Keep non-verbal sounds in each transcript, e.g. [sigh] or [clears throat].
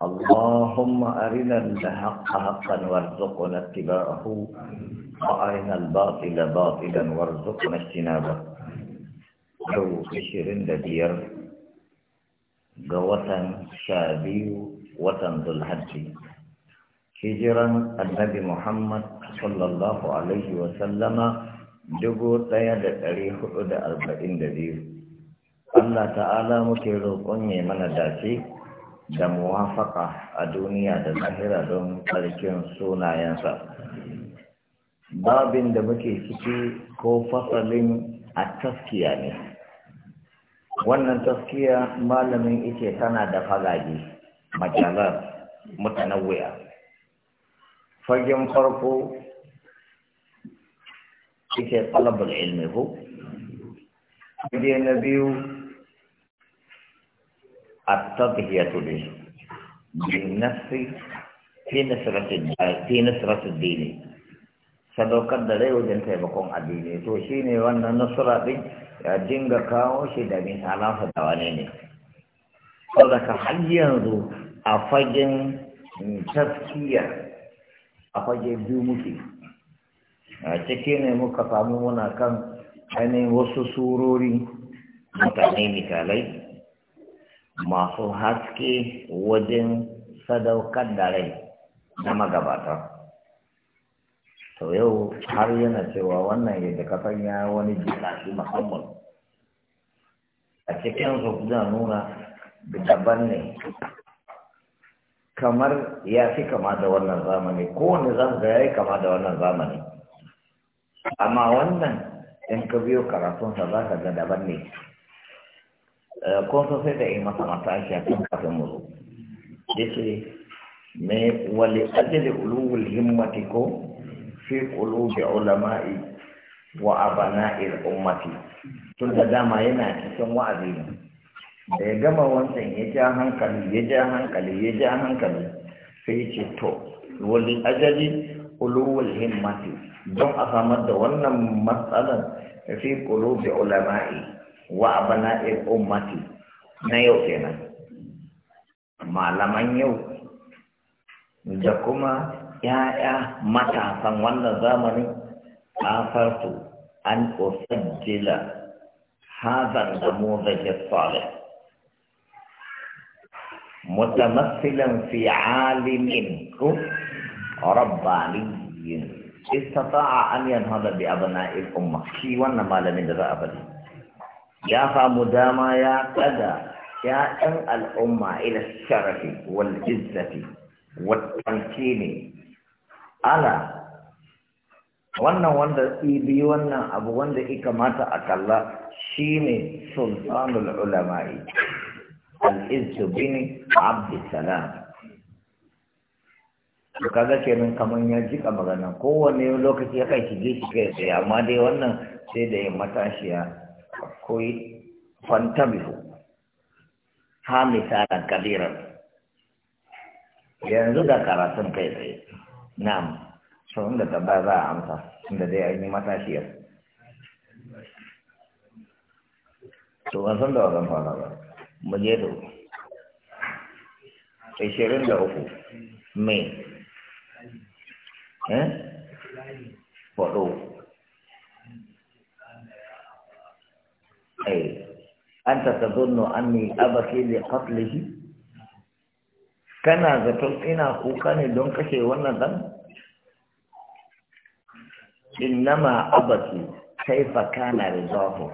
اللهم أرنا الحق حقا وارزقنا اتباعه وأرنا الباطل باطلا وارزقنا اجتنابه لو عشرين دبير قوة شابي وطن ذو الحج هجرا النبي محمد صلى الله عليه وسلم دبو تيد da أدى أربعين دبير الله تعالى biyu Allah ta'ala muke da muwafaka a duniya da zahira don tsarkin sunayensa babin da muke ciki ko fasalin a taskiya ne wannan taskiya malamin ike tana da fagage majalar mutanawwiya fagen farko ike talabul ilmi ko fage na biyu التضحية به بالنفس في نصرة الدين في نصرة الدين sadaukar da rai wajen taimakon addini to shi wannan nasura din ya dinga kawo shi da misalan fadawa ne ne saboda har yanzu a fagen taskiya a fage biyu muke a ciki ne muka samu muna kan ainihin wasu surori mutane misalai masu haske wajen sadaukar da rai na magabata to yau har yana cewa wannan yadda kafan ya wani jika shi musamman a cikin su zan nuna daban ne kamar ya fi kama da wannan zamani kowane ga ya yi kama da wannan zamani amma wannan in ka biyo karatunsa za ka ga daban ne Eh, kun san sai da yi masa matashi a kan kafin mu zo ya ce me wali ajali ulul himmati ko fi qulubi yi wa a abana'il ummati tun da dama yana cikin wa'azi ne da ya gama wancan ya ja hankali ya ja hankali ya ja hankali sai ya ce to wali ajali ulul himmati don a samar da wannan matsalan fi qulubi yi wa e o mati na yo yau kenan malaman yau da kuma ya ya mata san wannan zamani a farko an ko usajjila hadha al-namudhaj as-salih mutamassilan fi 'alimin ku rabbani استطاع أن ينهض بأبناء الأمة شي وانا ما لم يدرى أبدا ya samu dama ya kada ‘ya'yan al'umma ila sharafi wal izzati wattanci ne ala wannan wanda ibi wannan abu wanda ya kamata a kalla shine sultanul ulama'i al-izzu bin abdussalam kaga kenan kamar ya jika magana kowane lokaci ya kai shige shi kai amma dai wannan sai da ya matashiya akwai fantabihu ha misalan kadiran yanzu da karatun kai tsaye na'am sun da taba za a amsa inda dai an yi matashiyar to ban san da wajen fara ba mu je da ishirin da uku mai eh? ai eh, anta tadunnu anni abaki li qatlihi kana zaton ina kuka ne don kashe wannan dan innama abaki kaifa kana ko,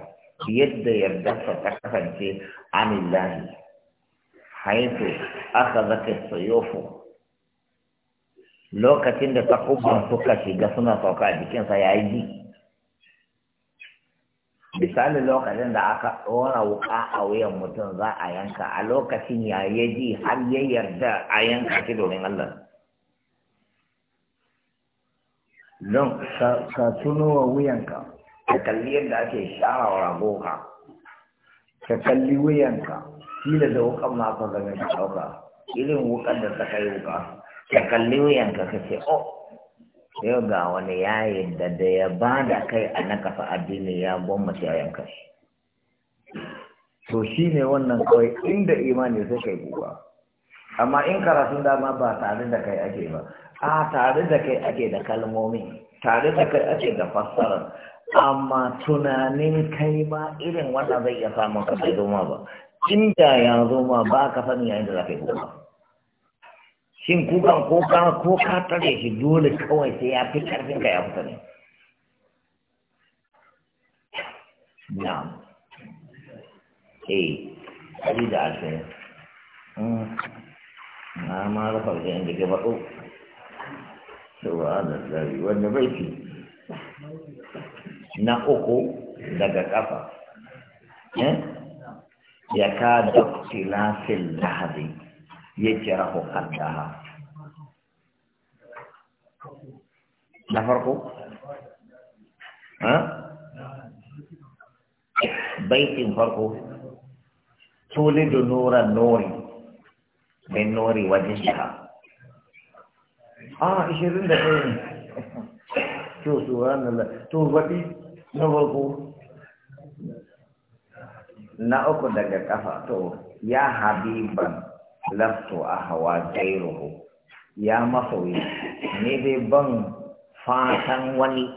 yadda yardarsa ta kasance anillahi haifu aka zaka soyofo lokacin da takubban suka shiga suna sauka a jikinsa ya yi Misali, lokacin da aka ɗora wuƙa a wuyan mutum za a yanka a lokacin ya yi ji har ya yarda a yanka shi domin Allah don ka tuno wa wuyanka ka kalli yadda ake shara wa ragoka ka kalli wuyanka shi da wuƙan ma ka gane ka irin wuƙan da ta kai wuƙa ka kalli wuyanka ka ce oh yau ga wani yayi da da ya ba da kai a na kafa addini ya shi a yanka shi to shi ne wannan kawai inda imani sai kai guba amma in karatun dama ba tare da kai ake ba a tare da kai ake da kalmomi tare da kai ake da fassara amma tunanin kai ba irin wannan zai iya samun kasai zoma ba inda ya zoma ba ka sani yayin da za ka yi guba shin kukan ko ka ko ka tare shi dole kawai sai ya fi karfin ka ya fita ne Na, eh ali da alfin hmm. na ma da farko inda ke bato subhanallahi wanda bai fi na uku daga kafa eh? ya ka da filafin lahadi yajrahu qaddaha na farko ha baitin farko tulidu nura nuri min nuri wajhiha ah 20 da ne to subhanallah to baki na farko na uku daga kafa to ya habiban a hawa gairuhu ya masoyi ne dai ban fatan wani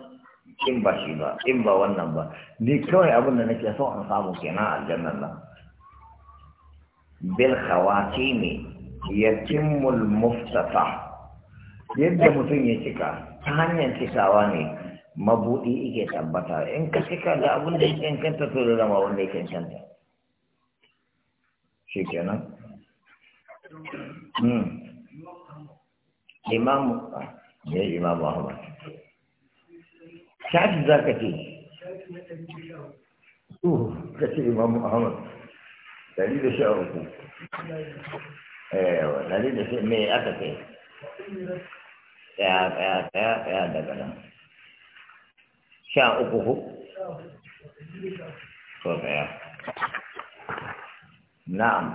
in ba shi ba in ba wannan ba ni kawai abin da nake so an samu kenan aljannan nan bil khawatimi yatimul muftata yadda mutum ya cika ta hanyar cikawa ne mabuɗi yake tabbata in ka cika da abin da ya kanta to da zama wanda yake kanta shi kenan Hmm. imamu ya imamu ahmad shafi za ka ce ka ce imamu ahmad dari da sha uku eh dari da sha me aka ce ya ya ya daga nan sha uku ko to ya na'am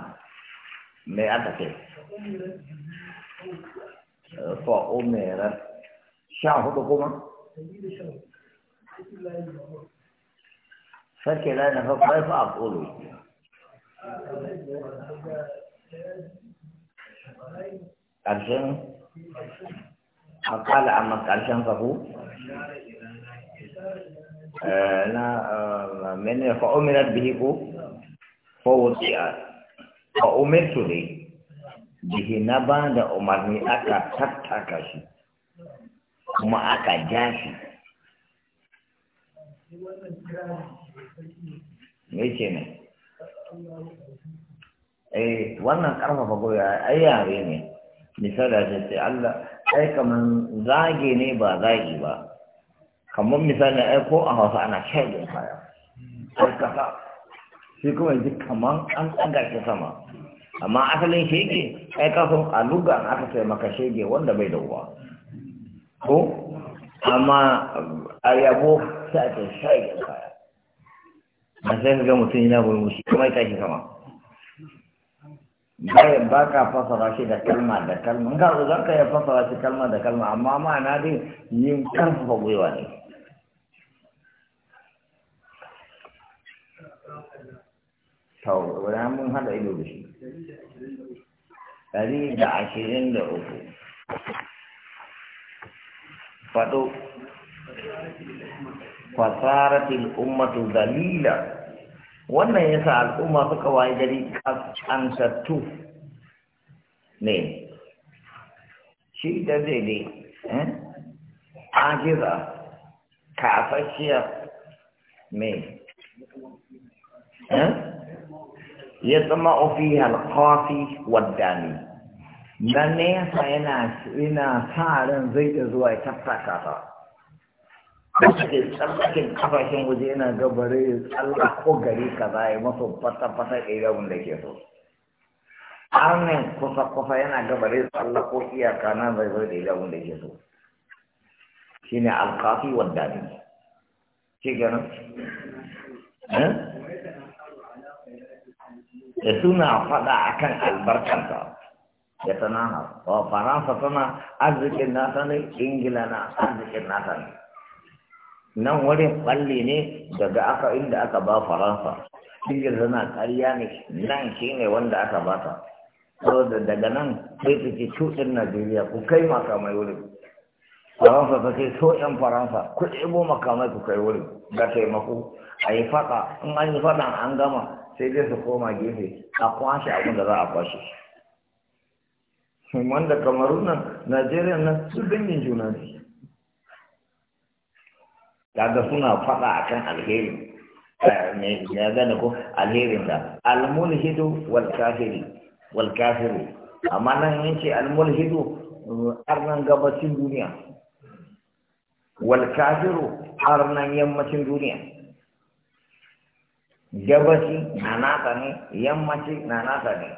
me aka ce fa'o merar sha hudu kuma sake lai na fafa fa a kolo ƙarshen akala amma ƙarshen fahu na mene fa'o merar bihi ko fa'o tsiya fa umirtu ne bihi na ba da umarni aka tattaka shi kuma aka ja shi me ce ne eh wannan karfafa goya ai yare ne misali da ce Allah ai kaman zage ne ba zagi ba kaman misali ai ko a Hausa ana shaidin kaya sai ka shi kuma ji kamar an ɗaga shi sama amma asalin shege ai kafin a luga aka sai maka shege wanda bai da uwa ko amma a yabo sai ake ce shege kaya na sai ka ga mutum yana murmushi kuma ya tashi sama bayan ba ka fasara shi da kalma da kalma in ka zo zan ka ya fasara shi kalma da kalma amma ma'ana dai yin karfafa gwiwa ne to guda mun hada ido da shi Dari da ashirin da uku faɗo fasaratil ummatu dalila wannan yasa al'umma suka waye gari tu ne shi da zai ne eh? ajiza kafashiya Eh? يطمع فيها القافي والداني nan ne yasa yana ina sa ran zai ta zuwa ya tafaka ta ke tsallakin kafashin waje yana gabare ya tsalla ko gari kaza ya masa fata-fata ɗaya abin da ke so arnin kusa-kusa yana gabare ya tsalla ko iyaka na zai zo ɗaya abin da ke so shine alkafi wadda ne shi ganin suna faɗa kan albarkanta ya tana wa faransa tana arzikin nata ne ingila na arzikin nata ne nan wurin kwalli ne daga aka inda aka ba faransa ingila tana ƙarya ne nan ne wanda aka ba ta So daga nan sai ta ke cuɗin najeriya ku kai makamai wuri. faransa ta ce so yan faransa ku ɗebo makamai ku kai wuri. ga taimako a yi faɗa in an yi faɗan an gama sai dai su koma gefe a kwashe abin da za a kwashe wanda kamarun nan najeriya nan su dangin juna ne kaga suna faɗa akan alheri ne eh, ya gane ko alherin da almulhidu wal kafiri wal kafiru amma nan yace almulhidu arnan gabacin duniya wal kafiru arnan yammacin duniya gabashi na nasa ne yammaci na nasa ne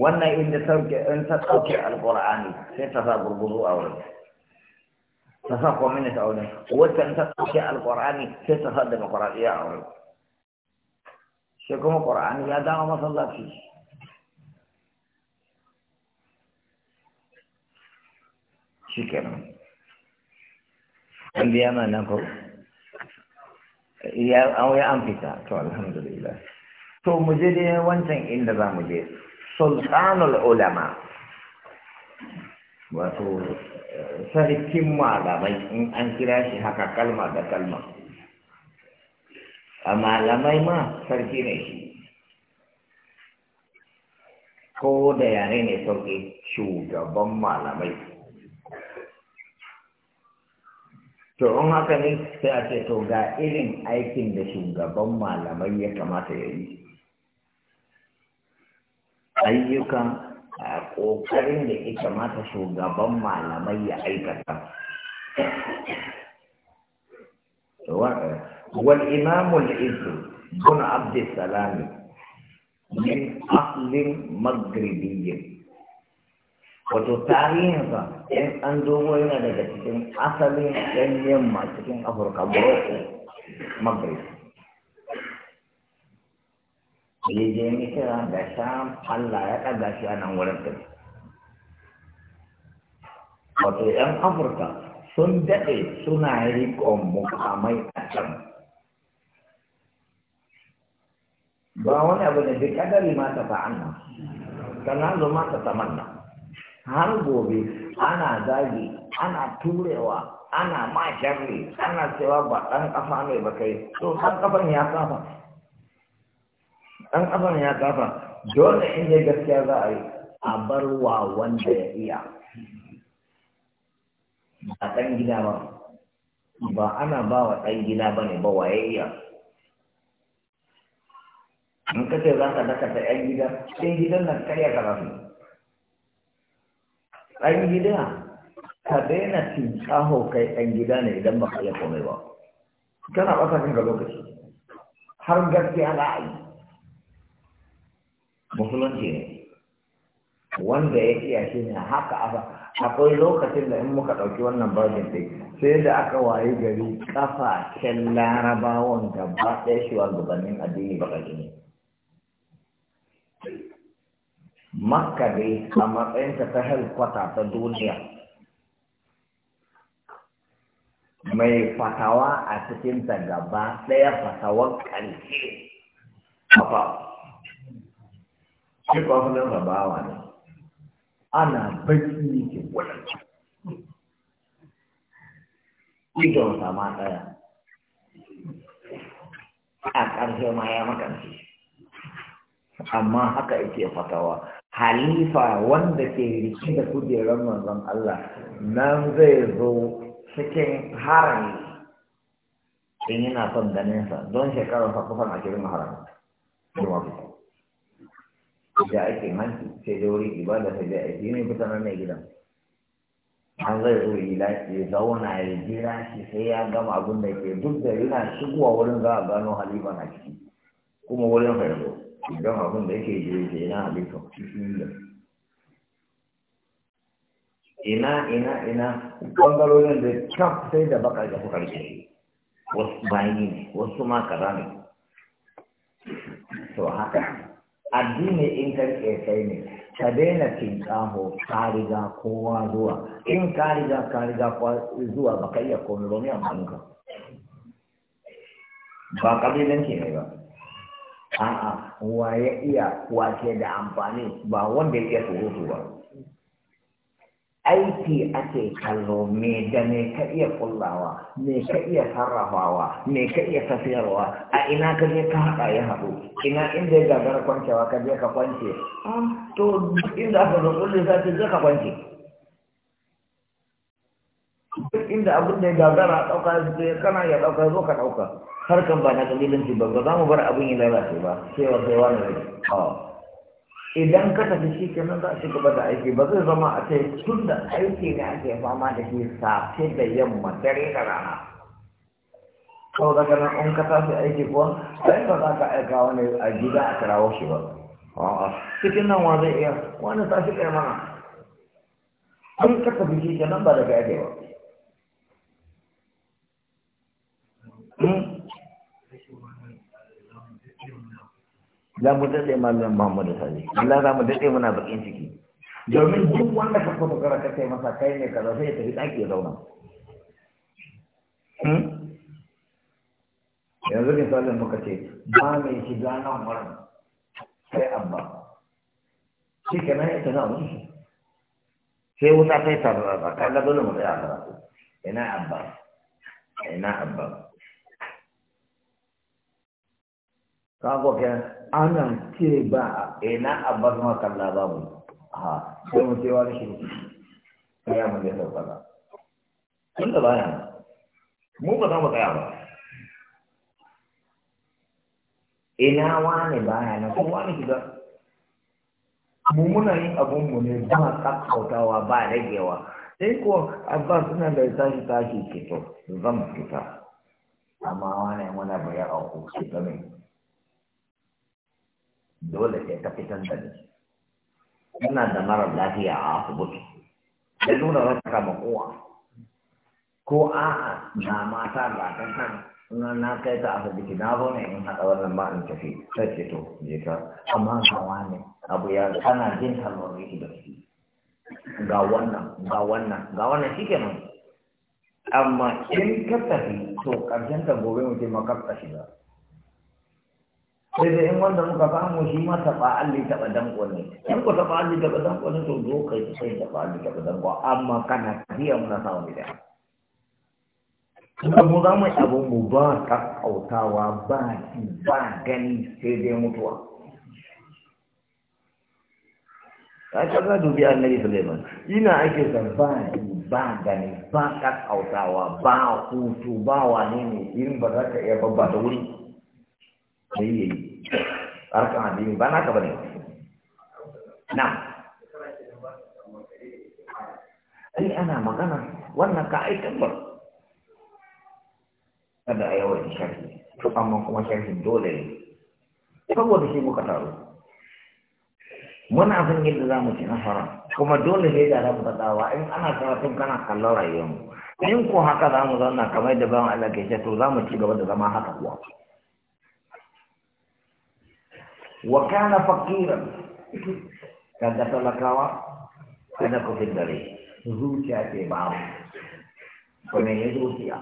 wannan inda sauke in ta sauke alkur'ani sai ta sa gurguru a wurin ta sa communist a wurin wacce ta sauke alkur'ani sai ta sa demokuraɗiyya a wurin shi kuma ƙur'ani ya dama masallaci shi kenan. Wanda yana nan kawai. ya an ya fita to alhamdulillah to mu je dai wancan inda za mu je sultanul ulama wato sarkin malamai in an kira shi haka kalma da kalma a malamai ma sarki ne shi ko da yare ne sauƙi shugaban malamai to in haka ne sai a ce to ga irin aikin da shugaban malamai ya kamata ya yi ayyukan ƙoƙarin da ya kamata shugaban malamai ya aikata wal imamul izu bin Abdi salami min aslin magribiyin. wato tarihinsa in an dogo yana daga cikin asalin yan yamma cikin afirka morocco maghrib ya je kira da sham allah ya ɗaga shi a nan wurin ɗin wato yan afirka sun daɗe suna yi riƙon mukamai a can ba wani abu ne bi kadari ma ta fa'anna kana zo mata ta tamanna har gobe ana zagi ana turewa ana ma jarri ana cewa ba ɗan ƙafa ne ba kai to ɗan ƙafan ya kafa ɗan ƙafan ya kafa dole in dai gaskiya za a yi a bar wa wanda ya iya ba ɗan gida ba ba ana ba wa ɗan gida ba ne ba waye iya in kace za ka daka ta gida sai gidan nan karya ka rasu ɗan gida ka daina kaho kai ɗan gida ne idan ba ka iya komai ba kana ɓata kan ga lokaci har gaskiya za musulunci ne wanda ya iya shi ne haka aka akwai lokacin da in muka ɗauki wannan bajin ɗin sai da aka wayi gari ken larabawan gaba ɗaya shugabannin addini baka ne makka dai a matsayinta ta helkwata ta duniya mai fatawa a cikinta gaba ɗaya fatawar ƙarshe kafa shi kwafinan rabawa ne ana baki ne ke wunan idon sama ɗaya a ƙarshe ma ya makanci amma haka yake fatawa halifa wanda ke riki da kujerar manzon Allah nan zai zo cikin harami in yana son ganinsa don shekarar sa a cikin harami da ake manci sai da wuri ibada sai da aiki ne fita nan ne gidan an zai zo ila ya zauna ya jira shi sai ya gama abin da ke duk da yana shigowa wurin za a gano halifa na ciki kuma wurin fa ya don abin da yake jeje na halitta bismillah ina ina ina bangarorin da kaf sai da baka da kuka rike wasu bayani ne wasu ma kaza ne to haka addini in ka rike kai ne ka daina tinkaho ka riga kowa zuwa in kariga-kariga ka riga kowa zuwa baka iya komai ba mai amfanin ba kabilanci ne ba a'a wa ya iya wa ke da amfani ba wanda ya iya surutu ba aiki ake kallo me da me ka iya kullawa me ka iya sarrafawa me ka iya tafiyarwa a ina ka je ka haɗa ya haɗu ina inda ya gagara kwancewa ka je ka kwance ah, to inda aka zo kullum sai ka kwance duk inda abin da ya gagara a ɗauka da ya kana ya ɗauka zo ka ɗauka harkan ba na kalilanci ba ba za mu bar abin ya lalace ba sai wa sai wani rai idan ka tafi shi kenan za a ci gaba da aiki ba zai zama a ce tun da aiki ne ake fama da shi safe da yamma dare da rana sau daga nan an ka tafi aiki kuwa sai ba za ka aika wani a gida a kirawo shi ba a'a cikin nan wa zai iya wani sashi kai mana an ka tafi shi kenan ba da ka aike ba Hmm? za mu daɗe malamin Muhammad da Sani Allah za mu daɗe muna bakin ciki domin duk wanda ka kuma gara ka kai masa kai ne kaza sai ya tafi ɗaki ya zauna hmm? yanzu misalin muka ce ba mai shiga nan wurin sai abba shi kenan ya tana wani sai wuta kai tarara ka ga dole mu tsaya karatu ina abba ina abba kago ke anan ce ba ina abbas ma kalla babu ha sai mu cewa da shi ya mu da sauka tunda baya mu ba za mu tsaya ba ina wani baya na kuma wani shiga mu muna yin abun mu ne ba kakkautawa ba ragewa sai ko abbas suna da tashi tashi ke to zan fita amma wani muna bayar a hukuki game dole sai ka fitar da ni ina da marar lafiya a asibiti da nuna rasa kama kowa ko a'a na mata ba ta kan na na kai ta asibiti na zo ne in haɗa wannan ba in tafi sai ce to je ka amma kawa ne abu ya kana jin kalmar da shi ga wannan ga wannan ga wannan shi kenan amma in ka tafi to ƙarshen ta gobe mutum ma ka shiga sai da in wanda muka samu shi ma taɓa alli taɓa danko ne in ku taɓa alli taɓa danko ne to zo kai sai taɓa alli taɓa danko amma kana tafiya muna samu gida kuma mu za mu yi abin mu ba kakkautawa ba ki ba gani sai dai mutuwa ta ce za dubi annabi suleiman ina ake sa ba ki ba gani ba ka kakkautawa ba hutu ba wane ne irin ba za ka iya babba ta wuri sai yayi harkan addini ba naka bane na ai ana magana wannan ka aikin ba kada a yawan sharhi to amma kuma sharhin dole ne saboda shi muka taru muna son yadda za mu ci nasara kuma dole ne da rabu faɗawa in ana karatun kana kallon rayuwarmu in ko haka za mu zauna kamar da bayan Allah ke ce to za mu ci gaba da zama haka kuwa wakana kana faqiran kaga talakawa kada ku zuciya ke babu ko ne ya zuciya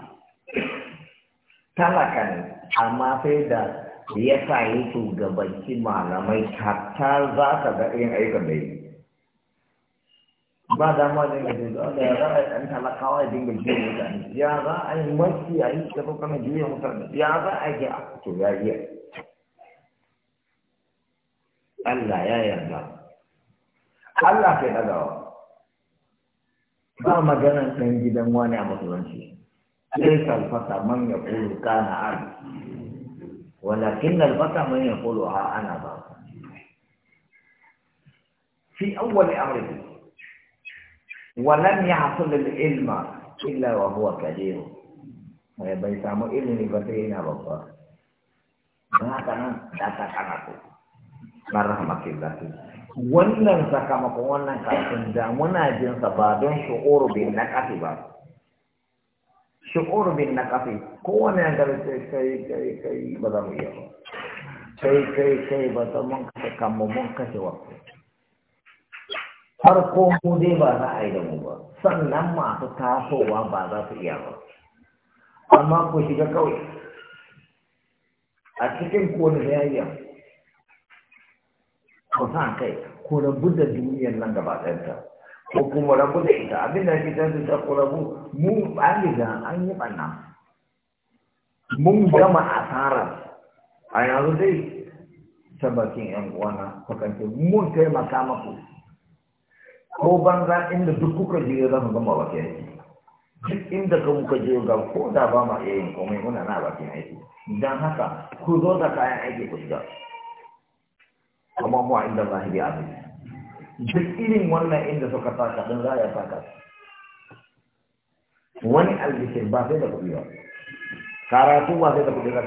talaka ne amma sai da ya sa yi shugabanci malamai hatta za ka ga yin aikin da yi ba da ma dinga dinga da ya za a yi ya dinga jiya mutane ya za a yi mafi a yi shafafan ya za a yi to ya yi ألا يا يرجع ألا في هذا ما ما جانا نجي دمواني أبو تونسي ليس الفتى من يقول كان عاد ولكن الفتى من يقول ها أنا با. في أول أمره ولم يحصل العلم إلا وهو كبير ويا بيتامو إلني بتينا بابا ما كان داتا كان أقول na wannan sakamakon wannan kafin da muna jin sa ba don shu'uru bin naqasi ba shu'uru bin ko wani an gari kai kai kai ba za mu iya ba kai kai kai ba ta mun kashe kanmu mun kashe wakti farko mu dai ba za a yi da mu ba sannan masu tasowa ba za su iya ba amma ku shiga kawai a cikin kone ya ka sa kai ko rabu da duniyar nan gaba ɗayanta ko kuma rabu da ita abin da ake ta ko rabu mu an da an yi ɓanna mun gama asara a yanzu dai ta bakin yan uwana fakance mun taimaka maku ko banza inda duk kuka je za mu gama bakin aiki duk inda ka muka je ga ko da ba ma iya yin komai muna na bakin aiki don haka ku zo da kayan aiki ku shiga وما هو عند الله بعزيز بالإلم ولا عند سكتاك من لا يتاكس wani albishir ba sai da kuɗi ba karatu ba sai da kuɗi za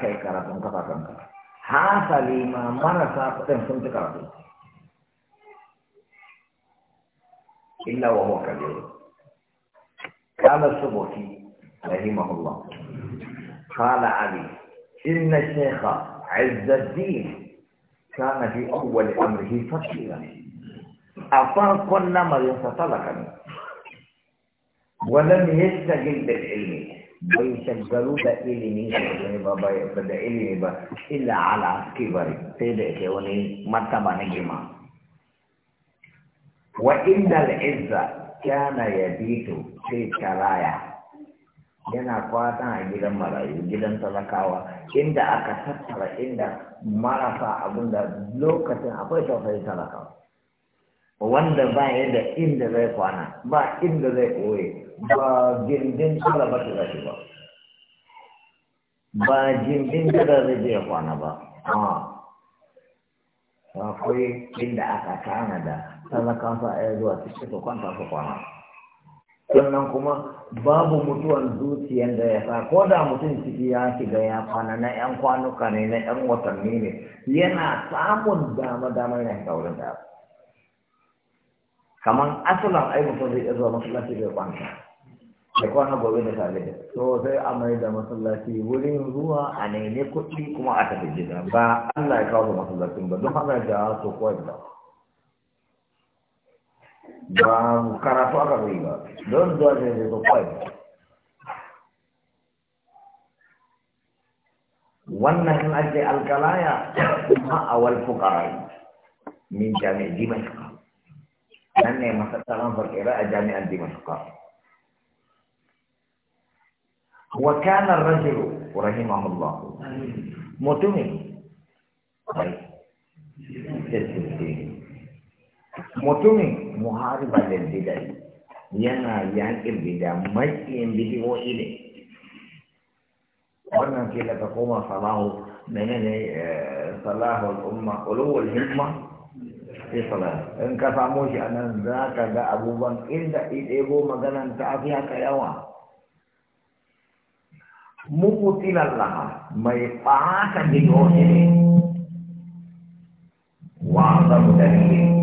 ka yi karatu ba za ka yi kan. kafa kanka hasali ma marasa kuɗin sun fi karatu illa wa huwa kabiru kala subuki rahimahullah kala ali inna shaykha الدين kana fi awwal amrihi fakira a farkon lamarin sa talaka ne walam yastajil bil ilmi bai shagalu da ilimi ba ba da ilimi ba illa ala kibari sai da yake wani martaba na girma wa innal karaya yana kwana a gidan marayu gidan talakawa inda aka tattara inda marasa abinda lokacin akwai tausayin talakawa wanda ba yadda inda zai kwana ba inda zai koye ba gindin kala ba ta zashi ba ba gindin kada zai je kwana ba akwai inda aka da talakawa sa a zuwa su kwanta su kwana sannan kuma babu mutuwan zuciyar da ya sa ko da mutum ciki ya shiga ya kwana na yan kwanuka ne na yan watanni ne yana samun dama dama yana shiga wurin da kamar asalin ai mutum zai iya zuwa masallaci bai kwanta da kwana gobe da tare to sai a mai da masallaci wurin ruwa a nemi kuɗi kuma a tafi gida ba Allah ya kawo masallacin ba don haka da su kawai ba mu karatu aka zai ba don zuwa ne zo kawai wannan kan ake alkalaya kuma a walfu karai min jami'in dimashka nan ne masassaran fakira a jami'an dimashka wa kana rajulu rahimahullah mutumin bai mutumin muhariban lil yana yakin bid'a makiyin bid'o'i ne wannan ke da koma salahu menene eh, salahu al'umma, ulul himma sai salah in ka samo shi nan za ka ga abubuwan inda idego maganan ta fi haka yawa mubutilan laha mai ɓata bid'o'i ne wa zabu dalilin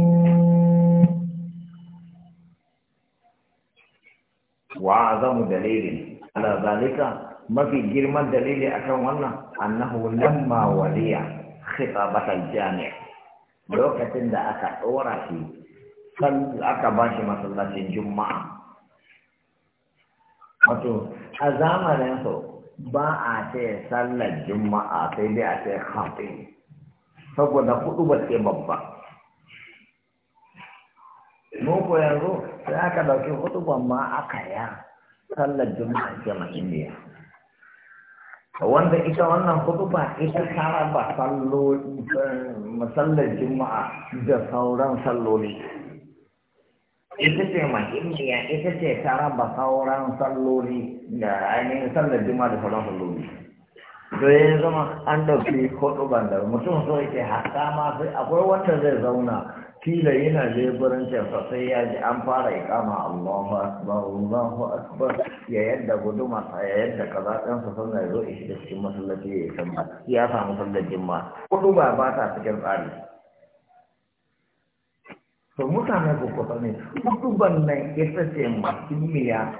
wa azamu dalilin ala zalika mafi girman dalili akan wannan annahu lamma waliya khitabat aljami' lokacin da aka dora shi aka ba shi masallacin juma'a wato a zamanin so ba a ce sallar juma'a sai dai a ce khafi saboda kudu ba ce babba mu yanzu sai aka ɗauki hutuban ma aka ya sallar juma'a jama indiya wanda ita wannan hutuba ita ta ba eh, sallar juma'a da sauran salloli ita ce mahimmiya ita ce ta raba sauran salloli da ainihin sallar juma'a da sauran salloli to zama an ɗauki hutuban da mutum so yake hatta ma akwai wanda zai zauna kila yana leburantar fa sai ya ji an fara ikama Allahu akbar Allahu akbar ya yadda guduma sa ya yadda kaza dan sa sun zo ya shiga cikin masallaci ya samu ya samu sallar ma kudu ba ba ta cikin tsari to mutane ko ko ne kudu nan ita ce masu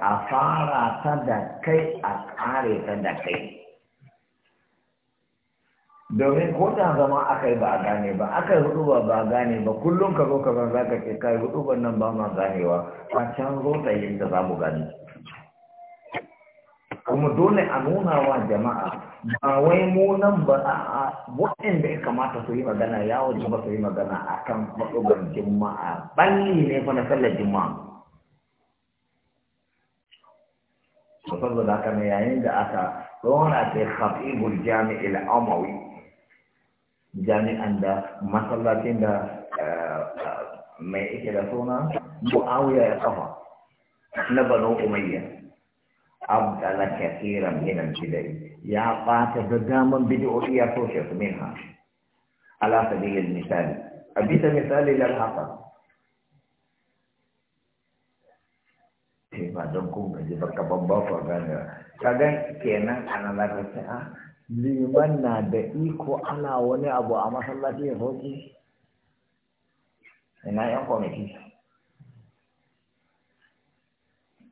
a fara ta da kai a kare ta da kai domin ko da zama aka yi ba a gane ba aka yi hudu ba ba gane ba kullum ka zo ka zan za ka ce ka yi hudu nan ba ma ganewa a can zo ta yi da za mu gani kuma dole a nuna wa jama'a ba wai mu nan ba a waɗanda ya kamata su yi magana ya wajen ba su yi magana a kan matsugar jima'a ɓalli ne fa na sallar jima'a saboda haka ne yayin da aka zo na ce khatibul jami'il amawi jami'an da masallacin da eh, mai ike da suna mu'awiya ya kafa na banu umayya abdala kafiran minan bidai ya ɓata da daman bidiyoyi ya toshe su min ha ala sabilil misali a bisa misali lal haka ba don kun gaji ba ka babba ko gane Kaga kenan ana lafiya liman na da iko ana wani abu a masallaci ya soke ina yan kwamiti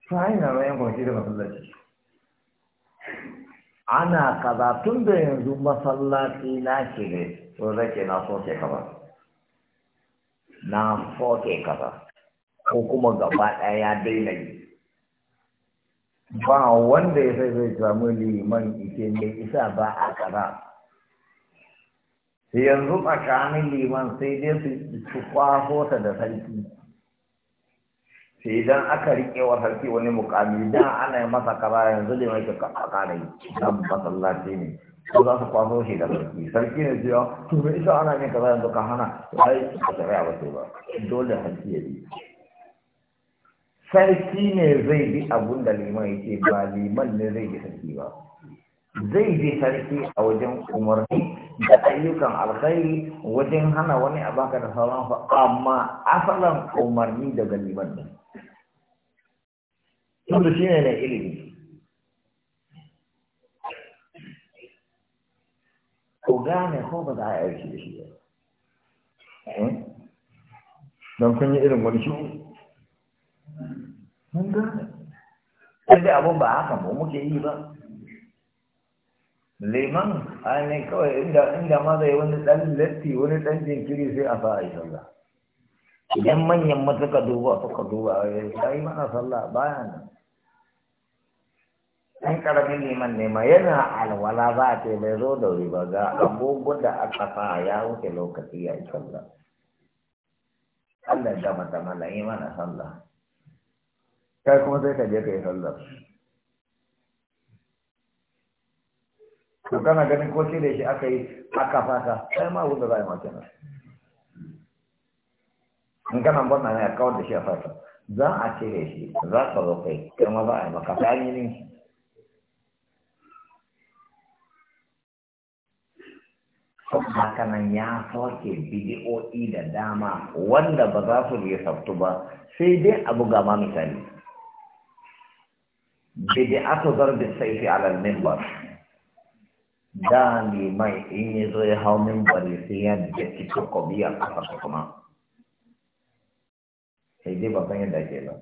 su hanyar na yan kwamiti da masallaci ana kaza tun da yanzu masallaci na shirye zake na soke kaza na soke kaza ko kuma gaba daya ya daina yi ba wanda ya sai zai samu liman ike ne isa ba a kaza yanzu tsakanin liman sai dai su kwaso ta da sarki sai idan aka riƙe wa sarki wani mukami da ana yi masa kara yanzu da mai a kare don masallaci ne ko za su kwaso shi da sarki sarki ne su yau to isa ana yin kaza yanzu ka hana sai ba shari'a ba ba dole sarki ya sarki ne zai bi abun da liman yake ba liman ne zai bi sarki ba zai bi sarki a wajen umarni da ayyukan alkhairi wajen hana wani a baka da sauran fa amma asalan umarni daga liman ne tunda shi ne na ilimi ko gane ko ba za a yi aiki da shi ba hmm? don kun yi irin wani shi gane abu ba haka mu muke yi ba liman ainihin kawai inda inda wani dan latti wani dan jinkiri sai a idan manyan mana sallah baya nan ƙaramin liman ne ma yana alwala za a ce bai zo da wuri ba ga agogo da aka sa ya wuce lokaci ya yi sallah Allah ya gama da mana yi mana sallah kai kuma sai ka je ka yi sallar to kana ganin ko sai da shi aka yi aka fata, sai ma wanda za a yi ma kenan in kana na ne a kawar da shi a fata za a cire shi za ka zo kai kai ma za a yi maka ta yi ne hakanan ya soke bidi'o'i da dama wanda ba za su yi sabtu ba sai dai abu gama misali bid'atu darbi sayfi ala al-minbar da ni mai in yi zo ya hau minbari sai ya a kasar kuma sai dai ba san yadda ake ba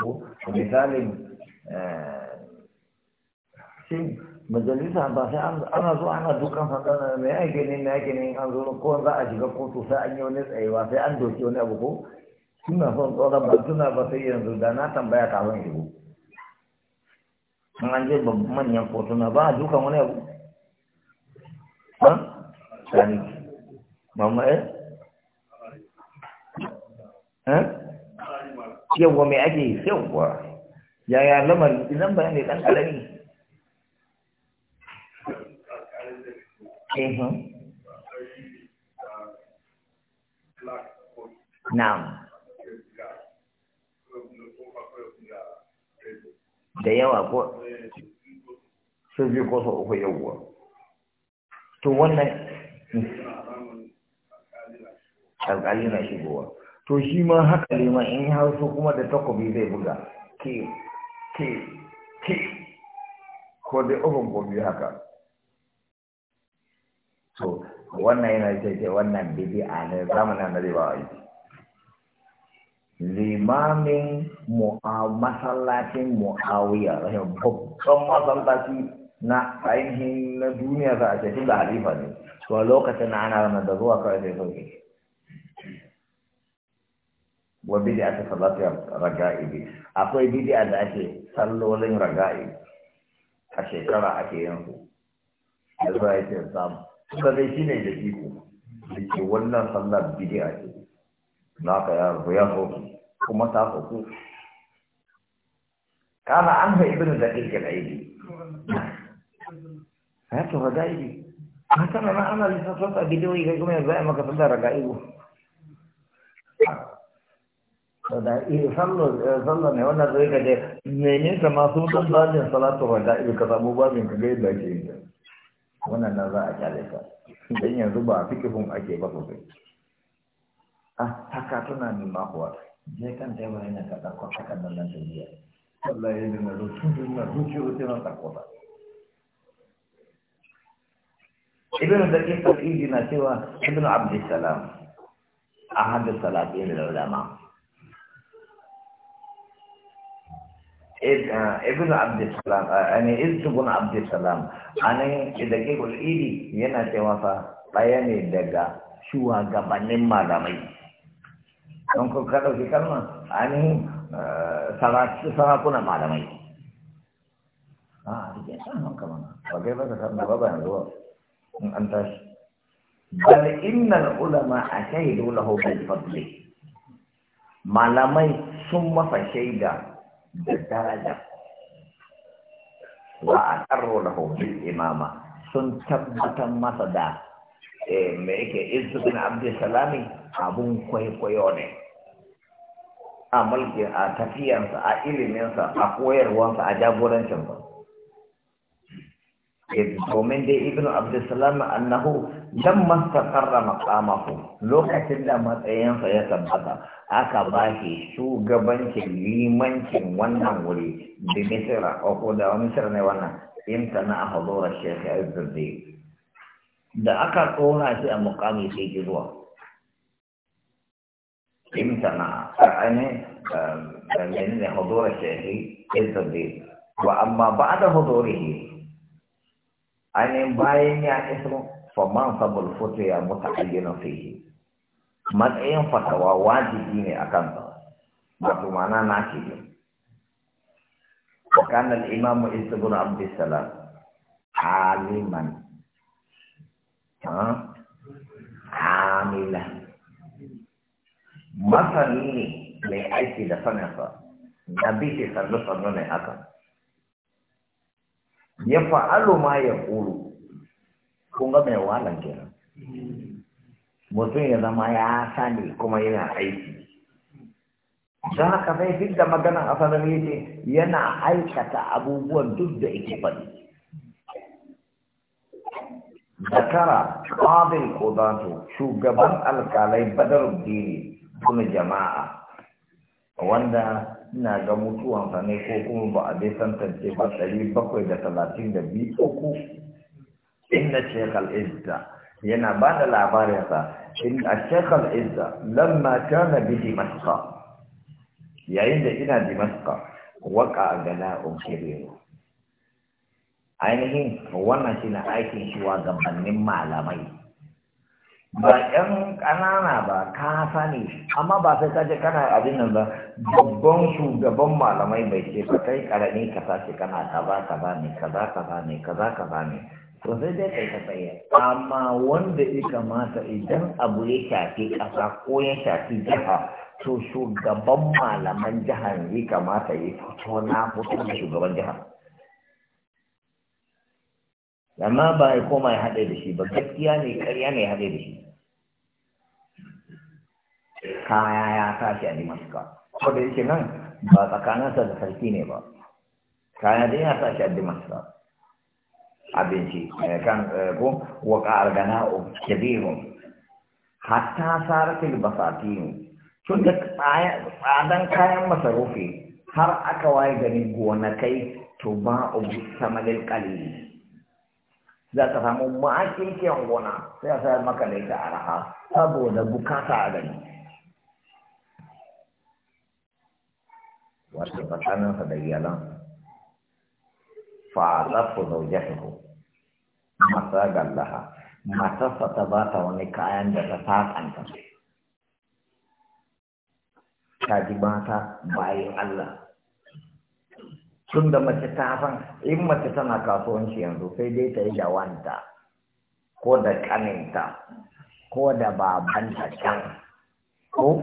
ko misalin eh, shin majalisa ba sai ana zuwa ana dukan sakana mai ake ne ko za a shiga kotu sai an yi wani tsayewa sai an doki wani abu ko suna son tsoron suna ba sai yanzu da na tambaya kafin shigo in an je manyan kotuna ba a dukan wani abu ha sani mamma eh eh yawwa mai ake yawwa yaya lamar idan bayan ne dan karami eh na'am da yawa ko sai biyu ko su uku yawwa to wannan alƙali na shigowa to shi ma haka ne ma in yi su kuma da takobi zai buga ke ke ke ko dai ofin gobi haka to wannan yana ce wannan bidi'a ne zamanin da zai ba aiki limamin masallacin mu'awiya babban masallaci na ainihin na duniya za a ce tun da halifa ne to a lokacin ana ranar da zuwa kawai sai sauke wa bid'a ta salatu raga'ibi akwai a da ake sallolin raga'i a shekara ake yin su da zuwa ce samu suka shi ne da ku da ke wannan sallar a ce na ka ya rufu ya kuma ta soku kana an fa ibnu da kike laibi ya to ga dai hata na ana lissafin a bidiyoyi kai kuma yanzu ya maka sun da raga ido da sallar ne wannan zai ka je mene ka masu don bajin salatu wa da'ilu ka samu babin ka ga yadda ke yi wannan nan za a kyale ka don yanzu ba fikihun ake ba sosai ah haka tuna min ma kuwa je kan tebur yana ka ɗauko takardar nan ta biya Allah ya yi na rutu na rutu rutu na ɗauko ta ibn da ke tafiye na cewa ibn abdussalam ahadu salatin da ulama ah, ibn abdussalam ah, ah, ne ibn abdussalam anan da ke kulili yana cewa fa ɗaya ne daga shugabannin malamai don ku ka ɗauki kalma ainihin eh, sarakuna malamai a ah, rike san hanka mana ba kai ba ka san ba ba yanzu ba in an tashi bal innal ulama a shahidu lahu bil fadli malamai sun masa shaida da daraja wa aqarru lahu bil imama sun tabbatar masa da eh, me yake izu bin abdulsalami abun kwaikwayo ne a mulki a tafiyansa a iliminsa a koyarwansa a jagorancin ba eh, domin dai ibn abdulsalam annahu dan mastaqarra maqamahu lokacin da matsayinsa ya tabbata aka ba shi shugabancin limancin wannan wuri da misira ko da misira ne wannan imtana a hadurar shekaru izzurdi da aka tsora shi a mukami sai ki zuwa امتنع يعني من حضور الشيخ الصديق وأما بعد حضوره يعني باين يعني اسمه فمنصب الفتية متعين فيه matsayin fatawa wajibi ne a kansa wato ma'ana na ke ne وكان الإمام عيسى بن عبد السلام عالما عاملا masani ne mai aiki da sanarsa na bishe sannu-sannu ne haka ya fa'alu ma ya ƙuru kun ga mai walan kenan mutum ya zama ya sani kuma yana aiki don haka zai fi da maganan yake yana aikata abubuwan duk da ike faɗi zakara قاضي القضاة شو قبل الكالي بدر kuma jama'a wanda ina ga mutuwansa ne ko kuma ba a dai tantance ba ɗari bakwai da talatin da biyu uku inda shekal izza yana ba da labarinsa sa a shekal izza lamma na bi dimaska yayin da ina dimaska waka a gana unkiriru ainihin wannan shi na aikin shi wa gabanin malamai ba ƴan ƙanana ba ka sani amma ba sai je kana abin nan ba babban shugaban malamai bai ce ba kai ƙarami ka sace kana kaza kaza ne kaza kaza ne kaza kaza ne to sai dai kai ka tsaye amma wanda ya kamata idan abu ya shafi ƙasa ko ya shafi jiha to shugaban malaman jihar ya kamata ya fito na fito da shugaban jihar amma ba ya koma ya haɗe da shi ba gaskiya ne ƙarya ne ya haɗe da shi kaya ya tashi a dimaska ko da yake nan ba tsakaninsa da sarki ne ba kaya dai ya tashi a dimaska abinci eh, kan eh, ko waka algana'u kabirun hatta saratil basatin tun da tsadan kayan masarufi har aka waye ganin gonakai to ba ubu samalil qalil za ka samu ma'akinkin gona sai a sayar maka da ita araha saboda bukata a gani wato tsakaninsa da iyalan fa'alafu zaujatuhu masa gallaha matarsa ta ba ta wani kayan da ta saƙanta ta ji mata bayan Allah tun da mace ta san in mace tana kasuwanci yanzu sai dai ta yi da wanta ko da kaninta ko da babanta can ko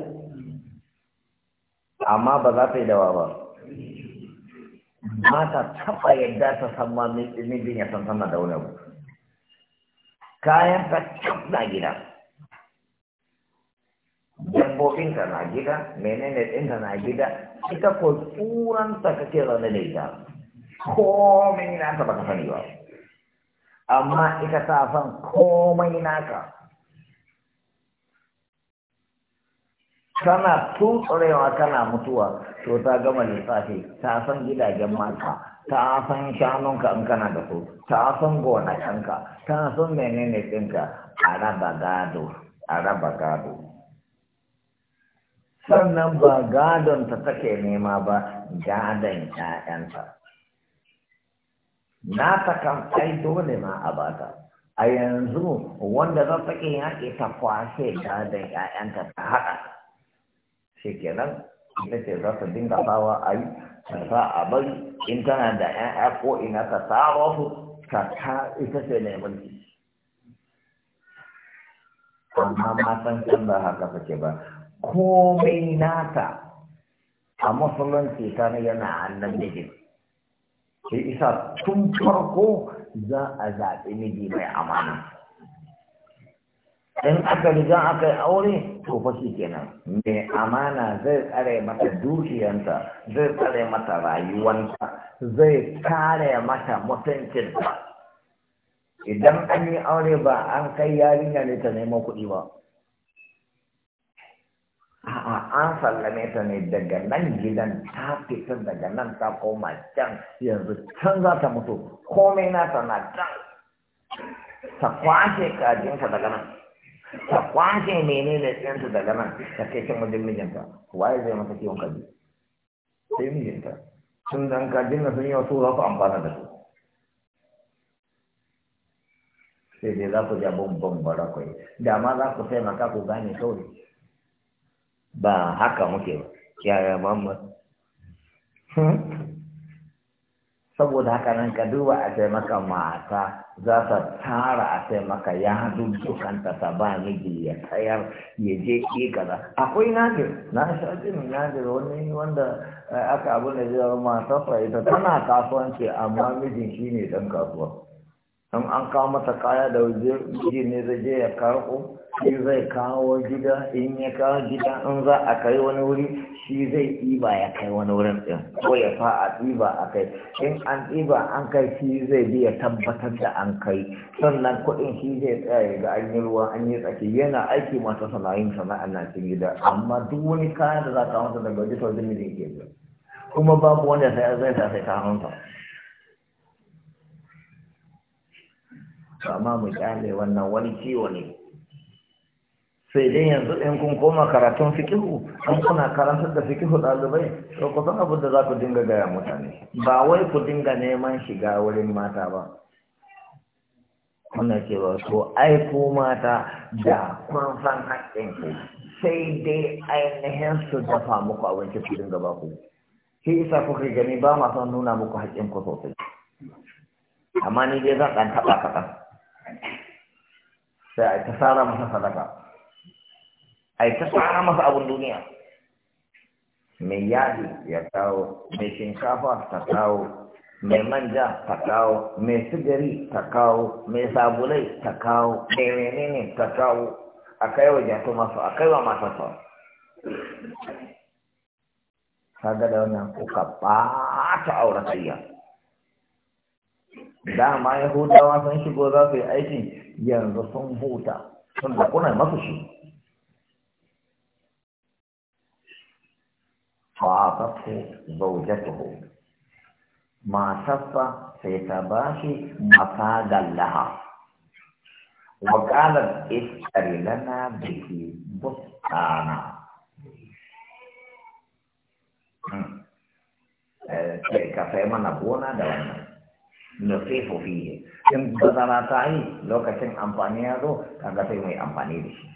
amma ba za ta yi dawa ba ta taɓa yadda ta san ma mijin ya san da wani kayan ta na gida dabbobinka na gida menene ɗinta na gida ita ko kake zaune da ita komai naka baka sani ba amma ita ta san komai naka kana tutsurewa kana mutuwa to ta gama lissafi ta san gidajen mata ta san shanunka in kana da su ta san gonakanka ta san menene ɗinka a raba gado a raba gado sannan ba gadon ta take nema ba gadon ƴaƴanta na ta ai dole ma a bata a yanzu wanda za ta ke yaƙi ta kwashe gadon ƴaƴanta ta haɗa shikenan kenan ita ce za ta dinga bawa a yi ta sa a bari in tana da ƴaƴa ko ina ta tsara su ta ta ita ce mai mulki amma matan can ba haka suke ba komai nata a musulunci ta yana annan mijin sai isa tun farko za a zaɓi miji mai amana in aka riga aka yi aure to fashi kenan mai amana zai tsare mata dukiyanta zai tsare mata rayuwanta zai kare mata mutuncinta idan an yi aure ba an kai yarinya ne ta neman kuɗi ba an sallame ta ne daga nan gidan ta fita daga nan ta koma can yanzu can za ta mutu komai na ta na can ta kwashe kajinka daga nan ta kwashe menene ɗinsu daga nan ta kai can wajen mijinta waye zai mata kiwon kaji sai mijinta sun dan kajin na sun yi wasu za su amfana da su sai dai za ku ja bambam barakwai dama za ku taimaka ku gane kawai ba haka muke ba yaya Muhammad hmm? saboda haka nan ka duba a sai maka mata za ta tara a sai maka ya dukanta ta ba miji ya tsayar ya je ke kaza akwai nadir na sha nadir wani wanda eh, aka abu da zai zama ita tana kasuwanci amma mijin shi ne dan kasuwa in an kawo mata kaya da waje ne zai je ya karko shi zai kawo gida in ya kawo gida in za a kai wani wuri shi zai ɗiba ya kai wani wurin ɗin ko ya fa a ɗiba a kai in an ɗiba an kai shi zai bi ya tabbatar da an kai sannan kuɗin shi zai tsaya ga an yi ruwa an yi tsaki yana aiki masu sana'in sana'ar na cikin gida amma duk wani kaya da za ka mata daga waje to zai ke kuma babu wanda sai zai sa sai ta hanta to amma mu kyale wannan wani ciwo ne sai dai yanzu in kun koma karatun fikihu an kuna karantar da fikihu ɗalibai to ku san abin da za ku dinga gaya mutane ba wai ku dinga neman shiga wurin mata ba wannan ce ba to ai ku mata da kun san haƙƙin ku sai dai ainihin su dafa muku abinci ku dinga ba ku shi isa kuka gani ba masu nuna muku haƙƙin ku sosai amma ni dai zan ɗan taɓa kaɗan sai a ta tsara masa sadaka ai ta tsara masa abin duniya mai yadi ya kawo mai shinkafa ta kawo mai manja ta kawo mai sigari ta kawo mai sabulai ta kawo mai menene ta kawo a kai wa jato masu a kai wa matarsa kaga da wannan kuka ba ta auratayya da dama yahudawa sun shigo za su yi aikin yanzu sun huta sun da kuna masu shi fa'atatu zawjatuhu matarsa sai ta ba shi masagan laha wa qalat ishtari lana bihi bustana ka sai mana gona da wannan nasifu fiye in bazara ta yi lokacin amfani ya zo kaga sai mai amfani da shi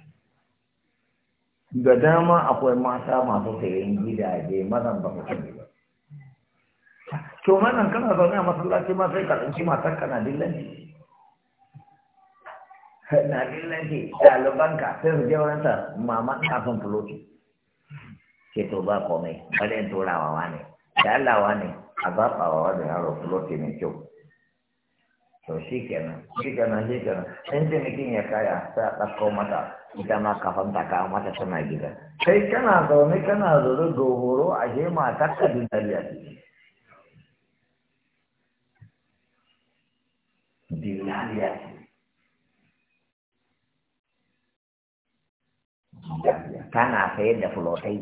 da dama akwai mata masu sayan gidaje mazan ba ku sani ba to mazan kana zaune a masallaci ma sai ka tsinci matar kana dillanci na dillanci ɗalibanka sai su je wurinta mama ina son fuloti ce to ba komai bari in turawa ne da Allah ne a zaɓawa wani yaro fuloti mai kyau to shi kenan shi kenan shi kenan in cinikin ya kaya sai a ɗauko mata ita ma kafan ta kawo mata tana gida sai kana zaune kana zaune dohoro a je matar ka dinariya dinariya tana sayar da fulotai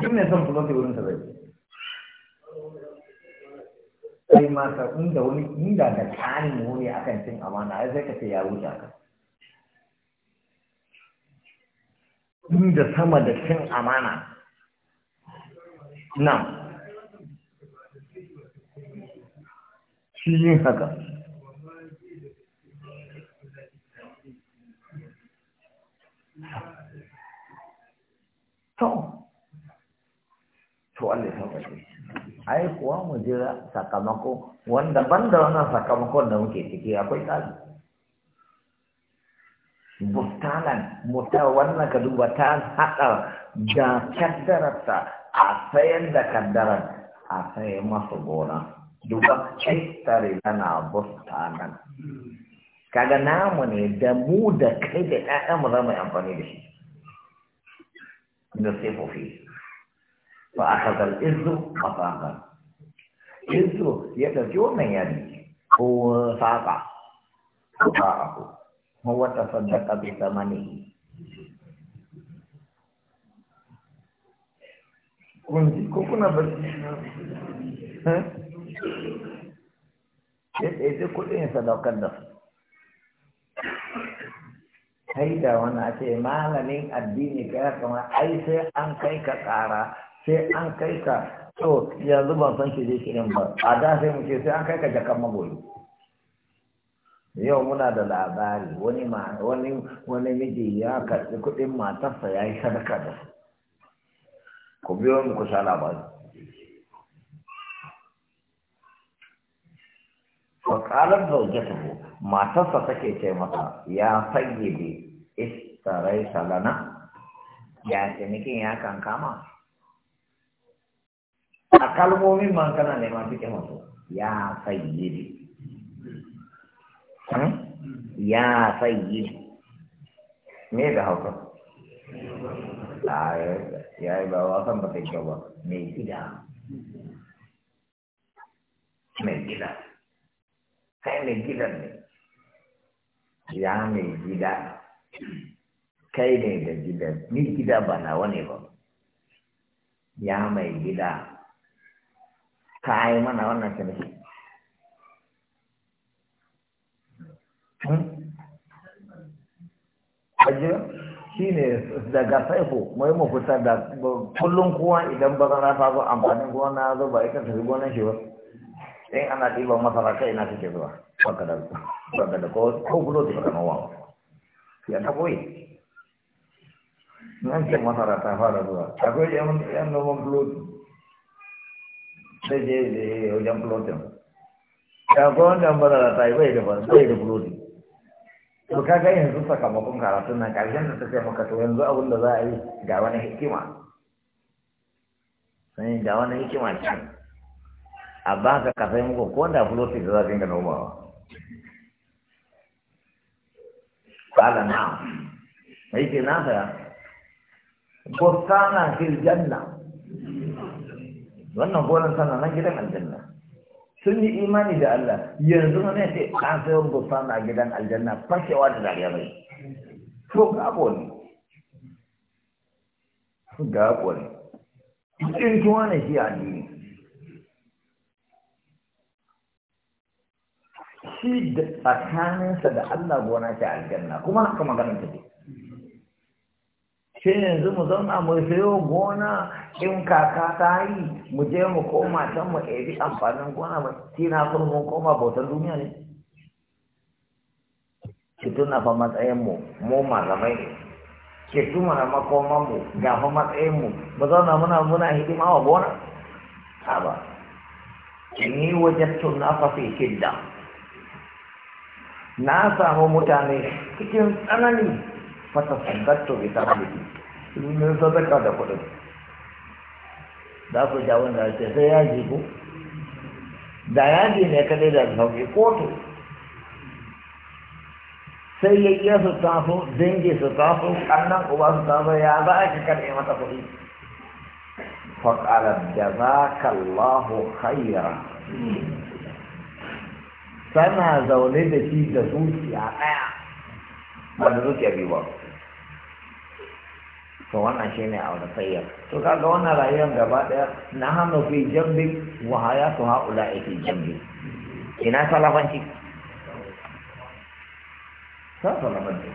duk ne son fulotai wurin ta zai kai mata inda wani inda da kanin wani akan cin amana ai sai ka ce ya wuce ka inda sama da cin amana na shi yin haka to to Allah ya sauka ai kuwa mu jira sakamako wanda ban da wannan sakamakon da muke ciki akwai tsari bustanan muta wannan ka duba ta haɗa da kaddararsa a sayan da kaddarar a sayan masu gona duba tare tana bustanan kaga namu ne da mu da kai da ɗaya mu zama amfani da shi da sai فأخذ الإز إذ إز من يدي هو ساقع ساقعه هو تصدق بثمنه كنت كنا بس ها إذا إيه، إيه، إيه، كل إنسان صدقة kai da wani a malamin addini ka ya ai sai an kai ka sai an kai ka to yanzu ban san shirye shiryen ba a da sai mu ce sai an kai ka jakan magoyi yau muna da labari wani wani wani miji ya karɓi kuɗin matarsa ya yi sadaka da su ku biyo mu ku sha labari fakalar tafi matarsa take ce masa ya sayyidi istarai salana ya cinikin ya kankama a kalmomin man kana nema su ke masu ya sayyidi hmm? ya sayyidi me da hauka ya yi ba wasan ba sai kyau ba Me gida Me gida kai me gida ne ya me gida kai ne da gidan ni gida ba nawa ne ba ya mai gida ka yi mana wannan ciniki hmm? ajiyar shi ne daga saifo mai mafita da kullum kuwa idan ba zan rafa ba amfanin gona zo ba ikan tafi gonan shi ba in ana ɗiban masara kai ina take zuwa baka da baka da ko gudu da baka nawa ya ta boye nan ce masara ta fara zuwa akwai yan yan noman blue sai da wajen plotin ya ko wannan bazara ta yi yanzu sakamakon karatun nan karshen ta ce maka to yanzu abin za a yi ga wani hikima sai ga wani hikima muku ko da plotin da za ka dinga nomawa wannan gonan tana nan gidan aljanna sun yi imani da Allah yanzu ne sai an sayo busan a gidan aljanna fashewa da dariya bai to gabo ne gabo ne in kuma ne shi addini shi da tsakaninsa da Allah gona shi aljanna kuma haka maganar ta ce sai yanzu mu zauna mu sayo gona in kaka ta yi mu je mu koma can mu ɗebi amfanin gona ba tina kuma mun koma bautar duniya ne ki tuna fa matsayin mu mu malamai ne ki tuna makoman mu ga fa matsayin mu mu zauna muna muna hidima wa gona a ba ni wajen na fa fi shidda na samu mutane cikin tsanani fatasabbattu bi ta'alihi mun sadaka da kuɗin za ku ja wanda ce sai ya ji ko da yaji ne kadai da sauki kotu sai ya iya su taso dangi su taso annan uba su taso ya za a ki karɓe mata kuɗi fak ala za ka Allahu khaira tana zaune da shi da zuciya ɗaya ba da zuciya biyu to wannan shine auratayya to kaga wannan rayuwar gaba daya na hannu fi jambi wa hayatu haula fi jambi ina salafanci ta salafanci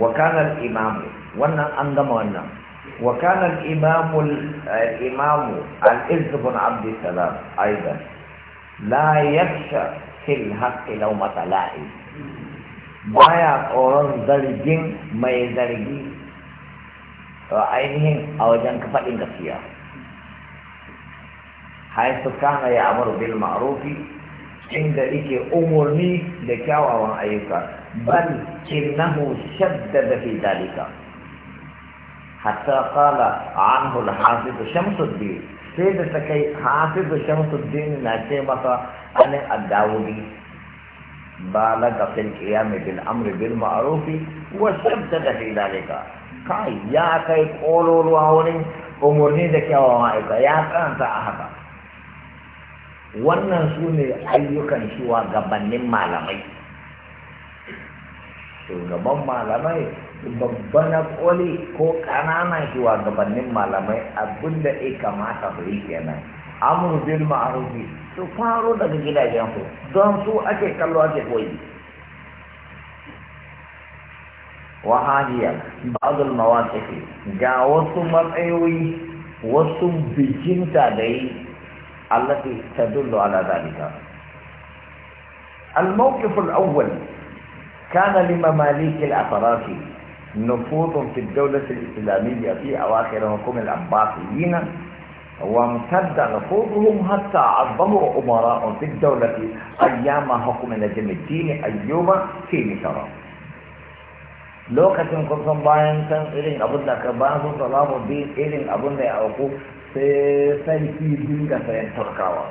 wa kana al-imam wannan an gama wannan wa kana al-imam al-imam al-izz bin abd salam aidan la yakhsha fil haqq law matala'i baya tsoron zargin mai zargi ainihin a wajen faɗin gaskiya haisu kana ya amur bil ma'rufi inda yake umarni da kyawawan ayyuka bal shadda da fi dalika hatta qala anhu al-hafiz shamsuddin sai da ta kai hafiz shamsuddin na ce masa anin addawudi balaga fil qiyami bil ma'arufi bil ma'rufi wa sabtada fi dalika kai ya kai kololuwa wurin umarni da kyawawan aika ya ta a haka wannan su ne ayyukan shiwa gabanin malamai shugaban malamai babban na koli ko ƙananan shiwa gabanin malamai abinda ya kamata su yi kenan amru bil ma'arufi. su faro daga gidajensu don su ake kallo ake koyi wahaliya ba'adul mawaqifi ga wasu matsayoyi wasu bijinta da yi allati tadullu ala zalika الموقف الأول كان لمماليك الأفراس نفوذ في الدولة الإسلامية في أواخر حكم العباسيين وامتد نفوذهم حتى عظموا أمراء في الدولة أيام حكم نجم الدين أيوب في مصر lokacin kusan bayan san irin abin da ka ba su salamu din irin abin da ya auku sai sarki dinga sayan turkawa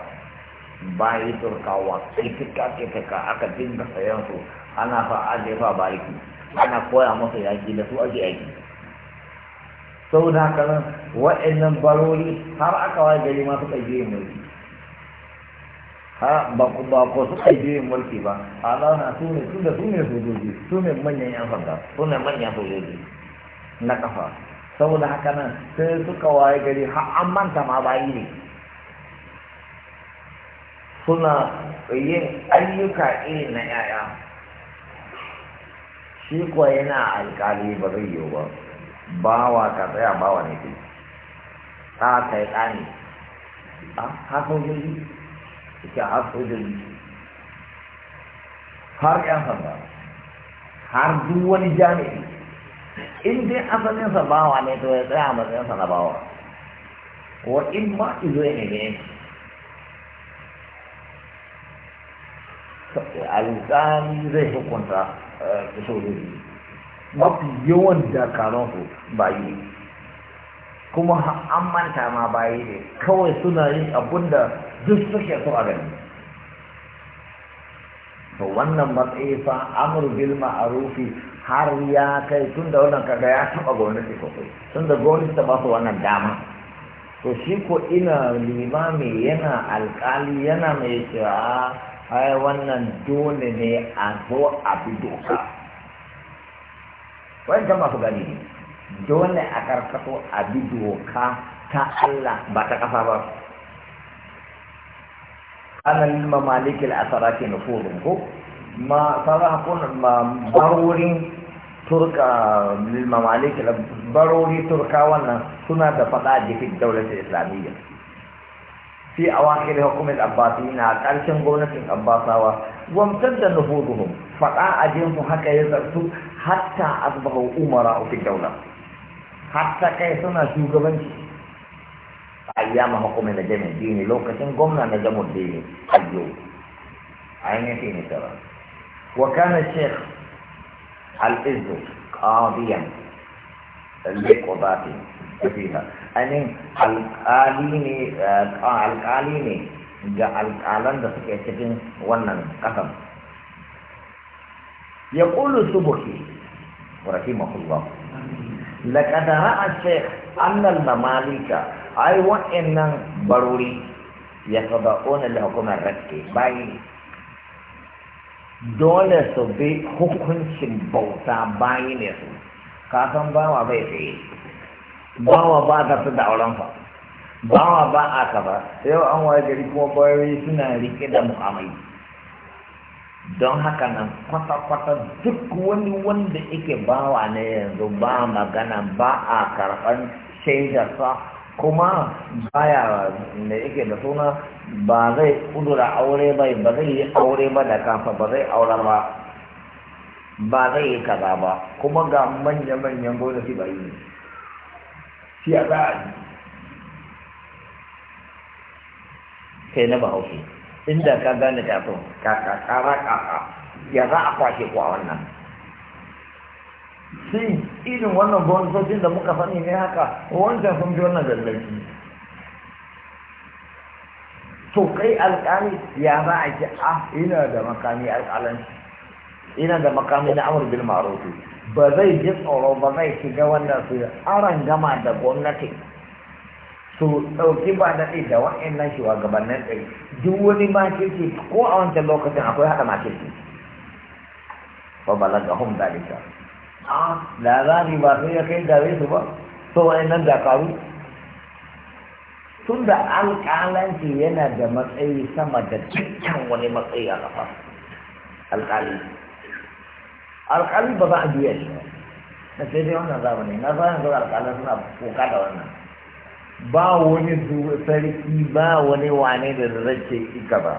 bayi turkawa kitika kitika aka dinga sayan su ana fa ajefa bariki ana koya masa yaki da su aje aji. da haka nan wa'annan barori har aka waye gari ma suka je mulki ha ba ko suka je mulki ba a zauna su ne su da su ne sojoji su ne manyan yan sanda su ne manyan sojoji na kafa saboda haka nan sai suka waye gari har an manta ma bayi ne suna yin ayyuka iri na 'ya'ya shi kuwa yana alkali ba zai yiwu ba bawa ka tsaya bawa ne ke? ta kai tsani a hasojoji suke hasojoji har yan sanda har duk wani jami'i in dai asalinsa bawa ne to ya tsaya matsayinsa na bawa wa in ma izo ya nemi alƙali zai hukunta eh, sojoji mafi yawan dakaransu bayi kuma an manta ma bayi ne kawai suna yin abunda duk suke so a gani to wannan matsayi fa amur a rufi har ya kai tun da wannan kaga ya taba gwamnati sosai tun da gwamnati ta ba su wannan dama to shi ko ina limami yana alkali yana mai cewa ai wannan dole ne a zo a bi doka wai jama ku gani dole a karkato a bi doka ta Allah ba ta kafa ba ana lil mamalik al asarati nufurun ko ma sarah kun ma barurin turka lil mamalik al baruri turka wannan suna da fada a jikin daular islamiyya fi awakil hukumil abbasiyin a ƙarshen gwamnatin abbasawa wamtar da nufuduhum fada a jinsu haka ya zartu hatta asbahu umara fi daula hatta kai suna shugabanci ayyama hukumi na jami'in dini lokacin gwamna na jami'in dini ayyo ainihin ne tara wa kana sheikh al-izz qadiyan al-liqabati fiha ainihin alƙali ne alƙali ne ga alƙalan da suke cikin wannan kasan. يقول سبحي رحمه الله لقد رأى الشيخ أن المماليك أي وإن بروري يتضعون لحكم الرك باي dole su bi hukuncin bauta bayi ne su kasan bawa bai tsaye bawa ba ta fi da auren fa bawa ba a ka yau an kuma bayoyi suna rike da mu'amai don haka nan kwata-kwata duk wani wanda yake bawa ne yanzu ba magana ba a karɓar shaidarsa kuma baya da ike da suna ba zai kudura aure ba ba zai yi aure ba da kafa ba zai aurar ba ba zai yi kaza ba kuma ga manya-manyan gwamnati ba yi shi a na bahaushe inda ka gane tafin kaka kara kaka ya za a kwashe ku a wannan shi irin wannan gwamnatocin da muka sani ne haka wancan sun fi wannan gallaki to kai alkali ya za a ce ah ina da makami alkalanci ina da makami na amur bil ma'ruf ba zai ji tsoro ba zai shiga wannan su aran gama da gwamnati su ɗauki ba daɗe da wa'annan shugabannin ɗari duk wani makirci ko a wancan lokacin akwai haɗa makirci fa balaga hum dalika a labari ba sai ya kai gare su ba to nan dakaru tun da alƙalanci yana da matsayi sama da dukkan wani matsayi a ƙasa alƙali alƙali ba za a biya shi ba na sai dai wannan zamani na bayan zuwa alƙalai suna kuka da wannan ba wani sarki ba wani wane da zarce ika ba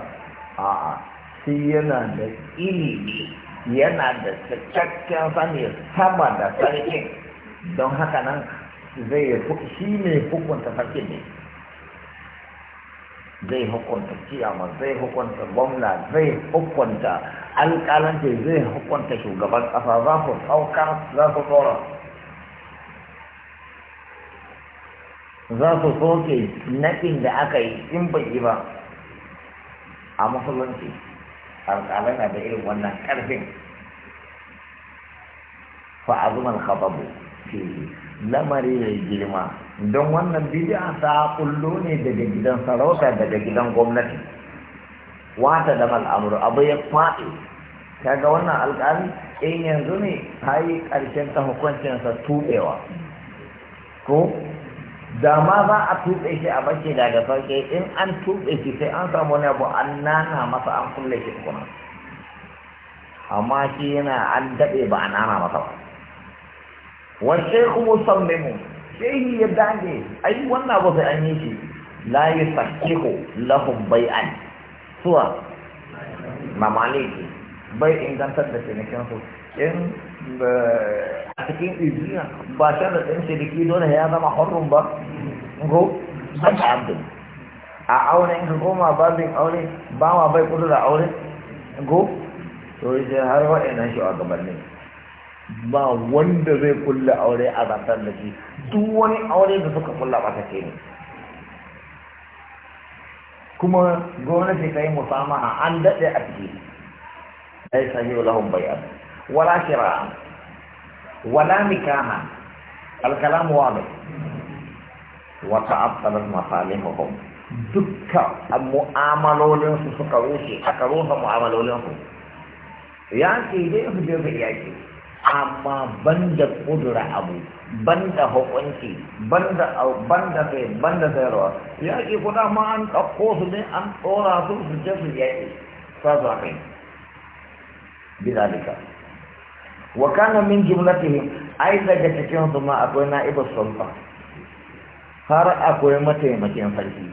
a'a shi yana da ilimi yana da cikakken sani sama da sarkin don haka nan zai shi ne hukunta sarki ne zai hukunta kiyama zai hukunta gwamna zai hukunta alƙalanci zai hukunta shugaban ƙasa za su saukar za su tsoron za su soke naɗin da aka yi in bai ba a musulunci alƙalai na da irin wannan ƙarfin Fa fa'azuman khababu fi lamari ya girma don wannan bidiyar ta kullo ne daga gidan sarauta daga gidan gwamnati wata da al'amuru abu ya faɗi kaga wannan alƙali in yanzu ne ta yi ƙarshen ta hukuncinsa tuɓewa ko da ma za a tuɓe shi a bace daga sauke in an tuɓe shi sai an samu wani abu an nana masa an kulle shi tukuna amma shi yana an daɗe ba a nana masa ba wace kuma sallimu shehi ya dage ai wannan abu sai an yi shi la yi sakihu bai, bai'an suwa mamaliki bai ingantar da su in Eh, a cikin ijiya ba da sharaɗin shiriki dole ya zama hurrun ba Ngo go ban abdul a aure in ka koma babin aure ba ma bai kudu da aure ngo to yi har ina shi a gabanin ba wanda zai kulle aure a zantar da shi duk wani aure da suka kulla ba take ne kuma gwamnati ka yi musamaha an daɗe a ciki ai sahihu lahum bai'at Wala ولا شراء ولا نكاحا الكلام واضح وتعطلت مصالحهم dukkan mu'amalolinsu suka rushe aka rufe mu'amalolinsu yaƙi dai su je su yaƙi amma ban da kudura abu ban da hukunci banda banda sai banda sayarwa yaƙi kuda ma an ɗauko su ne an tsora su su je su yaƙi sa su haka yi bi zalika wa kana min jumlatihim ai daga cikin su akwai na na'ibus sultan har akwai mataimakin farki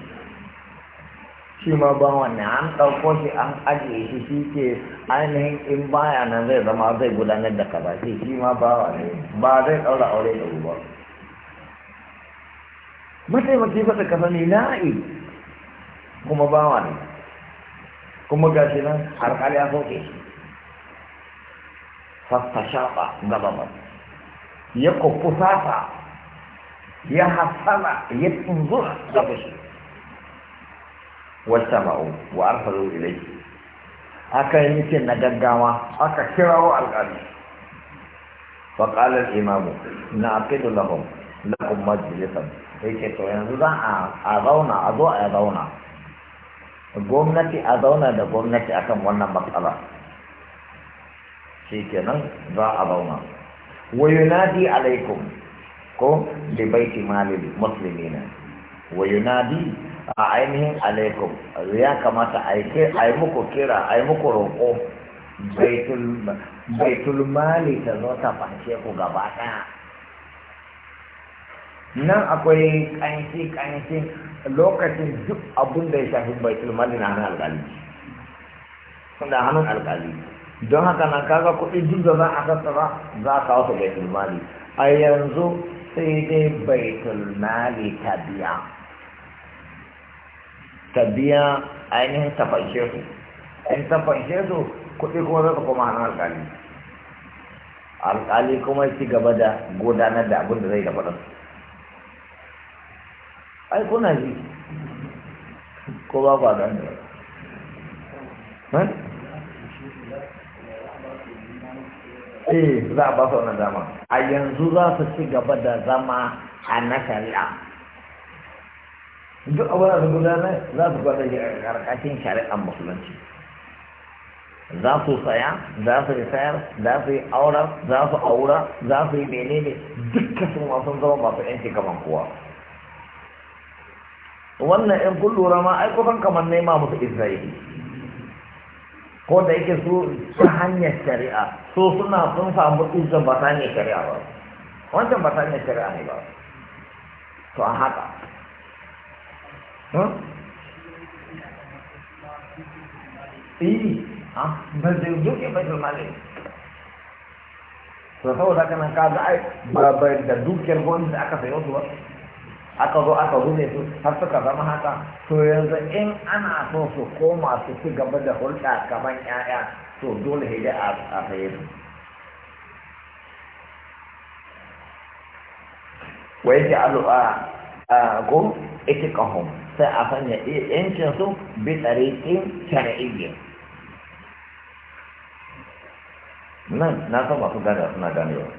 shi ma ba wannan an ɗauko shi an ajiye shi shi ke ainihin in baya nan zai zama zai gudanar da kaza shi shi ma ba ne ba zai ɗaura aure da ba mataimaki ba da kaza ne na'i kuma ba ne kuma gashi nan har ya soke shi fastashafa gababan ya kufusafa ya hasala ya tunzura da fushi wata ma'u wa arfaru ilai aka yi mitin na gaggawa aka kirawo alƙali faƙalar imamu na aqidu lahum lakum majlisan yake to yanzu za a zauna a zo a zauna gwamnati a zauna da gwamnati akan wannan matsala shi kenan za a zauna wa di alaikum ko li baiti malil muslimina na di a ainihin alaikum ya kamata a yi muku kira a yi muku roƙo baitul mali ta zo ta fashe ku gaba ɗaya nan akwai ƙanshi ƙanshi lokacin duk abin da ya shafi baitul mali na hannun alƙali da hannun alƙali don haka na kaga kuɗi duk da za a ba, za ka wasu baitul mali a yanzu sai dai baitul mali ta biya ta biya ainihin tafashe su in tafashe su kuɗi kuma za ka koma hannun alƙali alƙali kuma ci gaba da gudanar da abin da zai da faɗin ai kuna ji ko ba ku a eh za a ba su wannan dama a yanzu za su ci gaba da zama a na shari'a duk abin da su gudanar za su gwada karkashin shari'ar musulunci za su saya za su yi sayar za su yi aura za su aura za su yi menene dukkan su masu zama masu yanci kamar kowa wannan yan kullura ma ai kamar nema musu isra'ili ko da yake su su hanyar shari'a so suna sun samu izin ba ta hanyar shari'a ba wancan ba ta hanyar shari'a ne ba to a haka hmm? Iyi, a ah, ba zai duke bai zulmalin. To saboda kanan ka za a yi ba da dukiyar gwamnati aka sayo su ba. aka zo aka rume su har suka zama haka to yanzu in ana so su koma su ci gaba da hulɗa gaban 'ya'ya to dole sai a saye su wa a alu'a a go itikahum sai a sanya yancin su bi tsariƙin shari'iyyin nan na san masu gane suna ganewa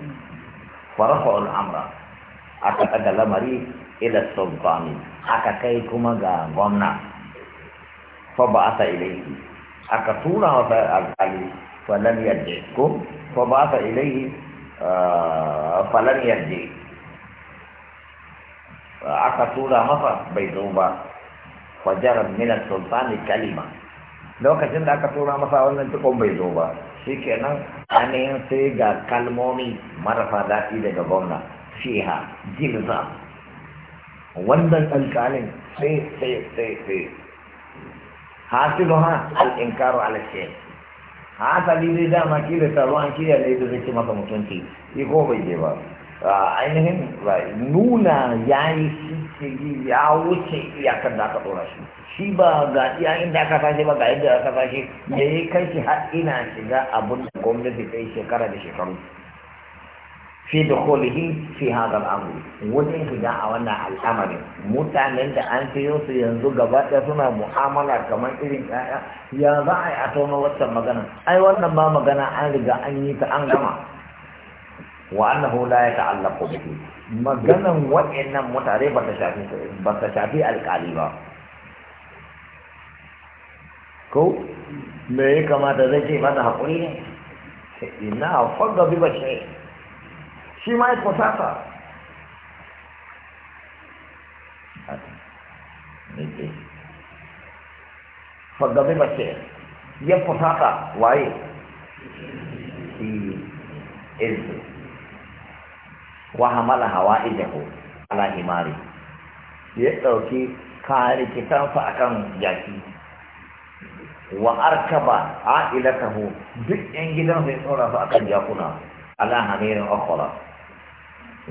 farafa al'amra aka ɗaga lamari ila sultani aka kai kuma ga gwamna fa ba ta ilaihi aka tura masa alkali fa lam yarji ko fa ba ta ilaihi ah, fa lam yaji aka tura masa bai zo ba fajarar minar sultani kalima lokacin da aka tura masa wannan tukun bai zo ba shi kenan ainihin sai ga kalmomi marasa daɗi daga gwamna fiha jirza wannan alƙalin sai sai sai sai hasilu ha al'inkaru alashe hasali dai dama kira taro an da yadda zai maka mutunci shi ko bai je ba ainihin nuna ya yi yi ya wuce iyakar da aka ɗora shi shi ba ga iyayen da aka sashe ba ga yadda aka sashe ya ya kai shi har ina shiga abin da gwamnati ta yi shekara da shekaru fi da kolihi fi hadar amuri wajen shiga a wannan al'amarin mutanen da an fiye su yanzu gaba ɗaya suna mu'amala kamar irin ɗaya ya za a yi a tona wancan magana ai wannan ba magana an riga an yi ta an gama wa annahu la ya ta'allaqu bihi maganan wa'annan mutare ba ta shafi ba ta shafi alƙali ba ko me ya kamata zai ce mata haƙuri ne ina fagga bi bashe shi ma ya kwasasa ba ce ya kusasa waye shi izu wa hamala hawa ijahu ala himari ya ɗauki kare kitansa akan yaki wa arkaba a'ilatahu duk yan gidan sai tsora su akan jakuna ala hamirin akwara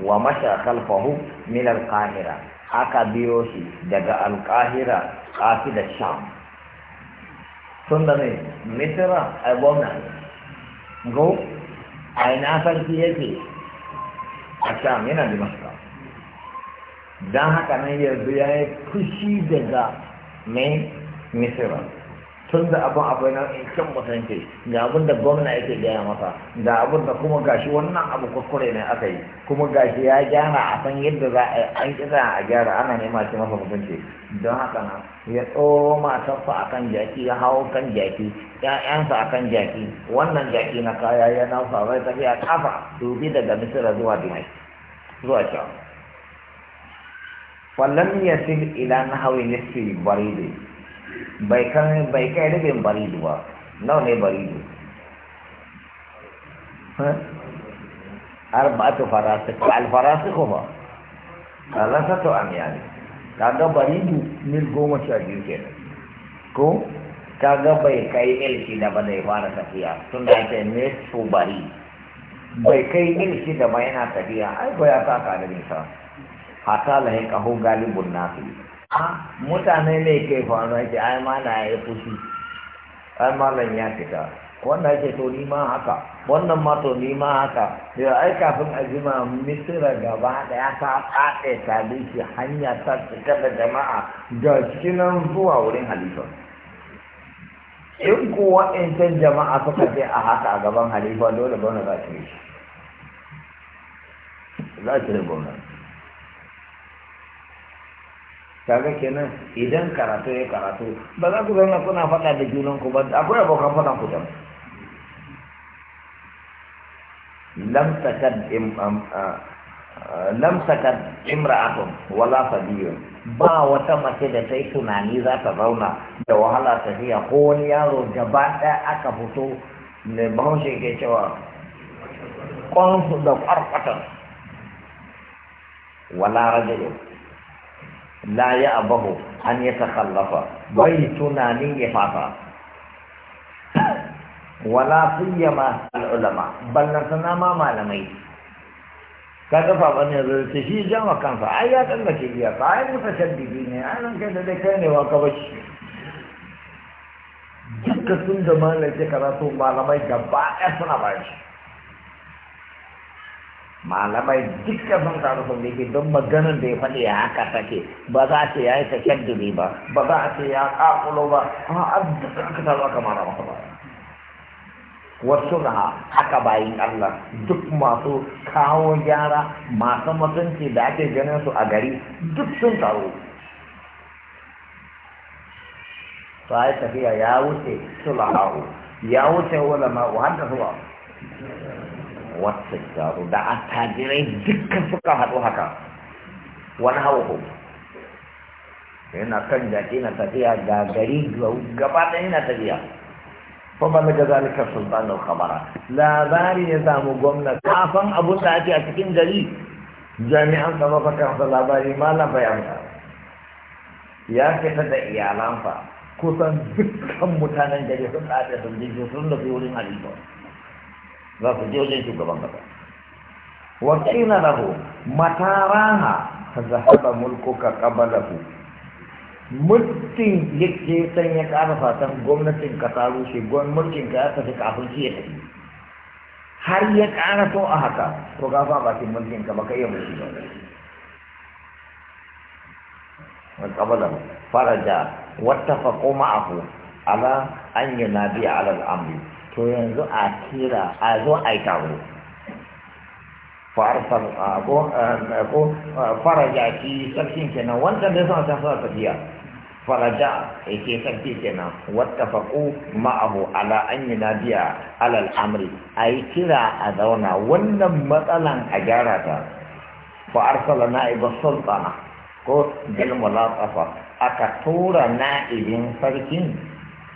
wa masha khalfahu min al-qahira aka biyo shi daga al-qahira da sham tunda ne mitra ai gwamna go a ina sarki yake a sham yana da masra don haka nan yanzu ya yi daga mai misra tun da abin akwai na kyan mutunci ga abin da gwamna yake gaya masa ga abin da kuma gashi wannan abu kuskure ne aka yi kuma gashi ya gyara a san yadda za a yi an kisa a gyara ana nema shi masa mutunci don haka nan ya tsoro matarsa a kan jaki ya hau kan jaki ƴaƴansa a kan jaki wannan jaki na kaya ya nausa zai tafiya kafa dubi daga misira zuwa dumai zuwa can falam yasil ila hawi nisfi baridi baikkan baik ada yang bari dua nau ne bari dua ha arba'atu farasik al farasik huwa kala satu amyani kaga bari du mil goma sha biyu kenan ko kaga bai kai mil shida ba da ya fara tafiya tun da ta ne su bari bai kai mil shida ba yana tafiya ai ba ya taka da nisa hata lahi kaho galibun nasi mutane ne kai faru ake ai na ya yi fushi ai malam ya fita wannan ake to ni ma haka wannan ma to ni ma haka da ai kafin a jima misira gaba daya ta tsatse ta dace hanya ta cika da jama'a ga cikinan zuwa wurin halifa in kuwa in can jama'a suka ce a haka a gaban halifa dole gwamna za su yi za su yi gwamna kaga kenan idan karatu ya karatu ba za ku zauna kuna faɗa da junan ku ba akwai abokan faɗan ku dan lam takad im lam takad imra'atun wala sabiyu ba wata mace da sai tunani za ta zauna da wahala tafiya ko wani yaro gaba ɗaya aka fito ne bahaushe ke cewa kwansu da kwarkwatan wala rajulun la ya abahu an ya takallafa bai tunanin ya fafa wala siyama al'ulama ballan sana ma malamai ka kafa bane zai shi jama kansa ai ya tsallake biya ka ai mutashaddidi ne ai nan kai da dai kai ne wa ka bashi dukkan sun da malamai karatu malamai gaba ɗaya suna bashi मालाबाई दिक्क संसार को लेके दो मगन दे पति आ कर सके बगा से आए तो बा बगा से का पुलोगा हाँ अब तक कथा वा कमाना वहाँ पर वर्षों रहा अकबाई अल्लाह दुख मासो खाओ जारा मासम मतन की दाते जने तो अगरी दुख संसार हो तो आए तभी आया उसे सुलाहा हो या उसे वो लमा वहाँ कहूँगा wasu jaru da attajirai dukkan suka haɗu haka wani hauhu yana kan jaki na tafiya ga gari gaba ɗaya yana tafiya zalika sultan da kamara. labari ya samu gwamna kafan abun da ake a cikin gari jami'an tsaro fa kan sa labari malam bayanta ya fita da iyalan fa kusan dukkan mutanen gari sun da sun jirgin sun da wurin halittu. za su je wajen shugaban kasa وقيل له متى راها فذهب ملكك قبله muddin yake san ya kara fatan gwamnatin ka ta rushe mulkin ka ya tafi kafin shi ya tafi har ya kara to a haka to ga fa bakin mulkin ka baka iya mulki ba wa qabala faraja fa kuma ahu ala an yunabi ala al-amri to yanzu a kira a zo a yi taro farfar ko faraja ki sarkin kenan wancan da suna can suna tafiya faraja yake sarki kenan wata wattafaqu ma'ahu ala an yunadiya ala alal amri a yi kira a zauna wannan matsalan a gyara ta fa'arsala arsala na'iba sultana ko bil tsafa aka tura na'ibin sarkin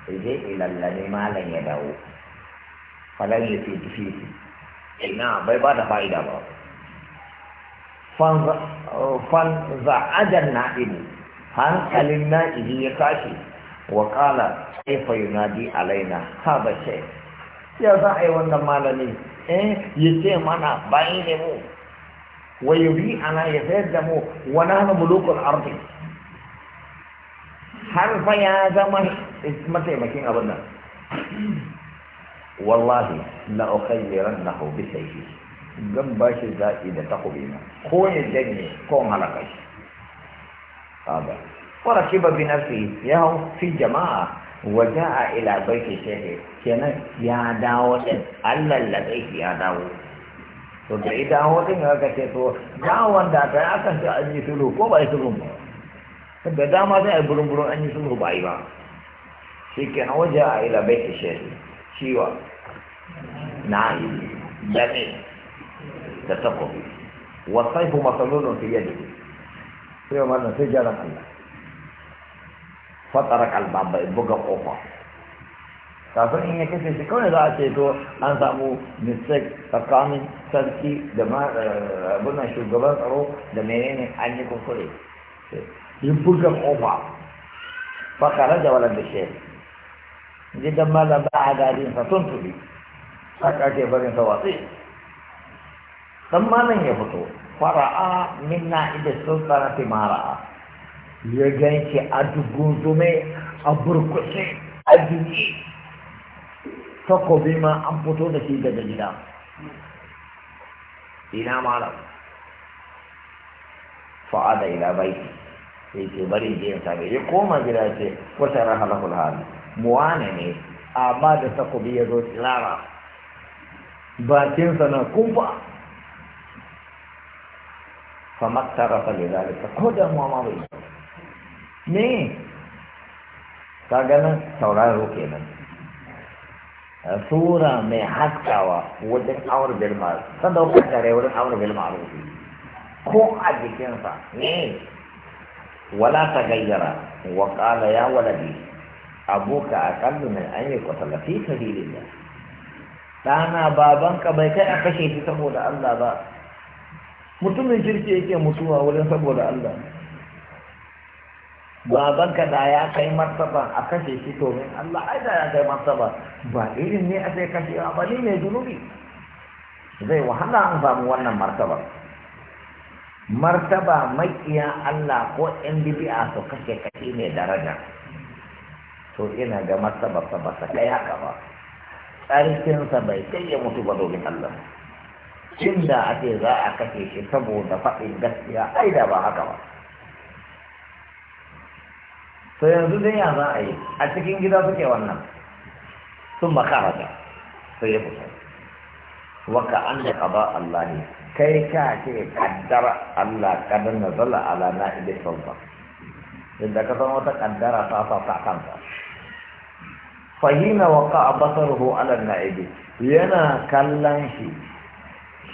je ilallabi malam ya dawo falan ya fi fi ina bai ba da fa'ida ba fan za za'adan na'ibu hankalin na'ibi ya kashi wa kala kaifa yunadi alaina ha ba ce ya za a yi wannan malami eh ya ce mana bayi ne mu wa bi ana ya sayar da mu wa hana mulukul ardi har fa ya zama mataimakin abin nan والله لا أخيرنه bi جم باش زائد تقبيما zaɓi الدنيا كون na ko هذا وركب بنفسه يهو في جماعة وجاء إلى بيت الشيخ كان يا داود ألا لديك يا داود تدعي داود هكا تقول داود داتا أكا أن يسلوه وما يسلوه تبقى داما دا برون برون أن يسلوه بعيبا شكرا وجاء إلى بيت الشيخ شيوا نعم جميل تتقوا والصيف مصلول في يده في مرة في جرم الله فترك الباب بقى قوفا kafin in ya kafe shi kawai za a ce to an samu mistake tsakanin sarki da abunan shugaban tsaro da menene an yi kuskure yi buga kofa fakara da walar da shi gidan malam ba a gadin sa sun tubi haka ake barin sa watsi dan malam ya fito fara'a minna ida sultana fi mara'a ya ganci a zume a burkusi a jiki takobi ma an fito da shi daga gida ina malam fa'ada ila baiti sai ce bari je in same ya koma gida ce wata rahalakul hali muwane ne amma da takobi ya zo tsirara bakinsa na kumfa famar tarafa lalata ko damuwa ma bai ne ka ganin sauraro kenan sura mai haskawa wajen awar bilma sadaukar tare wajen awar bilma a ko a jikinsa ne wala ta gayyara wa ya waladi abuka aqallu min an yakutala fi sabilillah ɗana babanka bai kai a kashe shi saboda Allah ba mutumin kirki yake mutuwa wurin saboda Allah babanka da ya kai martaba a kashe shi domin Allah ai da ya kai martaba ba irin ne a sai kashe ba bani mai zunubi zai wahala an samu wannan martaba martaba makiya Allah ko yan bibi'a su kashe kashe mai daraja to ina ga martaba ba ta kai haka ba ƙarfinsa bai kai ya mutu ba domin Allah inda ake za a kashe shi saboda faɗin gaskiya ai da ba haka ba to yanzu dai ya za a yi a cikin gida suke wannan sun ba makaraja sai ya fita waka an da ƙaba Allah ne kai ka ce kaddara Allah kadar na zala ala na ibe sauka yadda ka san wata kaddara ta sa ta kanka fahina wa ka'a basaruhu na na'ibi yana kallon shi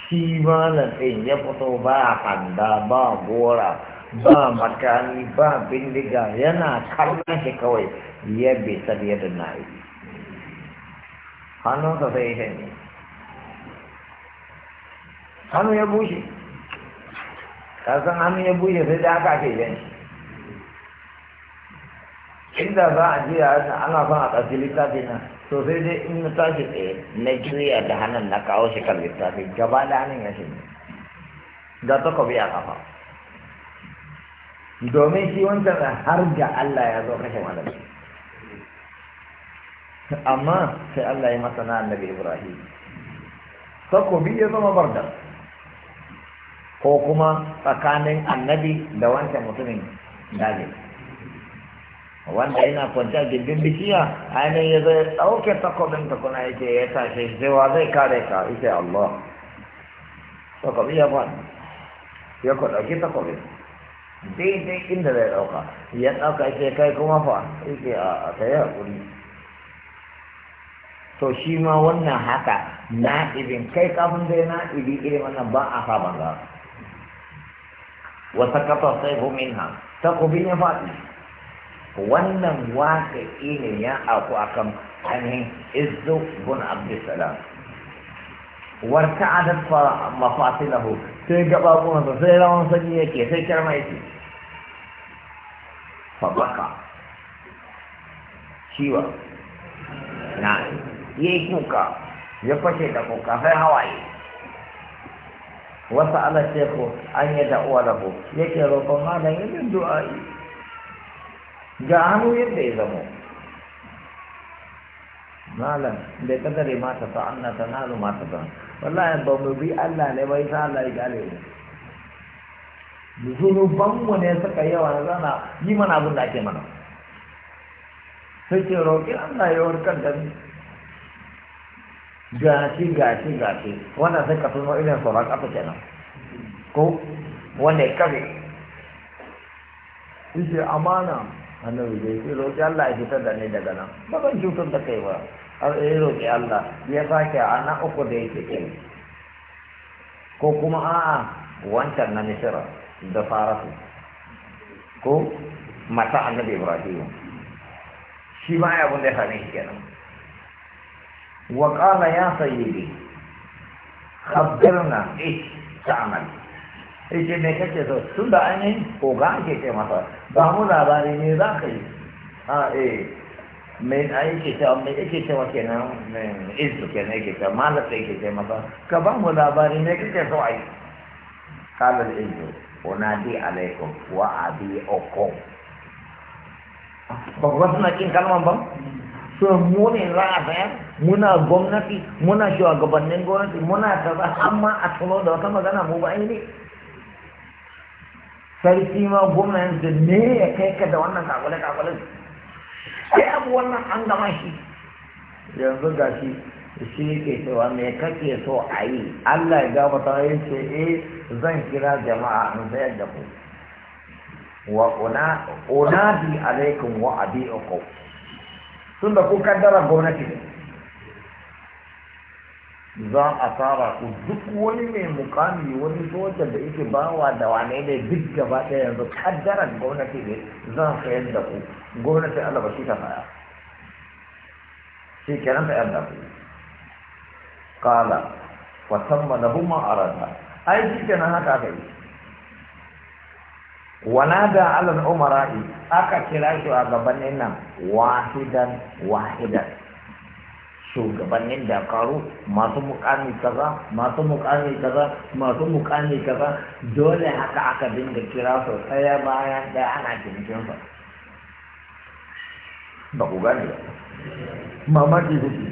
shi malam ɗin ya fito ba handa ba gora ba makani ba bindiga yana kallon shi kawai ya bai sabiyar da na'ibi hannunsa sai ya ne hannu ya bushe kasan hannu ya bushe sai da aka ake yanki inda ba a jiya a ana son a ɗauki littafi na to sai dai in na tashi tsaye na juya da hannun na kawo shi kan littafi gaba da hannun ya shige ga ta kwabi a kafa domin shi wancan har ga Allah ya zo kashe malami amma sai Allah ya masa na annabi Ibrahim kwabi ya zama da. ko kuma tsakanin annabi da wancan mutumin dalil wanda yana kwanta gindin bishiya ainihin ya zai ɗauke takobin ta kuna yake ya tashe cewa zai kare ka ita Allah takobi ya ba ya ku ɗauki takobin daidai inda zai ɗauka ya ɗauka ce kai kuma fa yake a tsaye a guri to shi ma wannan haka na ibin kai kafin na ibi irin wannan ba a sa banza wata kafa sai minha takobin ya faɗi wannan waƙaƙi ne ya aku akan ainihin izu bin abdulsalam warta dafa fa mafasilahu sai gaba kuma sai rawan sanyi yake sai kyar yake fa baka ciwa na yi kuka ya fashe da kuka sai hawaye wasu ala shekhu an yi da'uwa da ku yake roƙon malam yin du'a'i ga hannu yadda ya zamo malam bai kadare mata ta anna ta nalu mata ta wallahi ba mu bi Allah ne bai sa Allah ya gale mu ban mu ne suka yawa na zana yi mana abin da ake mana sai ce roƙi Allah ya warkar da ni gashi gashi gashi wannan sai ka tuno irin sauran kafa kenan ko wanda ya kafe yace amana annabi dai sai roƙi Allah ya fitar da ni daga nan ba ban cutar da kai ba har ya roƙi Allah ya sake a na uku da yake ke ko kuma a'a wancan na misira da farasu ko mata annabi ibrahim shi ma ya bude da ya shi kenan wa qala ya sayyidi khabbirna ايش تعمل sai ce me kake so tun da an yi koga ake ce masa ba mu labari ne za ka yi a ah, e, eh, mai a yake ce mai yake ce wa kenan izu kenan yake ce malaka yake ce masa ka ba mu labari ne kake so a yi kalar izu unadi alaikum wa abi oko? ba ku suna kin kalman ba so mu ne za a sayar muna gwamnati muna shugabannin gwamnati muna kaza amma a tuno da wata magana mu ba ne sarki ma goma yanzu ne ya kai ka da wannan kakwale kakule ai abu wannan an gama shi yanzu ga shi shi ke cewa me kake so a yi allah ya gabata yi ce eh zan kira jama'a in sayar da ku wa unadi alaikum wa abi'ukum tunda ku kaddara gwamnati ne za a fara ku duk wani mai mukami wani sojan da yake bawa da wane ne duk gaba ɗaya yanzu kaddaran gwamnati ne za a sayar da ku gwamnati Allah ba shi ta saya shi kenan sayar da ku kala wa tamma lahu ma arada ai shi kenan haka aka yi wanada Alan umara'i aka kira shi a gabanin nan wahidan wahidan shugabannin dakaru masu mukami kaza masu mukami kaza masu mukami kaza dole haka aka dinga kira su tsaya bayan da ana cikin ba ba ku gani ba mamaki kuke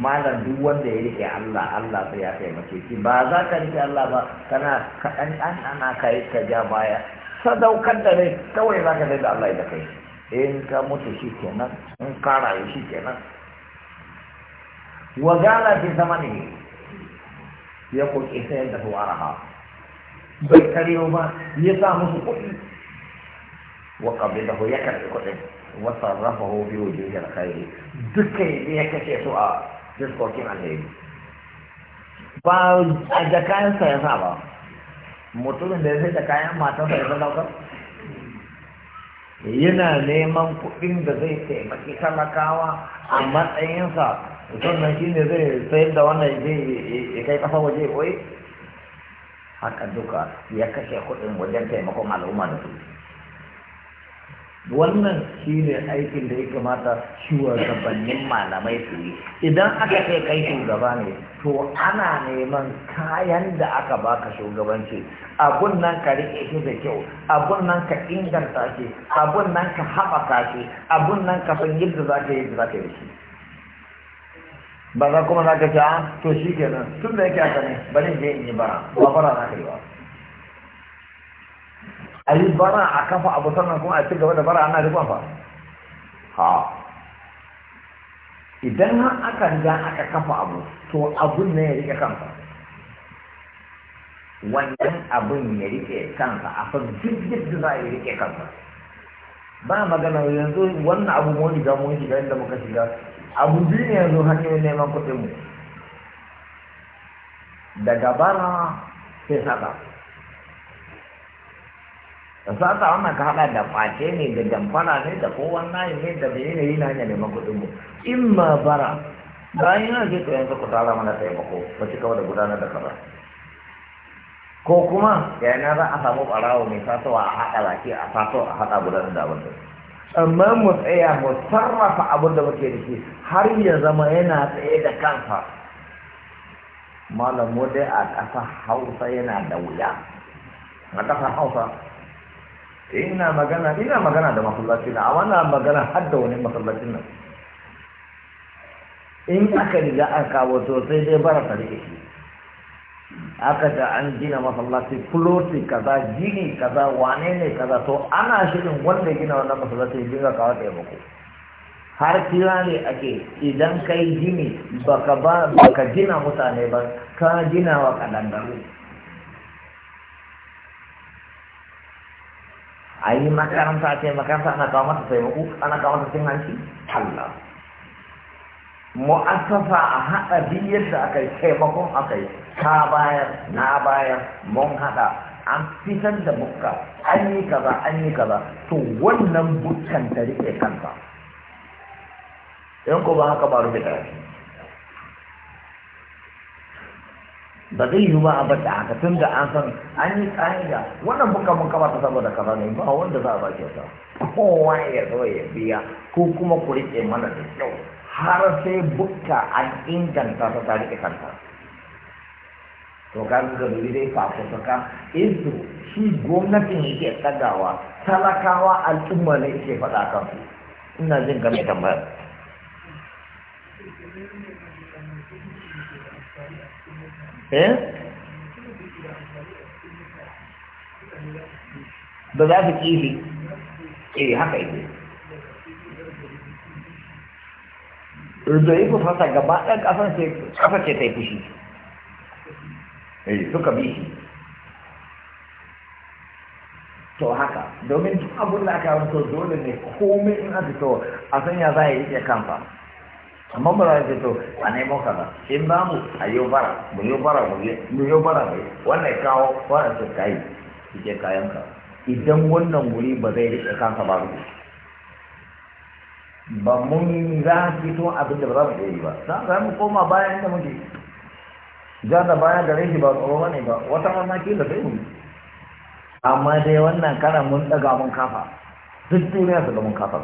malam duk wanda ya rike Allah Allah sai ya taimake shi ba za ka rike Allah ba kana kaɗan ɗan ana kai ka ja baya sadaukar da rai kawai za ka da Allah ya da kai in ka mutu shi kenan in ka rayu shi kenan gala fi zamani ya kuke sayar da araha bai karewa ba ya sa musu kuɗi wa qabilahu ya karɓi kuɗin wa biyu fi wajhihi alkhair duka ya kashe su a jiskokin alheri ba a da ya sa ba mutumin da ya sai da kayan matarsa ya sa daukar yana neman kuɗin da zai taimaki talakawa a matsayinsa sannan shi ne zai sayar da wannan zai ya kai kafa waje koyi haka duka ya kashe kuɗin wajen taimakon al'umma da su wannan shi ne aikin da ya kamata gabanin malamai su yi idan aka ce kai shugaba ne to ana neman kayan da aka baka shugabanci abun nan ka riƙe shi da kyau abun nan ka inganta shi abun nan ka haɓaka shi abun nan ka san yadda za ka yi da za ka yi shi ba za kuma za ka ce ah, to shi kenan tun da yake haka ne bari je in yi bara ba bara na yi ba a yi bara a kafa abu sannan kuma a ci gaba da bara ana rikon fa ha idan har aka riga aka kafa abu to abun ne ya rike kansa wannan abun ya rike kansa a fa duk yadda za a rike kansa ba magana yanzu wannan abu mun riga mun shiga inda muka shiga abu biyu ne yanzu ne neman kuɗin mu daga bara sai saka da sata wannan ka haɗa da face ne da damfara ne da kowan nayin ne da bai ne yana hanyar neman kuɗin mu in ma bara bayan yana ce to yanzu ku tara mana taimako ba ci kawai da gudanar da kaza ko kuma ya na za a samu barawo mai fasowa a haɗa baki a faso a haɗa gudanar da abin amma mu tsaya mu sarrafa abin da muke da har ya zama yana tsaye da kansa malamu dai a ƙasa hausa yana da wuya a ƙasar hausa ina magana ina magana da masallacin a wannan magana har da wani masallacin nan in aka riga an kawo to sai dai bara ta rike shi aka ta an gina masallaci fuloti kaza gini kaza wane ne kaza to ana shirin wanda gina wannan masallaci ya dinga kawo taimako har kira ne ake idan kai gini baka ba baka gina mutane ba ka gina wa kadangaru a yi makaranta sa na ana kawo masa taimako ana kawo masa cin hanci talla mu'assafa a haɗa biyar da aka yi taimakon aka yi ta bayar na bayar mun haɗa an fitar da bukka an kaza an kaza to wannan bukkan ta riƙe kanta ko ba haka ba rubuta shi ba zai yi ba a bata haka tun da an san an yi ƙa'ida wannan buka mun kama ta saboda kaza ne ba wanda za a ba ke sa kowa ya zo ya biya ko kuma ku riƙe mana da kyau har sai buka an inganta ta ta riƙe kanta to ka ga dole dai fa ko saka izu shi gwamnatin yake tsagawa talakawa al'umma ne yake faɗa kansu ina jin game tambayar eh ba za su kili eh haka yake Rudoyi ku fasa gaba ɗan ƙasar ce ƙasar ce ta yi fushi. Eh suka bi shi. to haka domin abin da aka rubuto dole ne komai in aka to a sanya za a yi iya kanfa amma ba za ce to a nemo ba in ba mu a yi bara mu yi bara mu yi bara mu wannan kawo wannan ce kayi ke kayan ka idan wannan wuri ba zai rike kanka ba ba mun za fito abin da ba za mu iya yi ba za mu koma bayan da muke za ta baya gare shi ba tsoro ba ne ba wata rana da zai mu amma dai wannan karan mun daga mun kafa duk duniya su ga mun kafa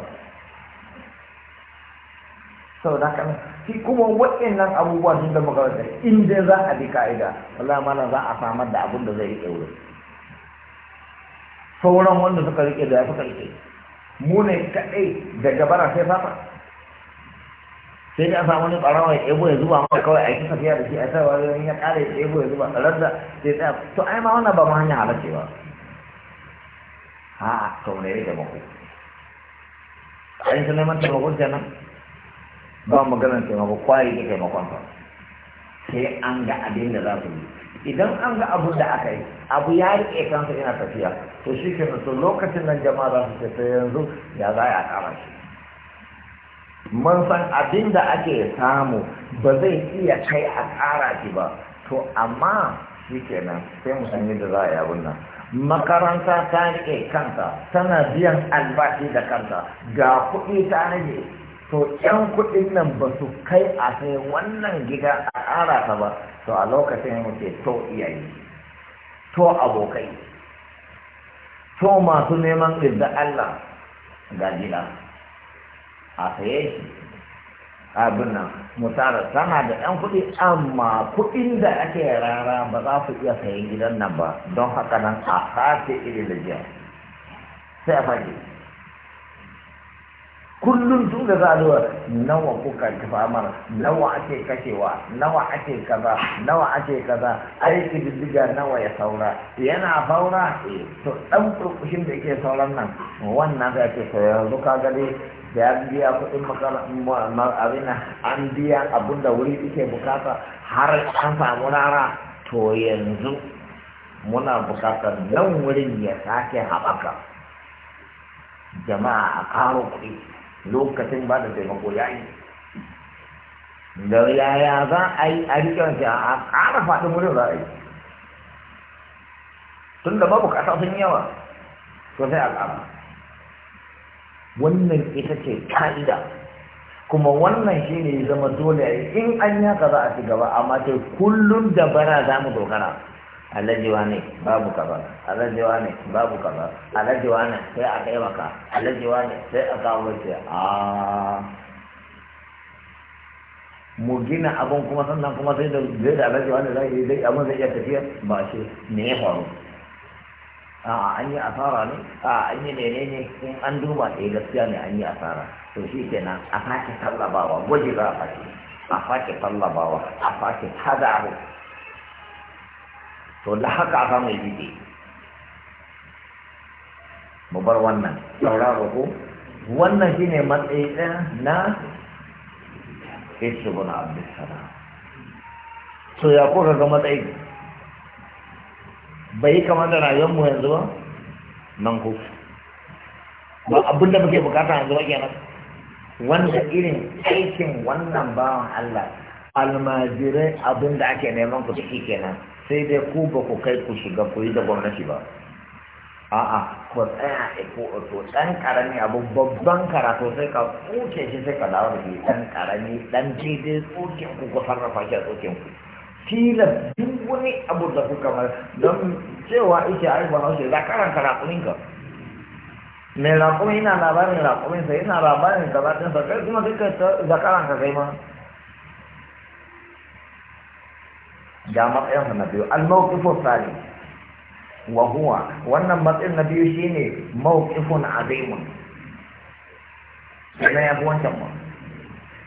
sau da kan shi kuma waɗannan abubuwa sun da makarata in dai za a bi ka'ida wallahi mana za a samar da abin da zai riƙe wurin sauran wanda suka riƙe da suka riƙe mu ne kaɗai da gabara sai fata sai da an samu wani ɓarawa ya ebo ya zuba mata kawai a yi tafiya da shi a sa wani ya ƙara ya ebo ya zuba tsarar da sai tsaya to ai ma wannan ba mu hanya halarce ba ha taurari da mako a yi su neman taimako kenan ba maganar taimako kwari ke taimakon ba. sai an ga abin da za su yi idan an ga abin da aka yi abu ya yi kansa ina tafiya to shi ke so lokacin nan jama'a za su ce sai yanzu ya za a kama shi mun san abin da ake samu ba zai iya kai a ƙara shi ba to amma shi nan sai mu san yadda za a yi abin nan makaranta ta ke kanta tana biyan albashi da kanta ga kuɗi ta rage to yan kuɗin nan ba su kai a sai wannan gida a ƙara ta ba to a lokacin muke to iyaye to abokai to masu neman da Allah ga gida a saye shi abin nan mutara tana da yan kuɗi amma kuɗin da ake rara ba za su iya sayen gidan nan ba don haka nan a sace irin da jiya sai a fage kullum tun da za nawa kuka tufamar mana nawa ake kashewa nawa ake kaza nawa ake kaza aiki diddiga nawa ya saura yana faura eh, to dan furkushin da yake sauran nan wannan zai ce sai yanzu ka gani da ya biya kuɗin makarabina an biya abin da wuri ke bukata har an samu rara to yanzu muna bukatar nan wurin ya sake haɓaka jama'a a ƙaro kuɗi lokacin ba da taimako ya yi da yaya za a yi a riƙe wanke a ƙara faɗin wurin za a yi tun da babu ƙasa sun yawa to sai a ƙara wannan ita ce ka'ida kuma wannan shi ne zama dole in an yaka za a ci gaba amma sai kullum da bara za mu dogara wa ne babu kaza wa ne babu kaza wa ne sai a kai maka wa ne sai a kawo ce a ah. mu gina abin kuma sannan kuma sai da zai da wa ne zai zai amma zai iya tafiya ba shi ne ya faru a an yi asara ne a an yi nene ne in an duba eh gaskiya ne an yi asara to shi kenan a sake tallabawa gwaji za a sake a sake tallabawa a sake hada abu to da haka aka mai bide mu bar wannan sauraro ko wannan shine matsayi ɗaya na isu bin Abdulsalam to ya kuka ga matsayi bai yi kama da rayuwar mu yanzu ba nan ku ba abin da muke bukata yanzu ba kenan wanda irin aikin wannan bawan Allah almajirai abin da ake neman ku ciki kenan sai dai ku ba ku kai ku shiga ku yi da gwamnati ba a'a ku tsaya a eh, ko to dan karami abu babban karatu sai ka kuke shi sai ka dawo da shi dan karami dan jide tsoken ku ku sarrafa shi a tsoken ku tila duk wani abu da ku mara don cewa ita ai ba haushe za karanta rakumin ka mai rakumin yana labarin rakumin sa yana labarin gabatin sa kai kuma duka zakaran ka kai ma ga matsayin na biyu al-mawqifu tsari wa huwa wannan matsayin na biyu shine mawqifun azimun sai ya wancan mu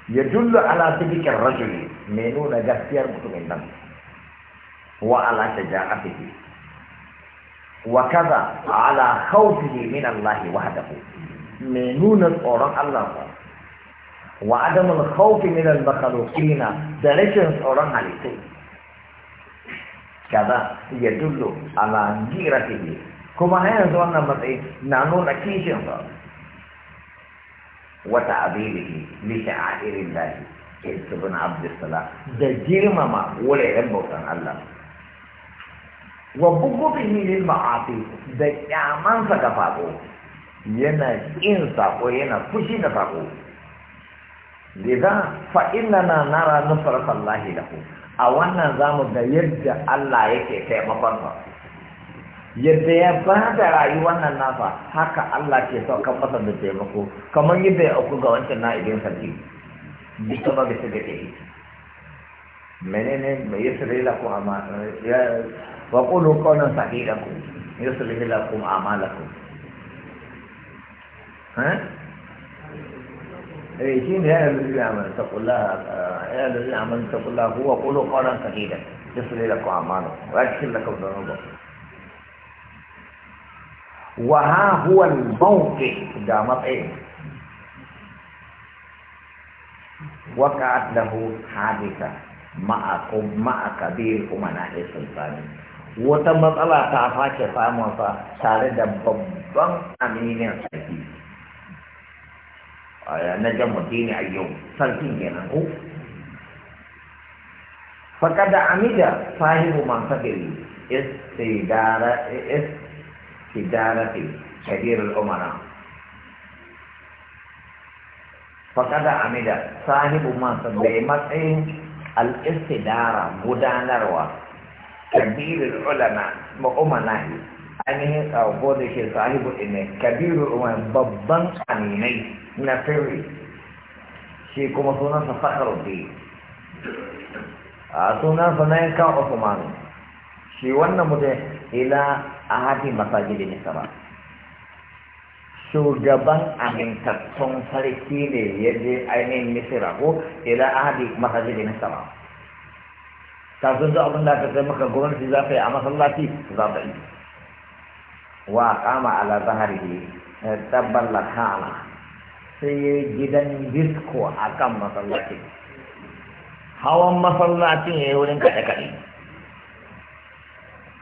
yadullu ala sidiqir rajuli mai nuna gaskiyar mutumin nan wa ala shaja'atihi wa kaza ala khawfihi min Allah wahdahu mai nuna tsoron Allah ba wa adamul khawfi min al-makhluqina da rashin tsoron halittai kaza ya dullo ala giratihi kuma har yanzu wannan matsayi na nuna kishin sa wa ta'abihi li sha'airillah ibn abdussalam da girmama wuraren bautan Allah wa bughdihi lil ma'asi da kyamansa ga fako yana kin sako yana fushi da fako lidha fa innana nara nusratallahi lahu a wannan zamu ga yadda Allah yake taimakon sa yadda ya ba da rayuwar nan nafa haka Allah ke saukan masa da taimako kamar yadda ya auku ga wancan na'ibin sarki bisa ba bisa ga ke menene mai yasri lakum amalakum wa qulu qawlan sadidakum yasri lakum da ku. إيه شين يا الذي عمل اتقوا الله آه، يا الذي عمل تقول لها هو قول قولا سديدا يصلي لكم أعمالكم ويغفر لك ذنوبكم وها هو الموقع قدام إيه وقعت له حادثة مع مع كبير أمناء السلطان وتمت الله تعالى face samunsa tare da babban aminin na yanar mutane a yau sarkin kenan faka da amida sahibu masu sabiri is umara faka da amida sahibu matsayin al'istidara gudanarwa kabirin ulama ma yi ainihin tsawon gode sahibu ne kabirin babban kaninai. si como shi kuma pájaros de a sunansa na yankan usmanu shi wannan mutum ila ahadi masajidin sama shugaban amintattun sarki ne ya je ainihin misira ko ila ahadi masajidin sama ta sun zo abin da aka sai maka gwamnati za ta yi a masallaci za ta yi wa kama ala zahari tabbala hana sai gidan disko a kan masallacin hawan masallacin ya yi wurin kaɗe-kaɗe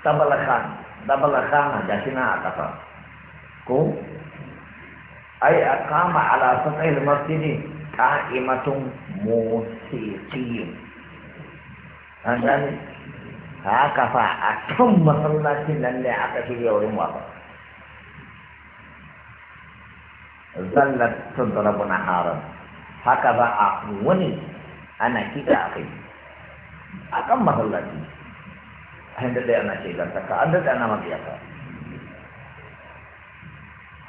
tabalakan tabalakan da shi na a ƙasa ko ai a kama alasan ilmar masjidi ka'imatun musiqiyin an gani haka fa a kan masallacin nan ne aka shirya wurin wasa zallar na haram haka za a wani ana kika a kai a kan masallaci yadda dai ana ka an daɗe ana fata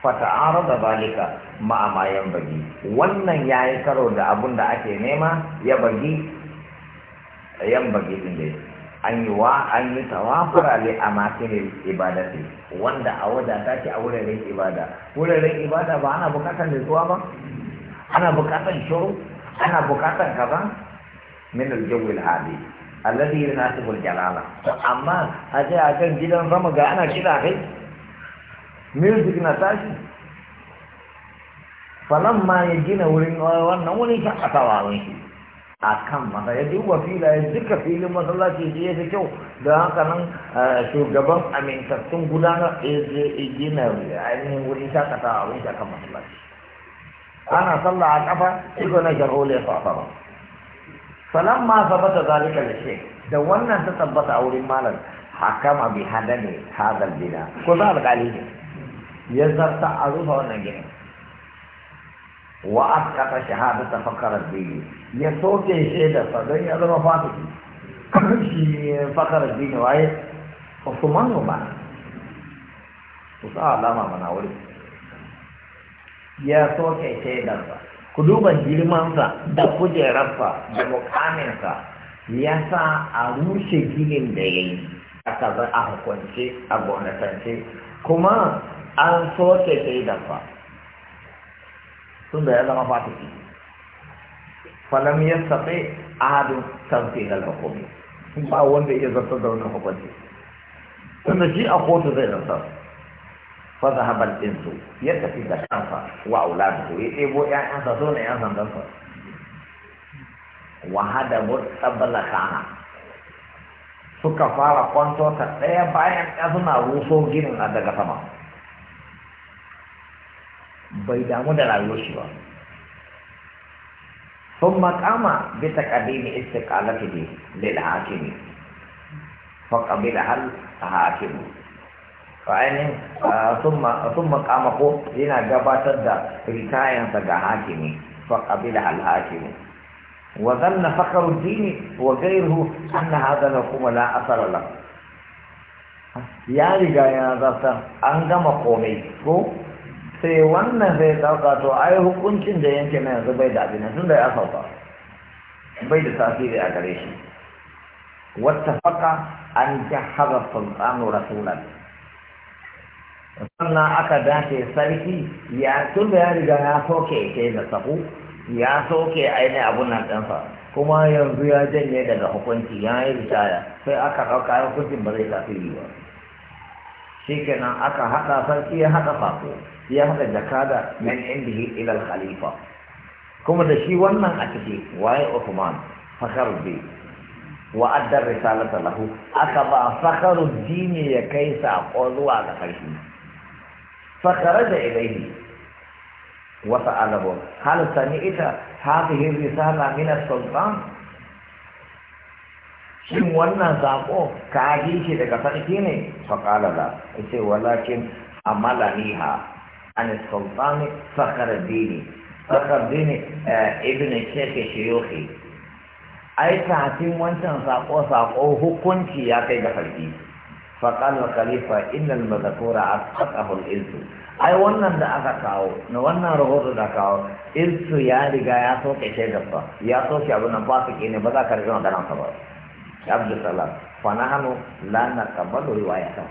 fata'ara da zalika ma'ama yan bagi wannan ya yi karo da abun da ake nema ya bagi yan bagi ɗin dai an yi wa an yi tawafura li amakin ibadati wanda a wadata ke a wuraren ibada wuraren ibada ba ana bukatar nutsuwa ba ana bukatar shuru ana bukatar kaza min aljawil hali alladhi yunasibu aljalala amma a je a kan gidan sama ga ana kira kai music na tashi falamma ya gina wurin wannan wurin shakatawa wani a kan masa ya duba filaye duka filin masallaci da ya fi kyau da haka nan shugaban amintattun gudanar ya gina ainihin wurin shakata a wurin shakan masallaci ana sallah a kafa iko na jarhole ya ba salam ma sabata zalika da shi da wannan ta tabbata a wurin malam hakama bi hadani hadal bina ko za alƙali ne ya zarta a rufa wannan ginin wa askata ta fakarar dini ya soke da don ya zama fasiki [clears throat] shi fakarar dini waye usman ba su sa alama mana wuri ya soke sa ku duba girmansa da kujerarsa da mukaminsa ya sa a rushe ginin da ya yi a kaza a hukunce a gonatance kuma an soke sa tunda ya zama fasiki falam yastati ahadun tanfil al-hukm ba wanda ya zartar da wannan hukunci tunda shi a kotu zai zartar fa zahaba al-insu ya tafi da kansa wa auladuhu ya ɗebo ƴaƴansa so ne ƴan sandansa wa hada mutabala kana suka fara kwanto ta ɗaya bayan ɗaya suna ruso ginin a daga sama bai damu da rayuwar shi ba ثم da hal استقالته للحاكم فقبلها a ainihin ah, sun ko yana gabatar da rikayensa ga hal faƙabila ne wa na fakarun dini wa gairu an na na kuma la ya riga yana zata, an gama komai ko sai wannan zai sauka to ai hukuncin da yanke na yanzu bai da abin tun da ya sauka bai da tasiri a gare shi wata faka an jahaza sultanu rasulan sannan aka dace sarki ya tun ya riga ya soke ke da sahu ya soke aini abun nan ɗansa kuma yanzu ya janye daga hukunci ya yi ritaya sai aka ɗauka hukuncin ba zai tasiri ba shikenan aka haɗa sarki ya haɗa fafo ya haɗa jakada min indihi ila khalifa kuma da shi wannan a ciki waye Uthman Fakhruddin wa adda risalata lahu aka ba dini ya kai sako zuwa ga sarki da ilayhi wa sa'alahu hal ita hadhihi risala min as-sultan shin wannan zaƙo ka ji shi daga sarki ne faƙala da ya ce walakin amala niha an sultani sakar dini sakar dini eh, ibn shekhe shiyohi ai kafin wancan saƙo saƙo hukunci ya kai ga sarki faƙala khalifa innal mazakura a tsakahul izu ai wannan da aka kawo na wannan rahoto da kawo izu ya riga ya soke shaidarsa ya soke abin nan fasiki ne ba za ka riga maganar ba عبد السلام فنحن لا نقبل روايته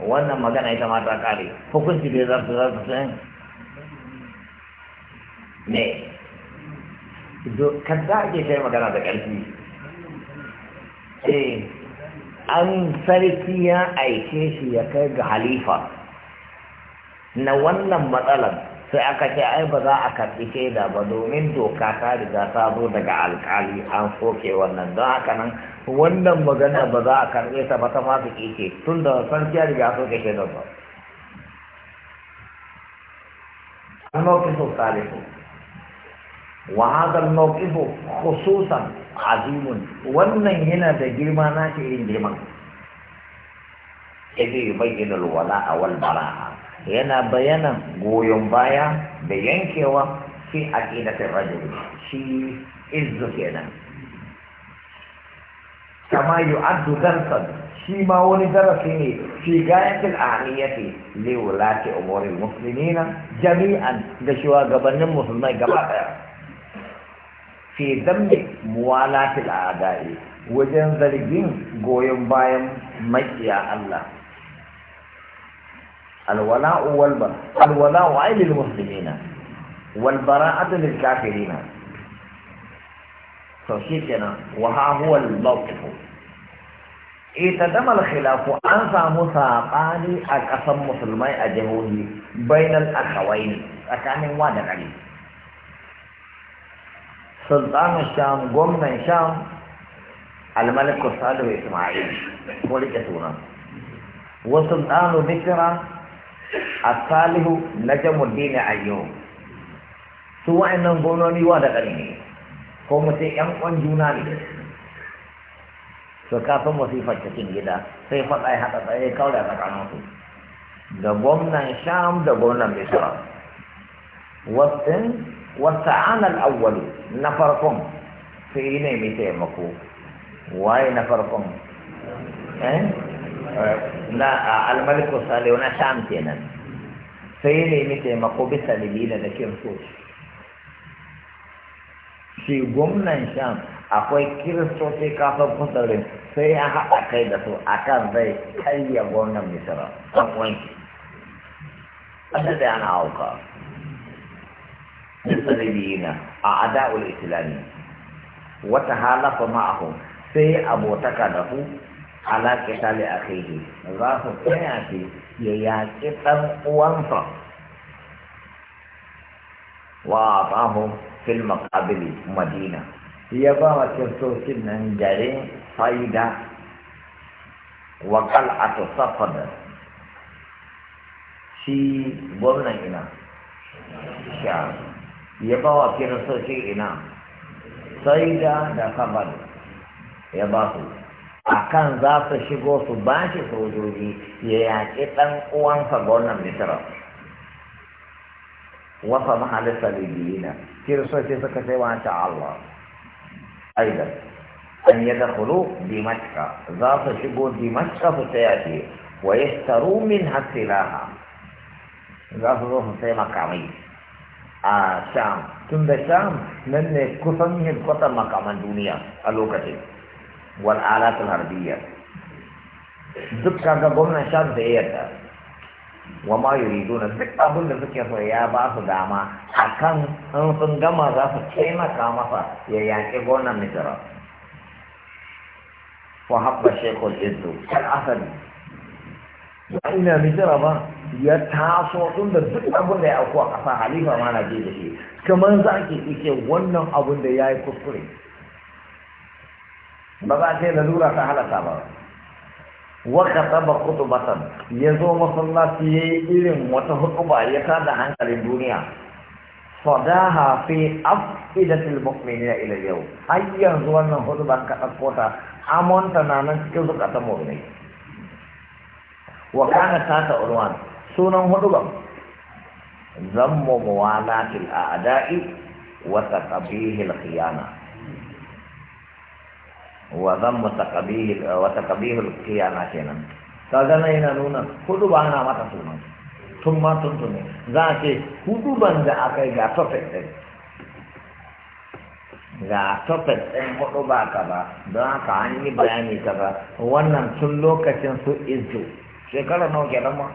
wannan magana ita ma ta kare hukunci bai za su za su san ne a ke kai magana da ƙarfi eh an sarki ya aike shi ya kai ga halifa na wannan matsalar sai aka ce ai ba za a karɓi shaida ba domin doka ta riga ta zo daga alkali an soke wannan don haka nan wannan magana ba za a karɓe ta ba ta ma su ce tun da san ya riga soke shaidar ba الموقف الثالث وهذا الموقف خصوصا عظيم wannan yana da girma na shi irin girman yake bayyana alwala wal bara'a yana bayanan goyon baya da yankewa fi a aqidatir rajul shi izzu kenan kama yu'addu darsan shi ma wani darasi ne fi gayatil ahliyati li wulati musulmi na jami'an da shi wa gabanin musulmai gaba daya fi zambi a a'da'i wajen zargin goyon bayan maƙiya Allah الولاء والبراء الولاء أي للمسلمين والبراءة للكافرين توشيكنا وها هو الموقف اتدم الخلاف أنسى مساقاني أقسم مسلمي أجهوني بين الأخوين أكان وعد علي سلطان الشام قمنا الشام الملك الصالح إسماعيل ولد سونا وسلطان بكرة asalihu najamuddin ayyub su gono ni wa da kani ne ko mu ce kon juna ne to kafin masifar cikin gida sai hada ya haɗa da kawai a su da gwamnan sham da gwamnan misra wasin al-awwal na farkon sai ne mai taimako waye na farkon eh, eh. لا آه، الملك صالح ونا شام تينا فيلي ميت مقوبة لبيلا لكن فوش شي غمنا شام أقوي كريستو في كافر قتل في أها أكيد أسو أكاد ذي كي يغونا مصر أقوي أدد أنا أوقع مصريين أعداء الإسلام وتحالف معهم في أبو تكادهو ala a akhihi za su tsaya ce ya yaƙi ɗan uwansa wa atahu fil maqabili madina ya ba wa kirtocin nan garin faida wa qal'atu shi gwamnan ina ya ba wa kirtocin ina saida da kabar ya ba su a kan za su shigo su ba shi sojoji ya yaƙi ɗan uwansa gwamnan misira wasa mahalar salibiyina kiristoci suka sai wa Allah aida an yi dakulu dimashka za su shigo dimashka su ta yaƙi wa ya taru min hasilaha za su zo su sai makamai a sham tun da sham nan ne kusan yin kwatan makaman duniya a lokacin wal alatul harbiyya duk kaga gwamnan sham da ya yarda wa ma yuriduna duk abin da suke so ya ba su dama akan in sun gama za su taimaka masa ya yaƙi gwamnan misra wa habba shekul izu kal asali ba ina misira ba ya taso tun da duk abin da ya auku a ƙasa halifa ma na je da shi kamar za ki ce wannan abin da ya yi kuskure ba za a ce lalura ta halata ba waka taba kutubatan ya zo masallaci ya yi irin wata huɗuba ya da hankalin duniya fadaha fi afidatil mu'minina ila yau har yanzu wannan hutuba ka ɗauko ta amonta na nan cikin zukatan mu'minai wa kana tata urwan sunan hutuban zammu muwalatil a'da'i wa taqbihil khiyana wa zammu taqabih eh, wa taqabih al-qiyama kenan kaga nan yana nuna hudu ba ana mata sunan tun tun tun za a ce hudu ban da aka yi ga topic din ga topic din hudu ba ka ba don haka an yi bayani ka ba wannan tun lokacin su izu shekara nawa kenan ma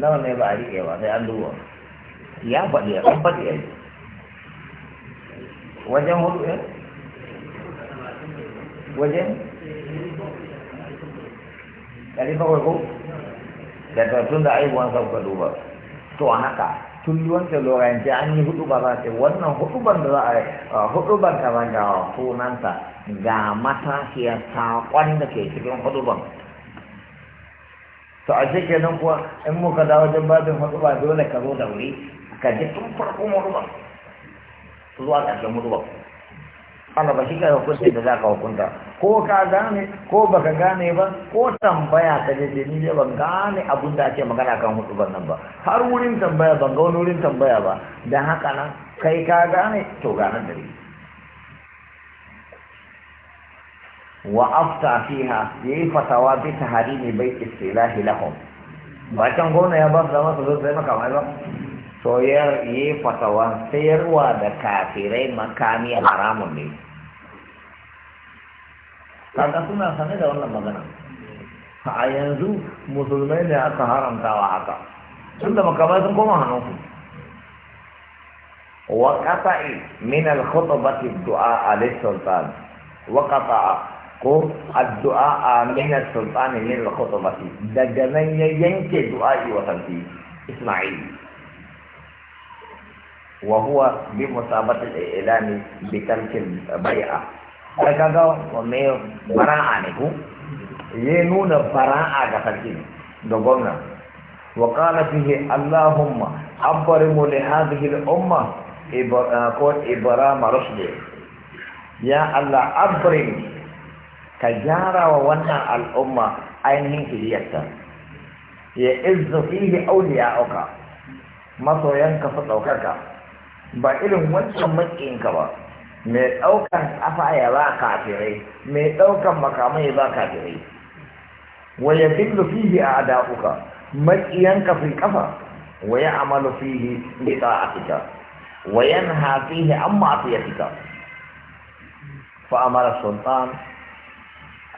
nawa ne ba a riƙe ba sai an duba ya faɗi ya faɗi ya yi wajen hudu ɗin wajen ɗari bakwai ko da tattun da aibuwan sauka duba to a haka tun wancan lokaci an yi hudu ba za ta wannan huduban da za a hudu ban ka ga sunanta ga matashiyar saƙon da ke cikin huduban. to a cikin nan kuwa in muka da wajen babin hudu ba dole ka zo da wuri ka ji tun farkon hudu ban zuwa ƙarshen hudu ban Allah ba shi ka hukunta da za ka hukunta ko ka gane ko baka gane ba ko tambaya ka je ni ne ban gane abin da ake magana kan hudu ban nan ba har wurin tambaya ban ga wani wurin tambaya ba da haka nan kai ka gane to gane da ni wa afta fiha yayi fatawa bi taharimi bai istilahi lahum ba can gona ya ba su zama su zo sai maka mai ba to ya yi fatawa sayarwa da kafirai makami haramun ne kaga suna sane da wannan magana a yanzu musulmai ne aka haramtawa haka tun da makamai sun koma hannunku wa qata'i min al-khutbati du'a al-sultan wa qata'a ko addu'a min al-sultan min al-khutbati daga nan ya yanke du'a'i wa santi isma'il wa huwa bi musabati al-i'lani bi tarki baia da kaga me bara'a ne ku? ya nuna bara'a ga sarki da gwamna wa qala fihi allahumma abarimu li hadhihi al umma ah, ko ibrahim rusdi ya allah abrim ka gyara wa wannan al'umma ainihin kiliyarta ya izzu fihi Masoyan masoyanka ɗaukar ka. ba irin wancan makinka ba mai ɗaukan ƙafa ya ba kafirai mai ɗaukan makamai ya ba kafirai waya ya dillu fihi a ada'uka maƙiyanka fi ƙafa waya ya amalu fihi bi ta'atika wa yanha fihi an fita fa amara sultan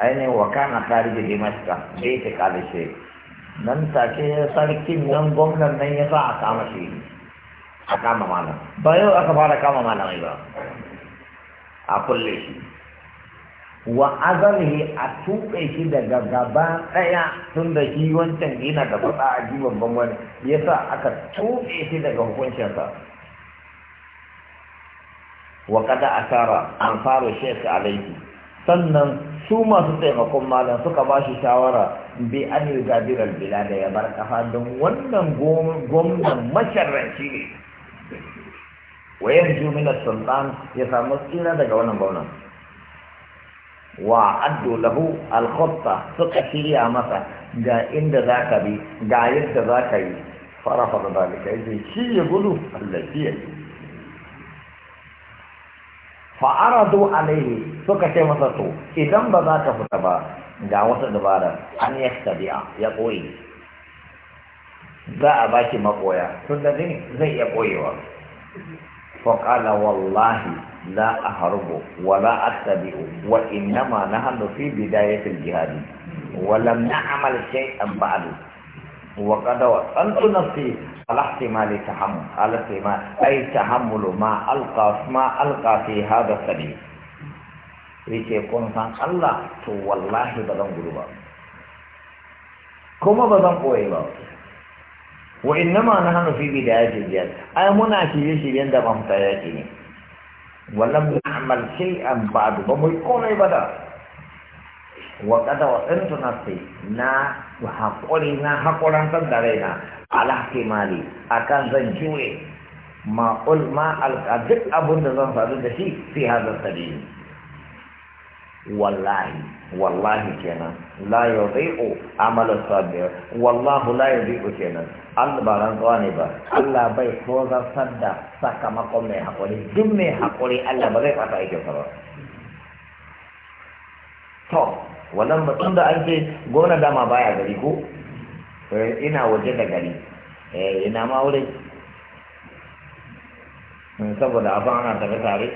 ainihin wa kana kharij dimaska bai ta shi nan take sarkin nan gwamnan nan ya sa a kama shi a kama malam ba yau aka fara kama malamai ba a kulle shi wa azalhi a tuɓe shi daga gaba ɗaya tun da shi wancan yana da kuɗa a jiwon bangon yasa aka tuɓe shi daga hukuncinsa wa kada asara an faru a alaihi sannan su masu taimakon malam suka ba shi shawara bi an yi bila da ya bar kafa don wannan gwamnan masharranci ne wayan jumina sultan ya samu tsira daga wannan gwamnan wa addu lahu al-khutta suka shirya masa ga inda za ka bi ga yadda za ka yi farafa da dalika shi ya gudu Allah shi ya yi fa aradu alaihi suka ce masa to idan ba za ka fita ba ga wata dabara an yastabi'a ya koyi za a baki makoya tun da zai iya koyewa فقال والله لا أهرب ولا أتبع وإنما نحن في بداية الجهاد ولم نعمل شيئا بعد وقد وصلت نفسي على احتمال تحمل على احتمال أي تحمل ما ألقى ما ألقى في هذا السبيل yake kun san Allah to wallahi ba zan gudu ba kuma ba zan koyi ba وإنما نحن في بداية الجهاد أي منا شيء شيء ده بمتعاتي ولم نعمل شيئا بعد بمو يكون عبادة وقد وصلت نفسي نا وحقولي نا حقولا تدرينا على احتمالي أكان زنجوي ما قل ما ألقى أبن دزان دشي في هذا السبيل والله والله كنا لا يضيع عمل الصابر والله لا يضيع كنا Allah ba rantsuwa ne ba Allah bai tozartar da sakamakon mai haƙuri duk mai haƙuri Allah ba zai fata aikin sa ba to wannan mutum da an ce gona dama baya gari ko eh, ina waje da gari eh ina ma mun hmm, saboda abin ana tafi tare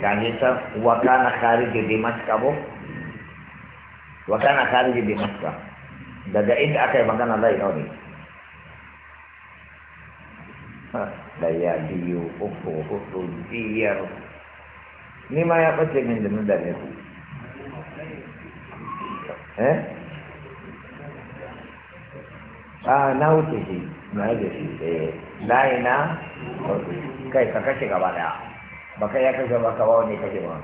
gane ta wa na kharije bi maska bo wa na kharije bi maska daga inda aka yi magana zai nau ne daya biyu uku hudu biyar ni ma ya ɓace min da nuna ne ku eh a na wuce shi na wuce shi eh layi na ah. kai ka kashe gaba daya baka ya kashe baka wawo ne kashe ba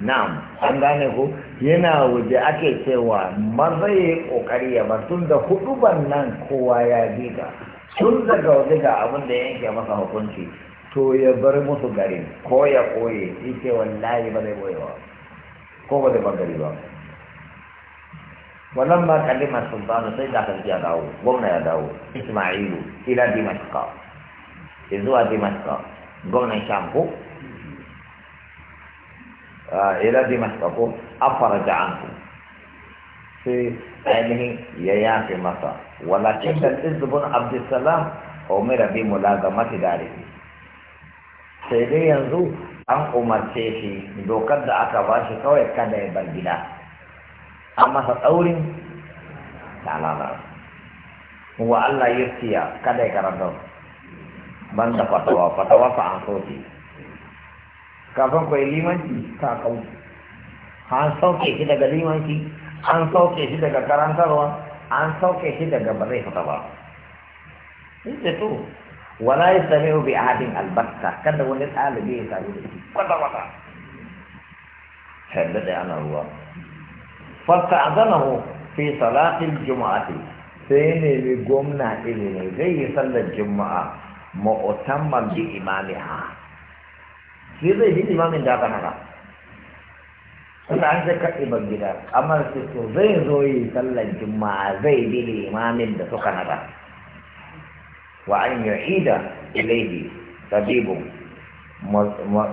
na'am an gane ku yana waje ake cewa maza ya kokari ya bar tun da hudu nan kowa ya bi tun daga waje ga abin da yanke masa hukunci to ya bar musu garin ko ya koye shi ce wallahi ba zai koye ba ko ba zai bar gari ba wannan ma kalimar sultanu sai da kan ya dawo gwamna ya dawo ismailu ila dimashqa zuwa dimashka gwamnan sham ko Ah, ila dimashqa ko afaraja anhu sai ainihin ya yafe masa walakin mhm. da izbun abdussalam umira bi mulazamati dare sai dai yanzu an umarce shi dokar da aka ba shi kawai kada ya bar gida an masa tsaurin talala wa Allah ya siya kada ya karanta ban da fatawa fatawa fa an soke kafin kwaye limanci ta kawo an sauke shi daga limanci an sauke shi daga karantarwa an sauke shi daga ba zai fita ba ita to wala ya sami bi ahadin albarka, kada wani ɗalibi ya sami da shi kwata-kwata shaidda da ana ruwa fasta mu fi salatin juma'ati sai ne bi gwamna ilimi zai yi sallar juma'a ma'utamman bi imamiha shi zai bi limamin da aka hana sannan an zai kaɗe ban gida amma su to zai zo yi sallan juma'a zai bi limamin da suka hana wa an yu'ida ilaihi tabibun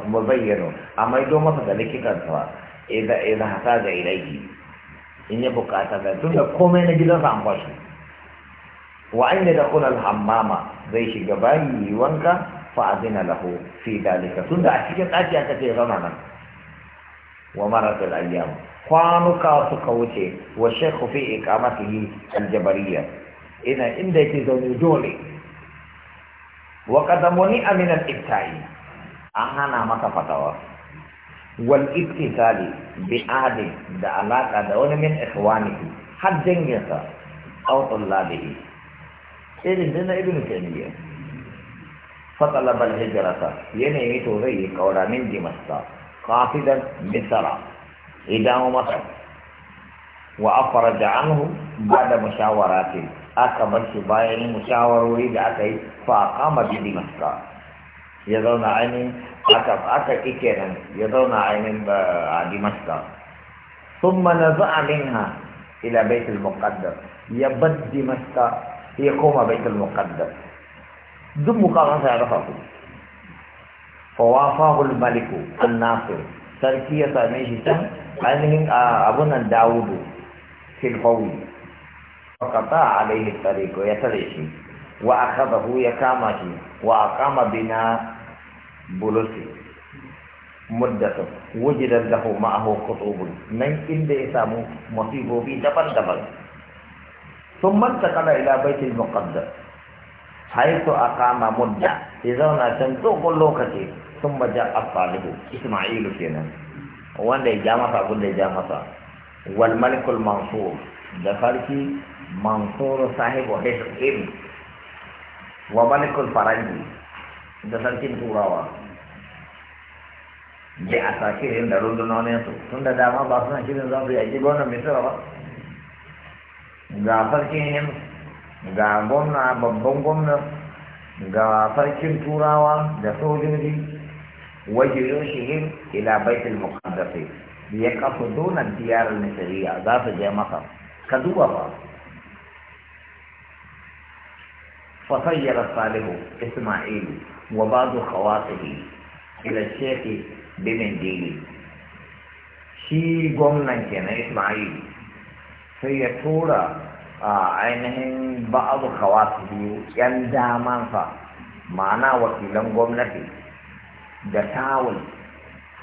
muzayyano amma ido masa da likitansa idan idan hasa hasada ilaihi in ya bukata da tunda komai na gidansa an bashi wa an da al-hammama zai shiga bayi wanka فأذن له في ذلك سند أشجع أشجع كثيرا منا ومرت الأيام قانو كاسو كوتي والشيخ في إقامته الجبرية إن إن ديت زوني دولي وقد مني أمين الإبتاعي أهانا ما تفتوى والإبتسالي بعاد دعلاك دون من إخوانه حد جنجة أو طلابه إذن إيه ابن تيمية فطلب الهجرة ينهي توري قولا من دمشق قافدا مصر هو مصر وأفرج عنه بعد مشاورات أكبر شباين مشاور وريد أكي فأقام بدمشق يدون عين أكب أكا إكيرا يدون عين دمشق ثم نزع منها إلى بيت المقدس يبد دمشق يقوم بيت المقدس duk mukamansa ya rafa ku baliku, maliku annasir sarki ya same shi can ainihin abunan dawudu filfawi fakata alaihi tariqo ya tare shi wa akhadahu ya kama shi wa aqama bina bulusi muddatu wujida lahu ma'ahu qutubun nan inda ya samu musibobi daban-daban ثم انتقل الى بيت المقدس haitu aqama mudda ya zauna can dogon lokaci sun baja asalihu isma'ilu kenan wanda ya ja masa abin da ya ja masa wal malikul mansur da farki mansur sahibu hisqin wa malikul faranji da sarkin turawa Je a sakirin da rundunar rundunoninsu tun da dama ba suna shirin za su yaƙi gwamnan misira ba ga sarkin ga gwamna babban gwamna ga sarkin turawa da sojoji wajen shihim ila baitul muqaddasi ya kafa donar diyar Nasiriya za su je maka ka duba ba فطير صالح إسماعيل وبعض خواطه إلى الشيخ بمنديل shi gwamnan kenan Ismail sai ya tura a ainihin ba'adu khawasu biyu yan damansa ma'ana wakilan gwamnati da tawul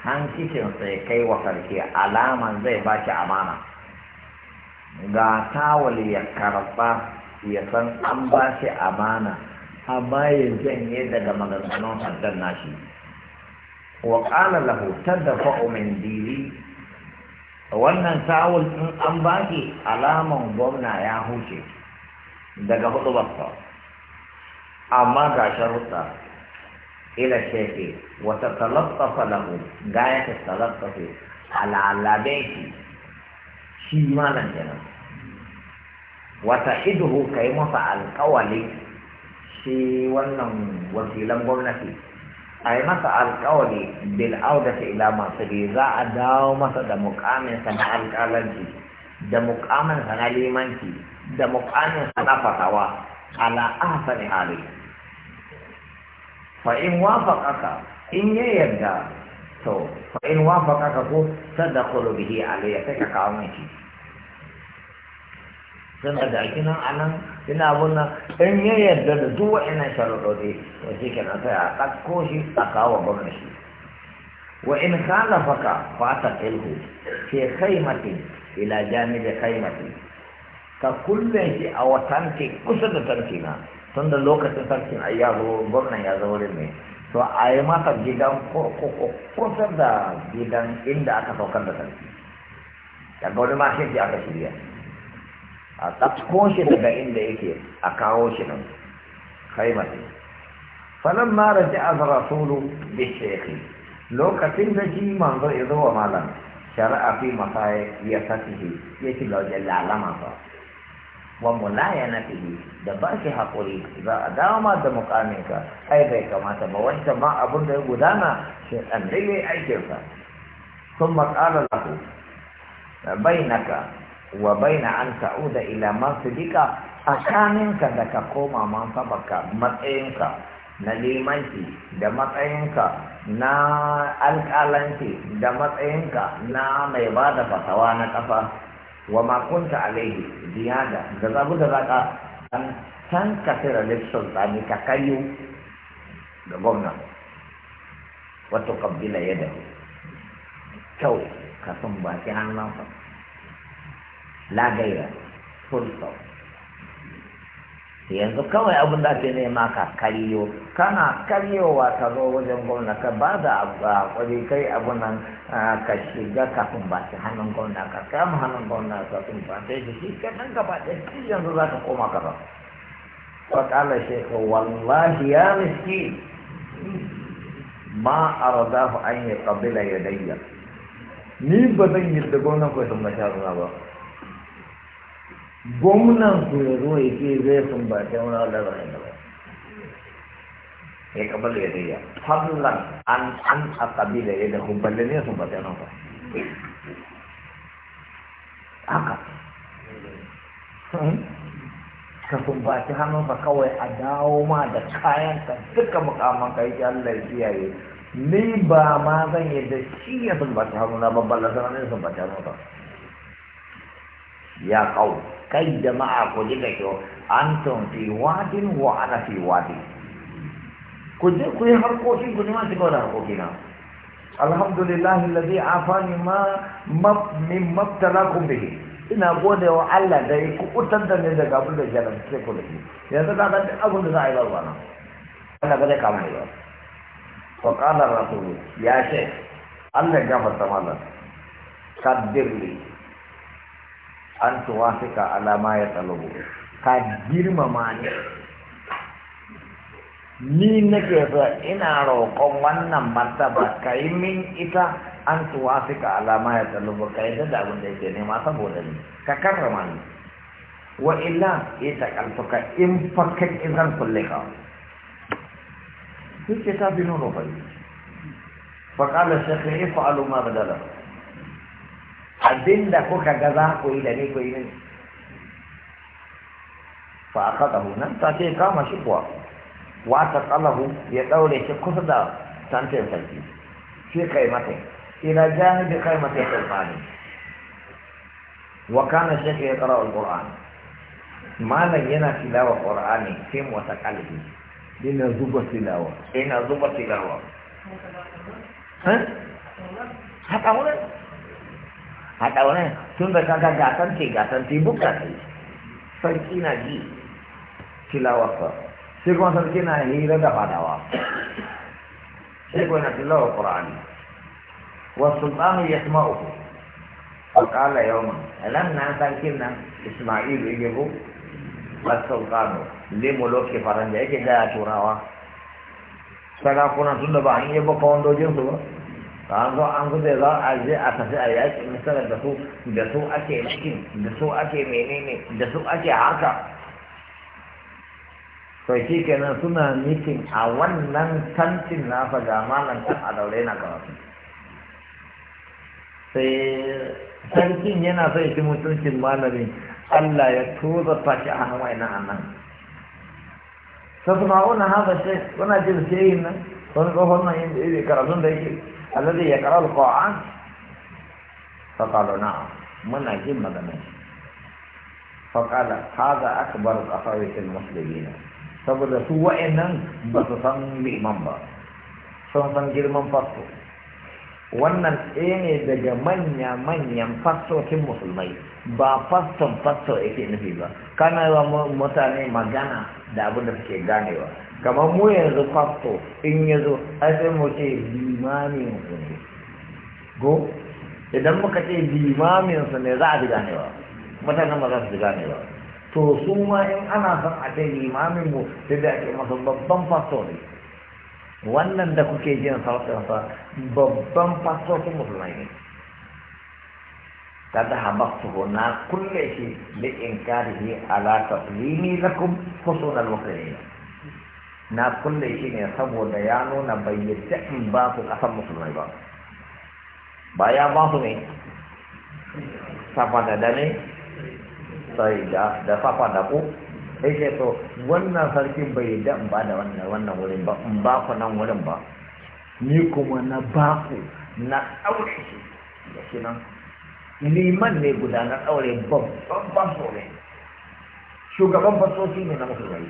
hankicin sai kai wa karshe alaman zai ba shi amana ga tawul ya karɓa ya san an ba shi amana amma ya janye daga maganganun haddan nashi wa ƙala lahu tadda fa'o min dili wannan sawul in an baki alaman gwamna ya huce daga hudu bakwa amma ga sharuɗa ila shefe wata talaffafa lahu gaya ta talaffafe alalabe shi shi malam kenan wata idhu kai masa alkawali shi wannan wakilan gwamnati a yi masa alkawari bil audata ila masiri za a dawo masa da mukaminsa na alkalanci da mukaminsa na limanci da mukaminsa na fatawa ala ahsani hali fa in wafaqaka in ya yarda to fa in wafaqaka ko sadaqulu bihi alayya sai ka kawo mai shi sun da anan ina abun nan in ya yarda da duk wa'annan sharuɗoɗi to shi ke nan sai a ɗauko shi a kawo gwamna shi wa in khalafaka fata ilhu kai mati ila kai mati ka kulle shi a watanke kusa da na tun da lokacin sarkin a ya zo gwamnan ya zo wurin ne to a yi mata gidan kurkuku kusa da gidan inda aka saukar da sarki daga wani ma shi aka shirya a tsakko shi daga inda yake a kawo shi nan khaibar falan ma raji a rasulu bi shekhi lokacin da shi manzo ya zo wa malam shari'a fi masaya ya shi, ya ci lauje lalama ba wa mulaya fiye da ba shi haƙuri za a dama da ka ai bai kamata ba wancan ma abin da ya gudana shi ɗan dai aikinsa sun matsalar bai naka wa baina an ta'uda ila masjidika tsakaninka da ka koma mansabarka matsayinka na limanci da matsayinka na alƙalanci da matsayinka na mai ba da fasawa na ƙasa wa makunta alaihi ziyada da zabu da zaka an san kasira lissun tsani ka da ga gwamna kabila ya yadda kyau ka sun baki hannunsa la gaira full stop yanzu kawai abin da ake ma ka karyo kana karyowa ka zo wajen gwamna ka ba da kwari kai abin nan ka shiga ka ta hannun gwamna ka kama hannun gwamna ka kumbace shi shi nan ka ba ɗaya shi yanzu za ka koma ka ba faƙala shi wallahi ya miski ma a razafu an yi ƙabila ya dayya ni ba zan yi da gwamnan kwai sun masharuna ba gwamnan ku ya zo ya ce zai sumbace wani Allah ba ne ya kabar ya dai ya fadlan an an a kabila ya da hubballe ne sumbace wani ba haka hmm? ka hannun hannunsa kawai a dawo ma da kayan ka duka mukaman ka yake Allah ya kiyaye ni ba ma zan yi da shi ya sumbaci hannuna babban lasarar ne hannun hannunsa ya kawo kai jama'a ku ji da kyau an tun fi wadin wa ana fi wadin ku je ku yi harkokin ku ma shiga da harkokina alhamdulillah alladhi afani ma min mabtala mabtalakum bihi ina gode wa Allah da ya kukutar da ne daga abin da jaran sai ku da shi yanzu da ɗan abin da za a yi ba wannan Allah ba zai kama ni ba wa qala rasul ya shaykh Allah gafarta mallan kaddirli an tuwafika alama ya talabu ka girmama ne ni nake sa ina roƙon wannan martaba ka yi min ita an tuwafika alama ya talabu ka yi da abin da yake nema saboda ni ka karrama ni wa illa ita kalfuka in fakkan izan kulle ka kuke ta bi nuno fa فقال الشيخ افعلوا ما بدله abin da kuka ga za ku yi da ni ku yi mini fa aka da nan ta ce kama shi kuwa wata tsalahu ya ɗaure shi kusa da tantin sarki shi kai mata ila da kai mata sulfani wa kana shekhi ya tsara alquran malam yana tilawa qur'ani sai wata kalbi ina zuba tilawa ina zuba tilawa ha haka wannan haɗa tun da kaga gatan ce gatan ce buka ce sarki na ji tilawarsa sai kuma sarki na hira da fadawa sai kuma na tilawar ƙur'ani wasu tsamu ya sama uku alƙala yau ma ran na sarkin nan ismailu yake ko basulkano limuloki faranja yake gaya turawa sarakunan tun da ba an yi baka wandojinsu ba an zo an gude za a je a tafi a yaƙi misalar da su da su ake cikin da su ake menene da su ake haka to shi kenan suna mitin a wannan tantin nasa ga malam ta a daure na karatu sai tantin yana sai shi mutuncin malamin Allah ya tuza ta shi a hannun wa'ina a nan sassu ma'una haɗa shi kuna jin shehin nan wani tsohon nan yin da karatun da yake الذي يقرأ القرآن فقالوا نعم من أجل مدنه فقال هذا أكبر قفاوة saboda su wa'annan ba su san liman ba sun girman fasto wannan ɗaya daga manya-manyan fastokin musulmai ba faston fasto yake nufi ba kana yi mutane magana da abin da suke ganewa kamar mu yanzu fasto in ya zo muke sai mu ce limamin su ne go idan muka ce limamin su ne za a ji ganewa mutanen ba za su ji ganewa to su ma in ana son a ce limamin mu sai da ake masa babban fasto ne wannan da kuke jin sautinsa babban fasto sun musulmai ne kada habaqtuhu na kulle shi li inkarihi ala taslimi lakum husun al-muqrinin na kulle shi ne saboda ya nuna bayyana in ba ku kasar musulmai ba ba ya ba su ne safa da ne sai da da safa da ku sai ce to wannan sarkin bai yadda in ba da wannan wannan wurin ba in ba ku nan wurin ba ni kuma na ba ku na aure shi da shi nan liman ne gudanar aure babban basore shugaban basoshi ne na musulmai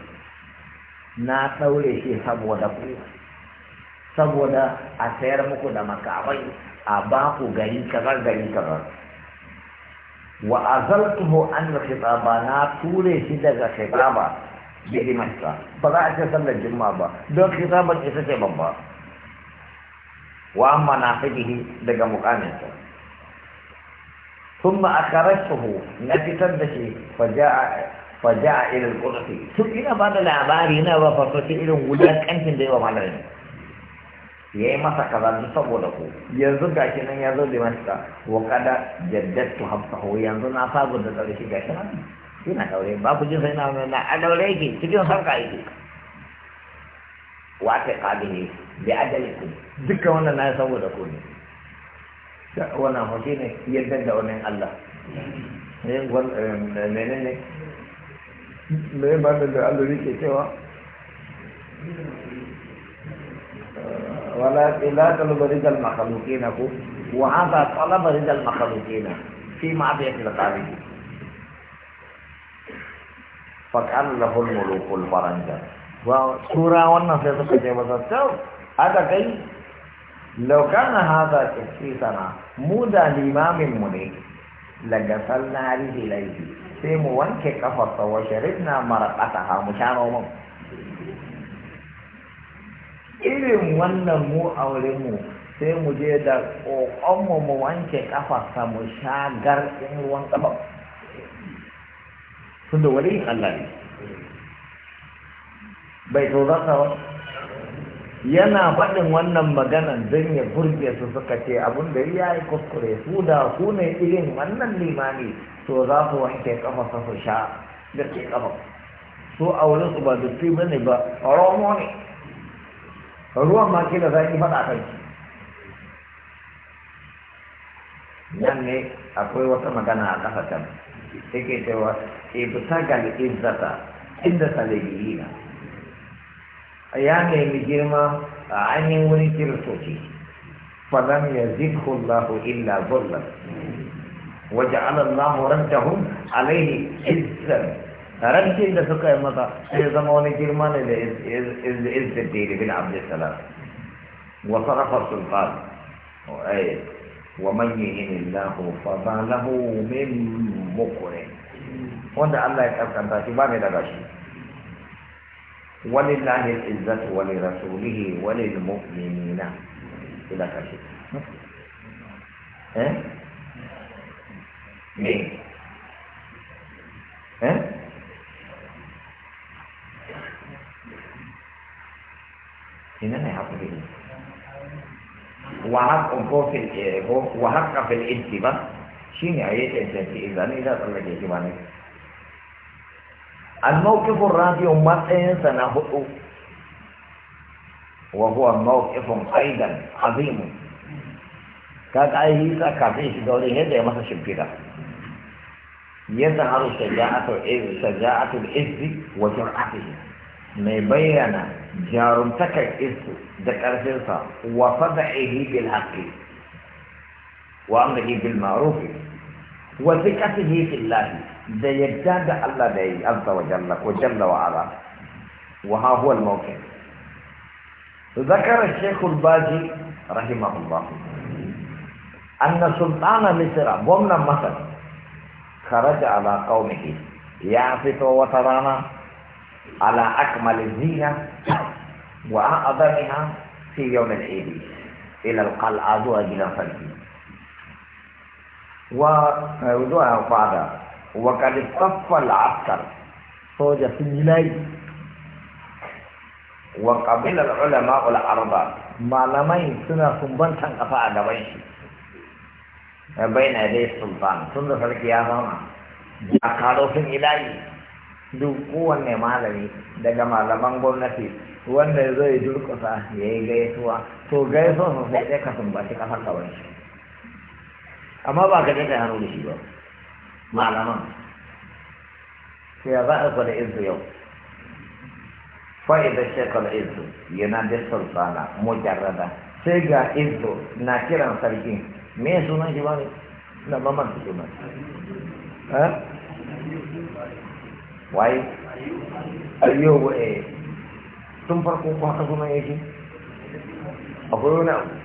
na ɗaure shi saboda ku saboda a sayar muku da makamai a ba ku gari kazar gari kazar wa azaltuhu an khitaba na ture shi daga ba da imanta ba za a ce sallar jimma ba don khitaban ita ce babba wa amma na daga mukaminsa ثم أخرجته نكتب بشي فجاء فجاء إلى القدس ثم إلى بعض الأعبار إلى ولاك أنت دي ومعلمين ya yi masa kaza saboda ku yanzu ga shi nan ya zo da masa wa kada jaddatu hafsahu yanzu na sabu da tsarki ga shi nan yana daure ba ku jin sai na na a daure yake cikin sarka yake wa ta kadihi bi ajalikum duka wannan na saboda ku ne wannan hoshi ne yadda da wani Allah mene ne ne. ba da da Allah rike cewa eh, wala ila talaba rijal makhluqina ko wa hadha talaba rijal makhluqina fi ma'diyati al-qari fakan lahul mulukul faranja wa sura wannan sai suka je masa tau ada kai laukan haza kisana mu da limamin mu ne lagasal na rihi laifi sai mu wanke kafarsa wa sharibna maraƙata mu sha noman irin wannan mu aure mu sai mu je da ƙoƙonmu mu wanke kafarsa mu sha garɗin ruwan ba yana faɗin wannan maganan don ya burge su suka ce abin da ya yi kuskure su da ku ne irin wannan limani to za su wanke kafa su sha da ke kafa su a wurin su ba dutse ba ne ba romo ne ruwan ma ke da ki faɗa kai nan ne akwai wata magana a ƙasa can take cewa ibtagal izzata inda salihiyina ya nemi girma a ainihin wani kiristoci falam ya zikhu Allah illa zulla waje Allah rantahum alaihi izzan rantin da suka yi masa sai zama wani girma ne da izzan da bin ibn Abdulsalam wa sarafa sulfan wa man yuhin Allah fa ma lahu min mukrim wanda Allah ya kaskanta shi ba mai daga shi ولله العزة ولرسوله وللمؤمنين إلى كشف ها؟ مين؟ ها؟ إنما يعطي به وحق في وحق في الإنتباه شيء عيد إنسان إذا إذا طلع جيبانه الموقف الرابع مطعن سنهؤ وهو موقف أيضا عظيم كاد أيضا كافيش دولي هيدا يمسا شبكيرا يظهر شجاعة شجاعة العز وجرعته ما بين تكا العز ذكر فرصة وصدعه بالحق وأمره بالمعروف وثقته في الله ده يجداد الله Allah عز yi azza wa jalla ko jalla ذكر الشيخ الباجي رحمه الله أن سلطان مصر بمنا مصر خرج على قومه يعفف وترانا على أكمل الزينة وأعظمها في يوم العيد إلى القلعة زوجنا فلسطين وزوجها فاضل wa kadi saffal askar soja sun yi layi wa qabilar ulama ul arba malamai suna sumbantan kafa a gaban shi baina dai sultan tun da sarki ya zama ya karo sun yi layi duk kowanne malami daga malaman gwamnati wanda zai durkusa ya yi gaisuwa to gaisuwa sosai sai ka sumbaci kafar gaban shi amma ba ka ta hannu da shi ba malaman sai ya za a kwada izu yau fa'idar shekar izu yana da sultana mujarrada sai ga izu na kiran sarki me sunan shi ba ne na mamman su sunan waye ayyubu eh tun farko kuma ka sunan yake akwai wani abu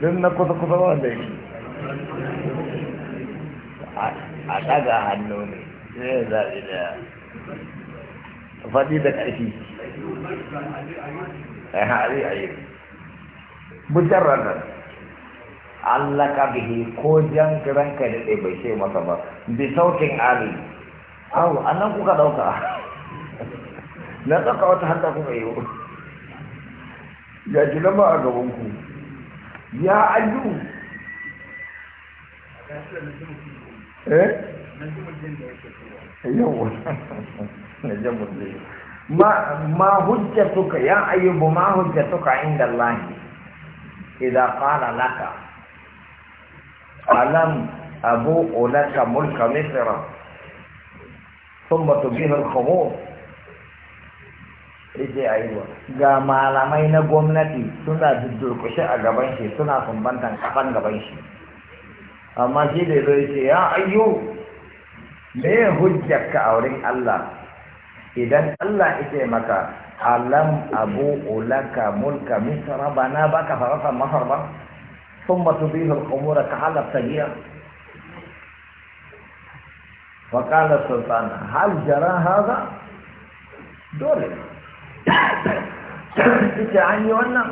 don na kusa kusa wanda yi a ɗaga hannu ne sai eh, ya zaɓi da faɗi da ƙarfi a eh, hari a yi mujarradar Allah ka bihi ko jan ranka da ɗai bai ce masa ba bi sautin ali awu a nan kuka ɗauka na ɗauka wata hanta kuma yi ya ji lamba a gabanku ya ayu, eh yawa ma ma hujjatuka ya ayyubu ma hujjatuka inda Allah idza qala laka alam abu ulaka mulka misra ثم تبين الخمور yake aiwa ga malamai na gwamnati suna durkushe a gaban shi suna sumbantan kafan gaban shi amma shi da zai ce ya ayyo me ka a wurin Allah idan Allah ita maka alam abu ulaka mulka misra bana baka farasan masar ba ثم تبيه الأمور كحال التجير وقال السلطان هل جرى haza? dole. Cikin an yi wannan?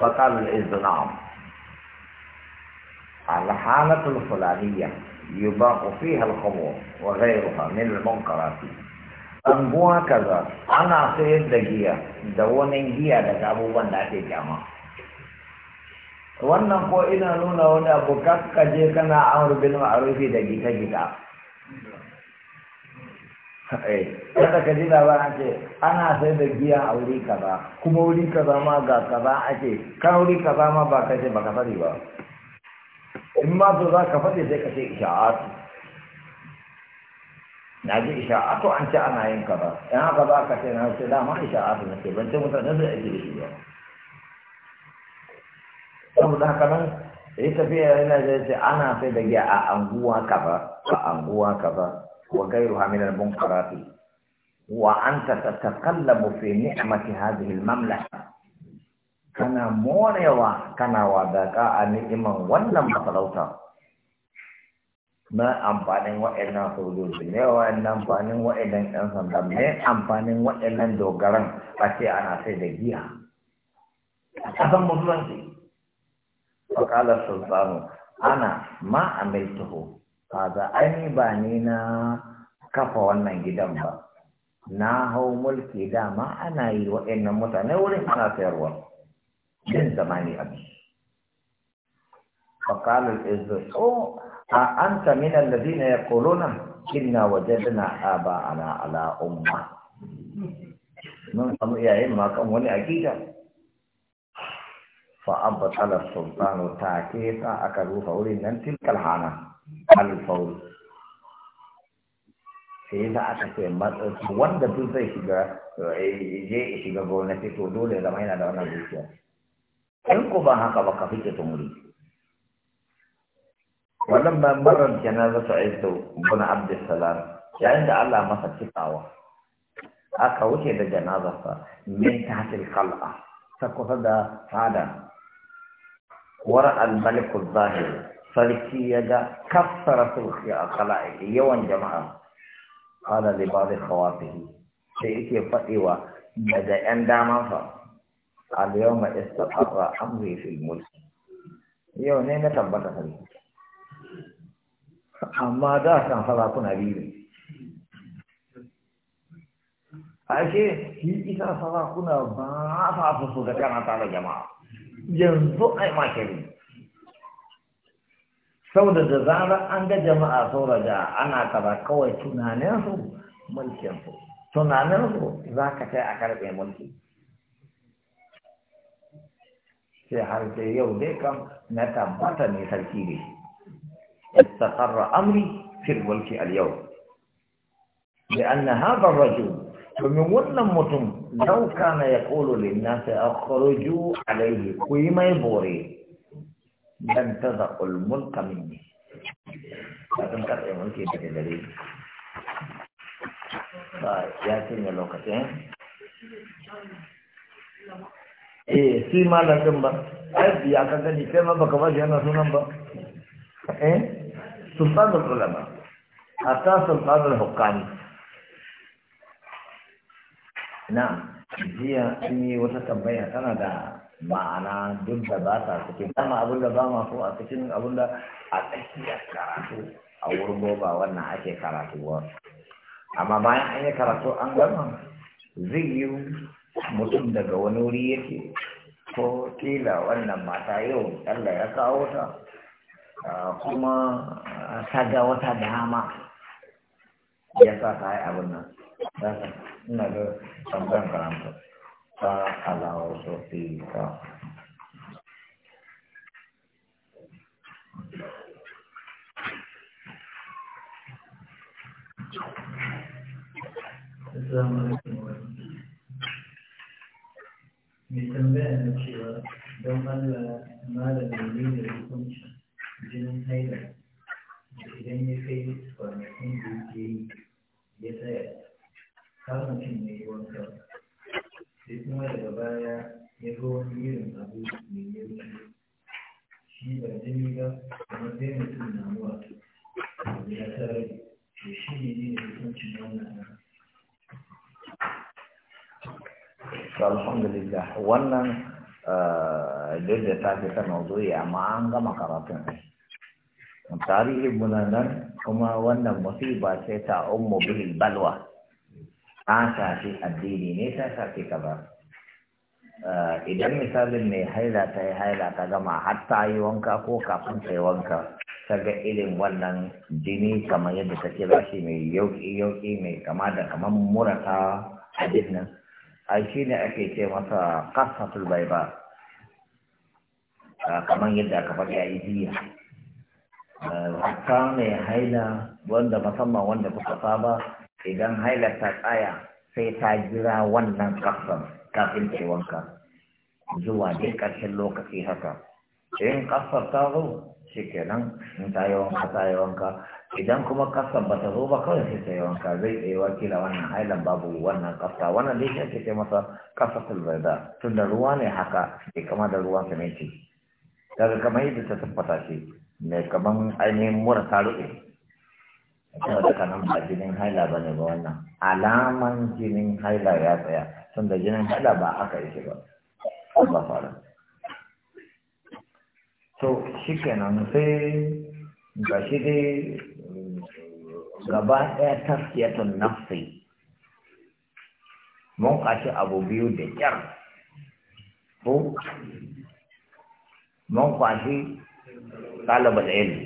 Fakalul izinam. Alhalatul fulaniya yi ba ku fi halkamo wa zairu hamil mun karafi. Anguwa kaza ana sayar da giya da wani giya daga abubuwan da ake kyama. Wannan ko ina nuna wani abu je kana amurbin ma'arufi da gida-gida. [laughs] Eh, kada ka ji labarin ce ana sai da giya a wuri ba kuma wuri kaza ma ga kaza ake kan wuri kaza ma ba ka ce ba ka fari ba in ma so za ka fadi sai ka ce isha'atu na ji isha'atu an ce ana yin ba in haka za ka ce na ce dama isha'atu na ce ban ce mutane zai aiki da shi ba saboda haka nan ya tafiya yana zai ce ana sai da giya a anguwa ba a anguwa ba وغيرها من المنكرات وأنت تتقلب في نعمة هذه المملكة kana morewa kana wadaka a ni'iman wannan masarauta na amfanin wa'annan sojoji ne wa'annan amfanin wa'annan ɗan sanda amfanin wa'annan dogaran a ce ana sai da giya a ƙasan musulunci faƙalar sultanu ana ma Kaza ai ba ni na kafa wannan gidan ba na hau mulki dama ana yi wa ƴannan mutane wurin ana sayarwa din zamani a mai faƙalu izu so a an taminan da ya kolo nan kinna waje dina a ba ana ala umma nun samu wani a gida fa abba talar sultano ta ke sa aka rufa wurin nan tilkal hana alfaul sai za aka ce matsatsi wanda duk zai shiga eh, je shiga gwamnati to dole zama yana da wannan zuciya in ku ba haka ba ka fi ce tumuri wannan ba marar janaza ta aizu buna abdussalam yayin da Allah masa cikawa aka wuce da janazarsa min tahtil kal'a ta kusa da fada war al malikul zahir فلكي دا كثرة الخياء يوان جماعة قال لبعض خواته سيئتي فأيوة بدا انداما فا قال يوم استطر أمري في الملك يوم نينة تبتا خليك أما دا كان خلاق نبيل أشي هي إذا صلاقنا ما صعب الصدقان على جماعة ينظر أي ما كريم saboda da zarar an ga jama'a sau raja ana kaza kawai tunaninsu mulkinsu tunaninsu za ka kai a karɓe mulki sai har sai yau dai kam na tabbata ne sarki ne istaqarra amri fil mulki al yau bi anna hadha rajul to min wannan mutum law kana yaqulu lin nasi akhruju alayhi kuyi mai bore dan tadha al mulka minni dan kata yang mulki dari dari ba ya cinye lokacin eh, eh shi malam din ba ai ya ka gani kai ma baka ba yana sunan ba eh sultanul ulama hatta sultanul hukami na'am jiya an yi wata tambaya tana da ma'ana duk da ba ta suke dama abin da ba ma so a cikin abin da a tsakiyar karatu a wurin ba wannan ake karatu ba amma bayan an yi karatu an gama zai yi mutum daga wani wuri yake ko kila wannan mata yau Allah ya kawo ta kuma ta ga wata dama ya sa ta yi abin nan ina da tambayan karanta على وصفيك السلام عليكم mai tambaya na cewa don Allah malamin ne da hukuncin jinin haila idan ya kai kwanakin da yake yi ya tsaya kama mai wanka sai kuma daga baya ya ga wani irin abu mai yauki shi ba jini ba kuma sai mutum namuwa abu ya tare to shi ne ne hukuncin wannan alhamdulillah wannan eh, duk da ta fi ta mawuzuri amma an gama karatun tarihi munanan kuma wannan ba sai ta ummu bil balwa an shafi addini ne ta shafi ka ba eh, idan misalin mai haila ta yi haila ta gama har ta yi wanka ko kafin ta yi wanka ta ga irin wannan jini kamar yadda ta kira shi mai yauki yauki mai kama da kamar mura ta hadin nan ai shi ne ake ce masa kasatul bai ba eh, kamar yadda aka faɗi a jiya eh, hatta mai haila wanda musamman wanda kuka saba idan haila ta tsaya sai ta jira wannan kafan kafin ta wanka zuwa dai ƙarshen lokaci haka in kafar ta zo shi kenan in ta yi wanka ta yi wanka idan kuma kafar ba ta zo ba kawai sai ta yi wanka zai tsaye wakila wannan hailan babu wannan kafta wannan dai shi ake masa kafar baida tun da ruwa ne haka bai kama da ruwan siminti daga kamar yadda ta tabbata shi mai kamar ainihin mura ta ruɗe kuma daga nan ba jinin haila ba ne ba wannan alaman jinin haila ya tsaya tun da jinin haila ba aka yi shi ba ba fara to shi kenan sai ga shi dai gaba ɗaya tafiyatun nafsi mun kashi abu biyu da kyar ko mun kwashi ɗalibar ilmi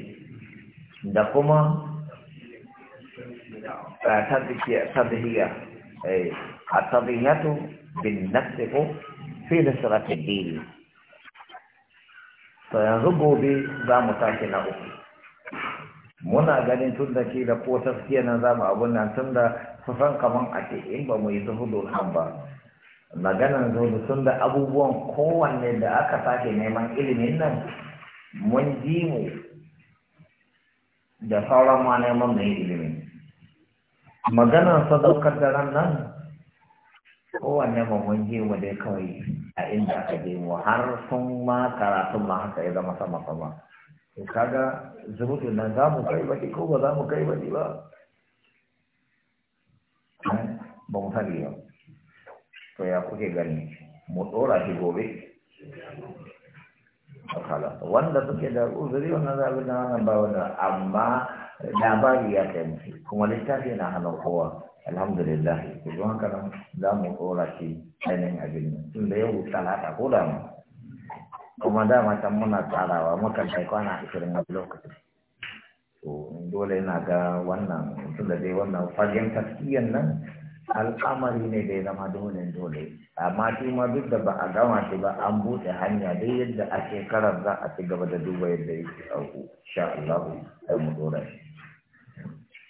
da kuma تضحية التضحية بالنفس في نصرة الدين فينظبوا بي ذا متاكنا أخي muna ganin tun da ke da ko taskiya nan zamu abun nan tun da kusan kaman a ce in ba mu yi zuhudu nan ba maganan zuhudu tun da abubuwan kowanne da aka sake neman ilimin nan mun ji mu da sauran ma neman mai ilimin maganar sadaukar da ran nan kowanne mamman jewa dai kawai a inda aka je mu har sun ma karatun ma haka ya zama sama sama to kaga zubutu nan za mu kai baki ko ba za mu kai baki ba ba mu sani ba to ya kuke gani mu dora shi gobe wanda suke da uzuri wannan zaɓi na nan ba wanda amma labari ya kai kuma littafi na hannun kowa alhamdulillah yanzu haka nan za mu tsora shi ainihin abin nan tun da yau talata ko da mu kuma dama can muna tsarawa mukan kai kwana ashirin wani lokaci to dole yana ga wannan tun da dai wannan fagen taskiyan nan al'amari ne da ya zama dole dole amma shi ma duk da ba a gama shi ba an buɗe hanya dai yadda a shekarar za a ci gaba da duba yadda yake auku sha Allah mu dora shi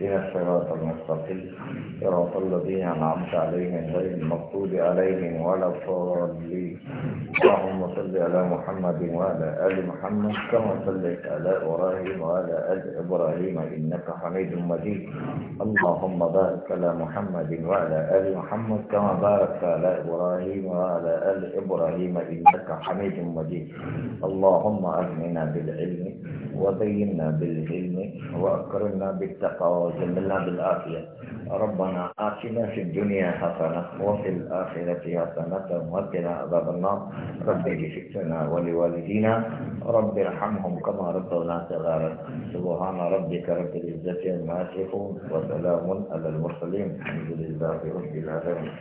اهدنا الصراط المستقيم صراط الذين انعمت عليهم غير المغضوب عليهم ولا الضالين اللهم صل على محمد وعلى ال محمد كما صليت على ابراهيم وعلى ال ابراهيم انك حميد مجيد اللهم بارك على محمد وعلى ال محمد كما باركت على ابراهيم وعلى ال ابراهيم انك حميد مجيد اللهم امنا بالعلم وبينا بالعلم وأكرمنا بالتقوى وجملنا بالعافية ربنا آتنا في الدنيا حسنة وفي الآخرة حسنة وقنا عذاب النار رب اغفر ولوالدينا رب ارحمهم كما ربونا صغارا سبحان ربك رب العزة عما يصفون وسلام على المرسلين الحمد لله رب العالمين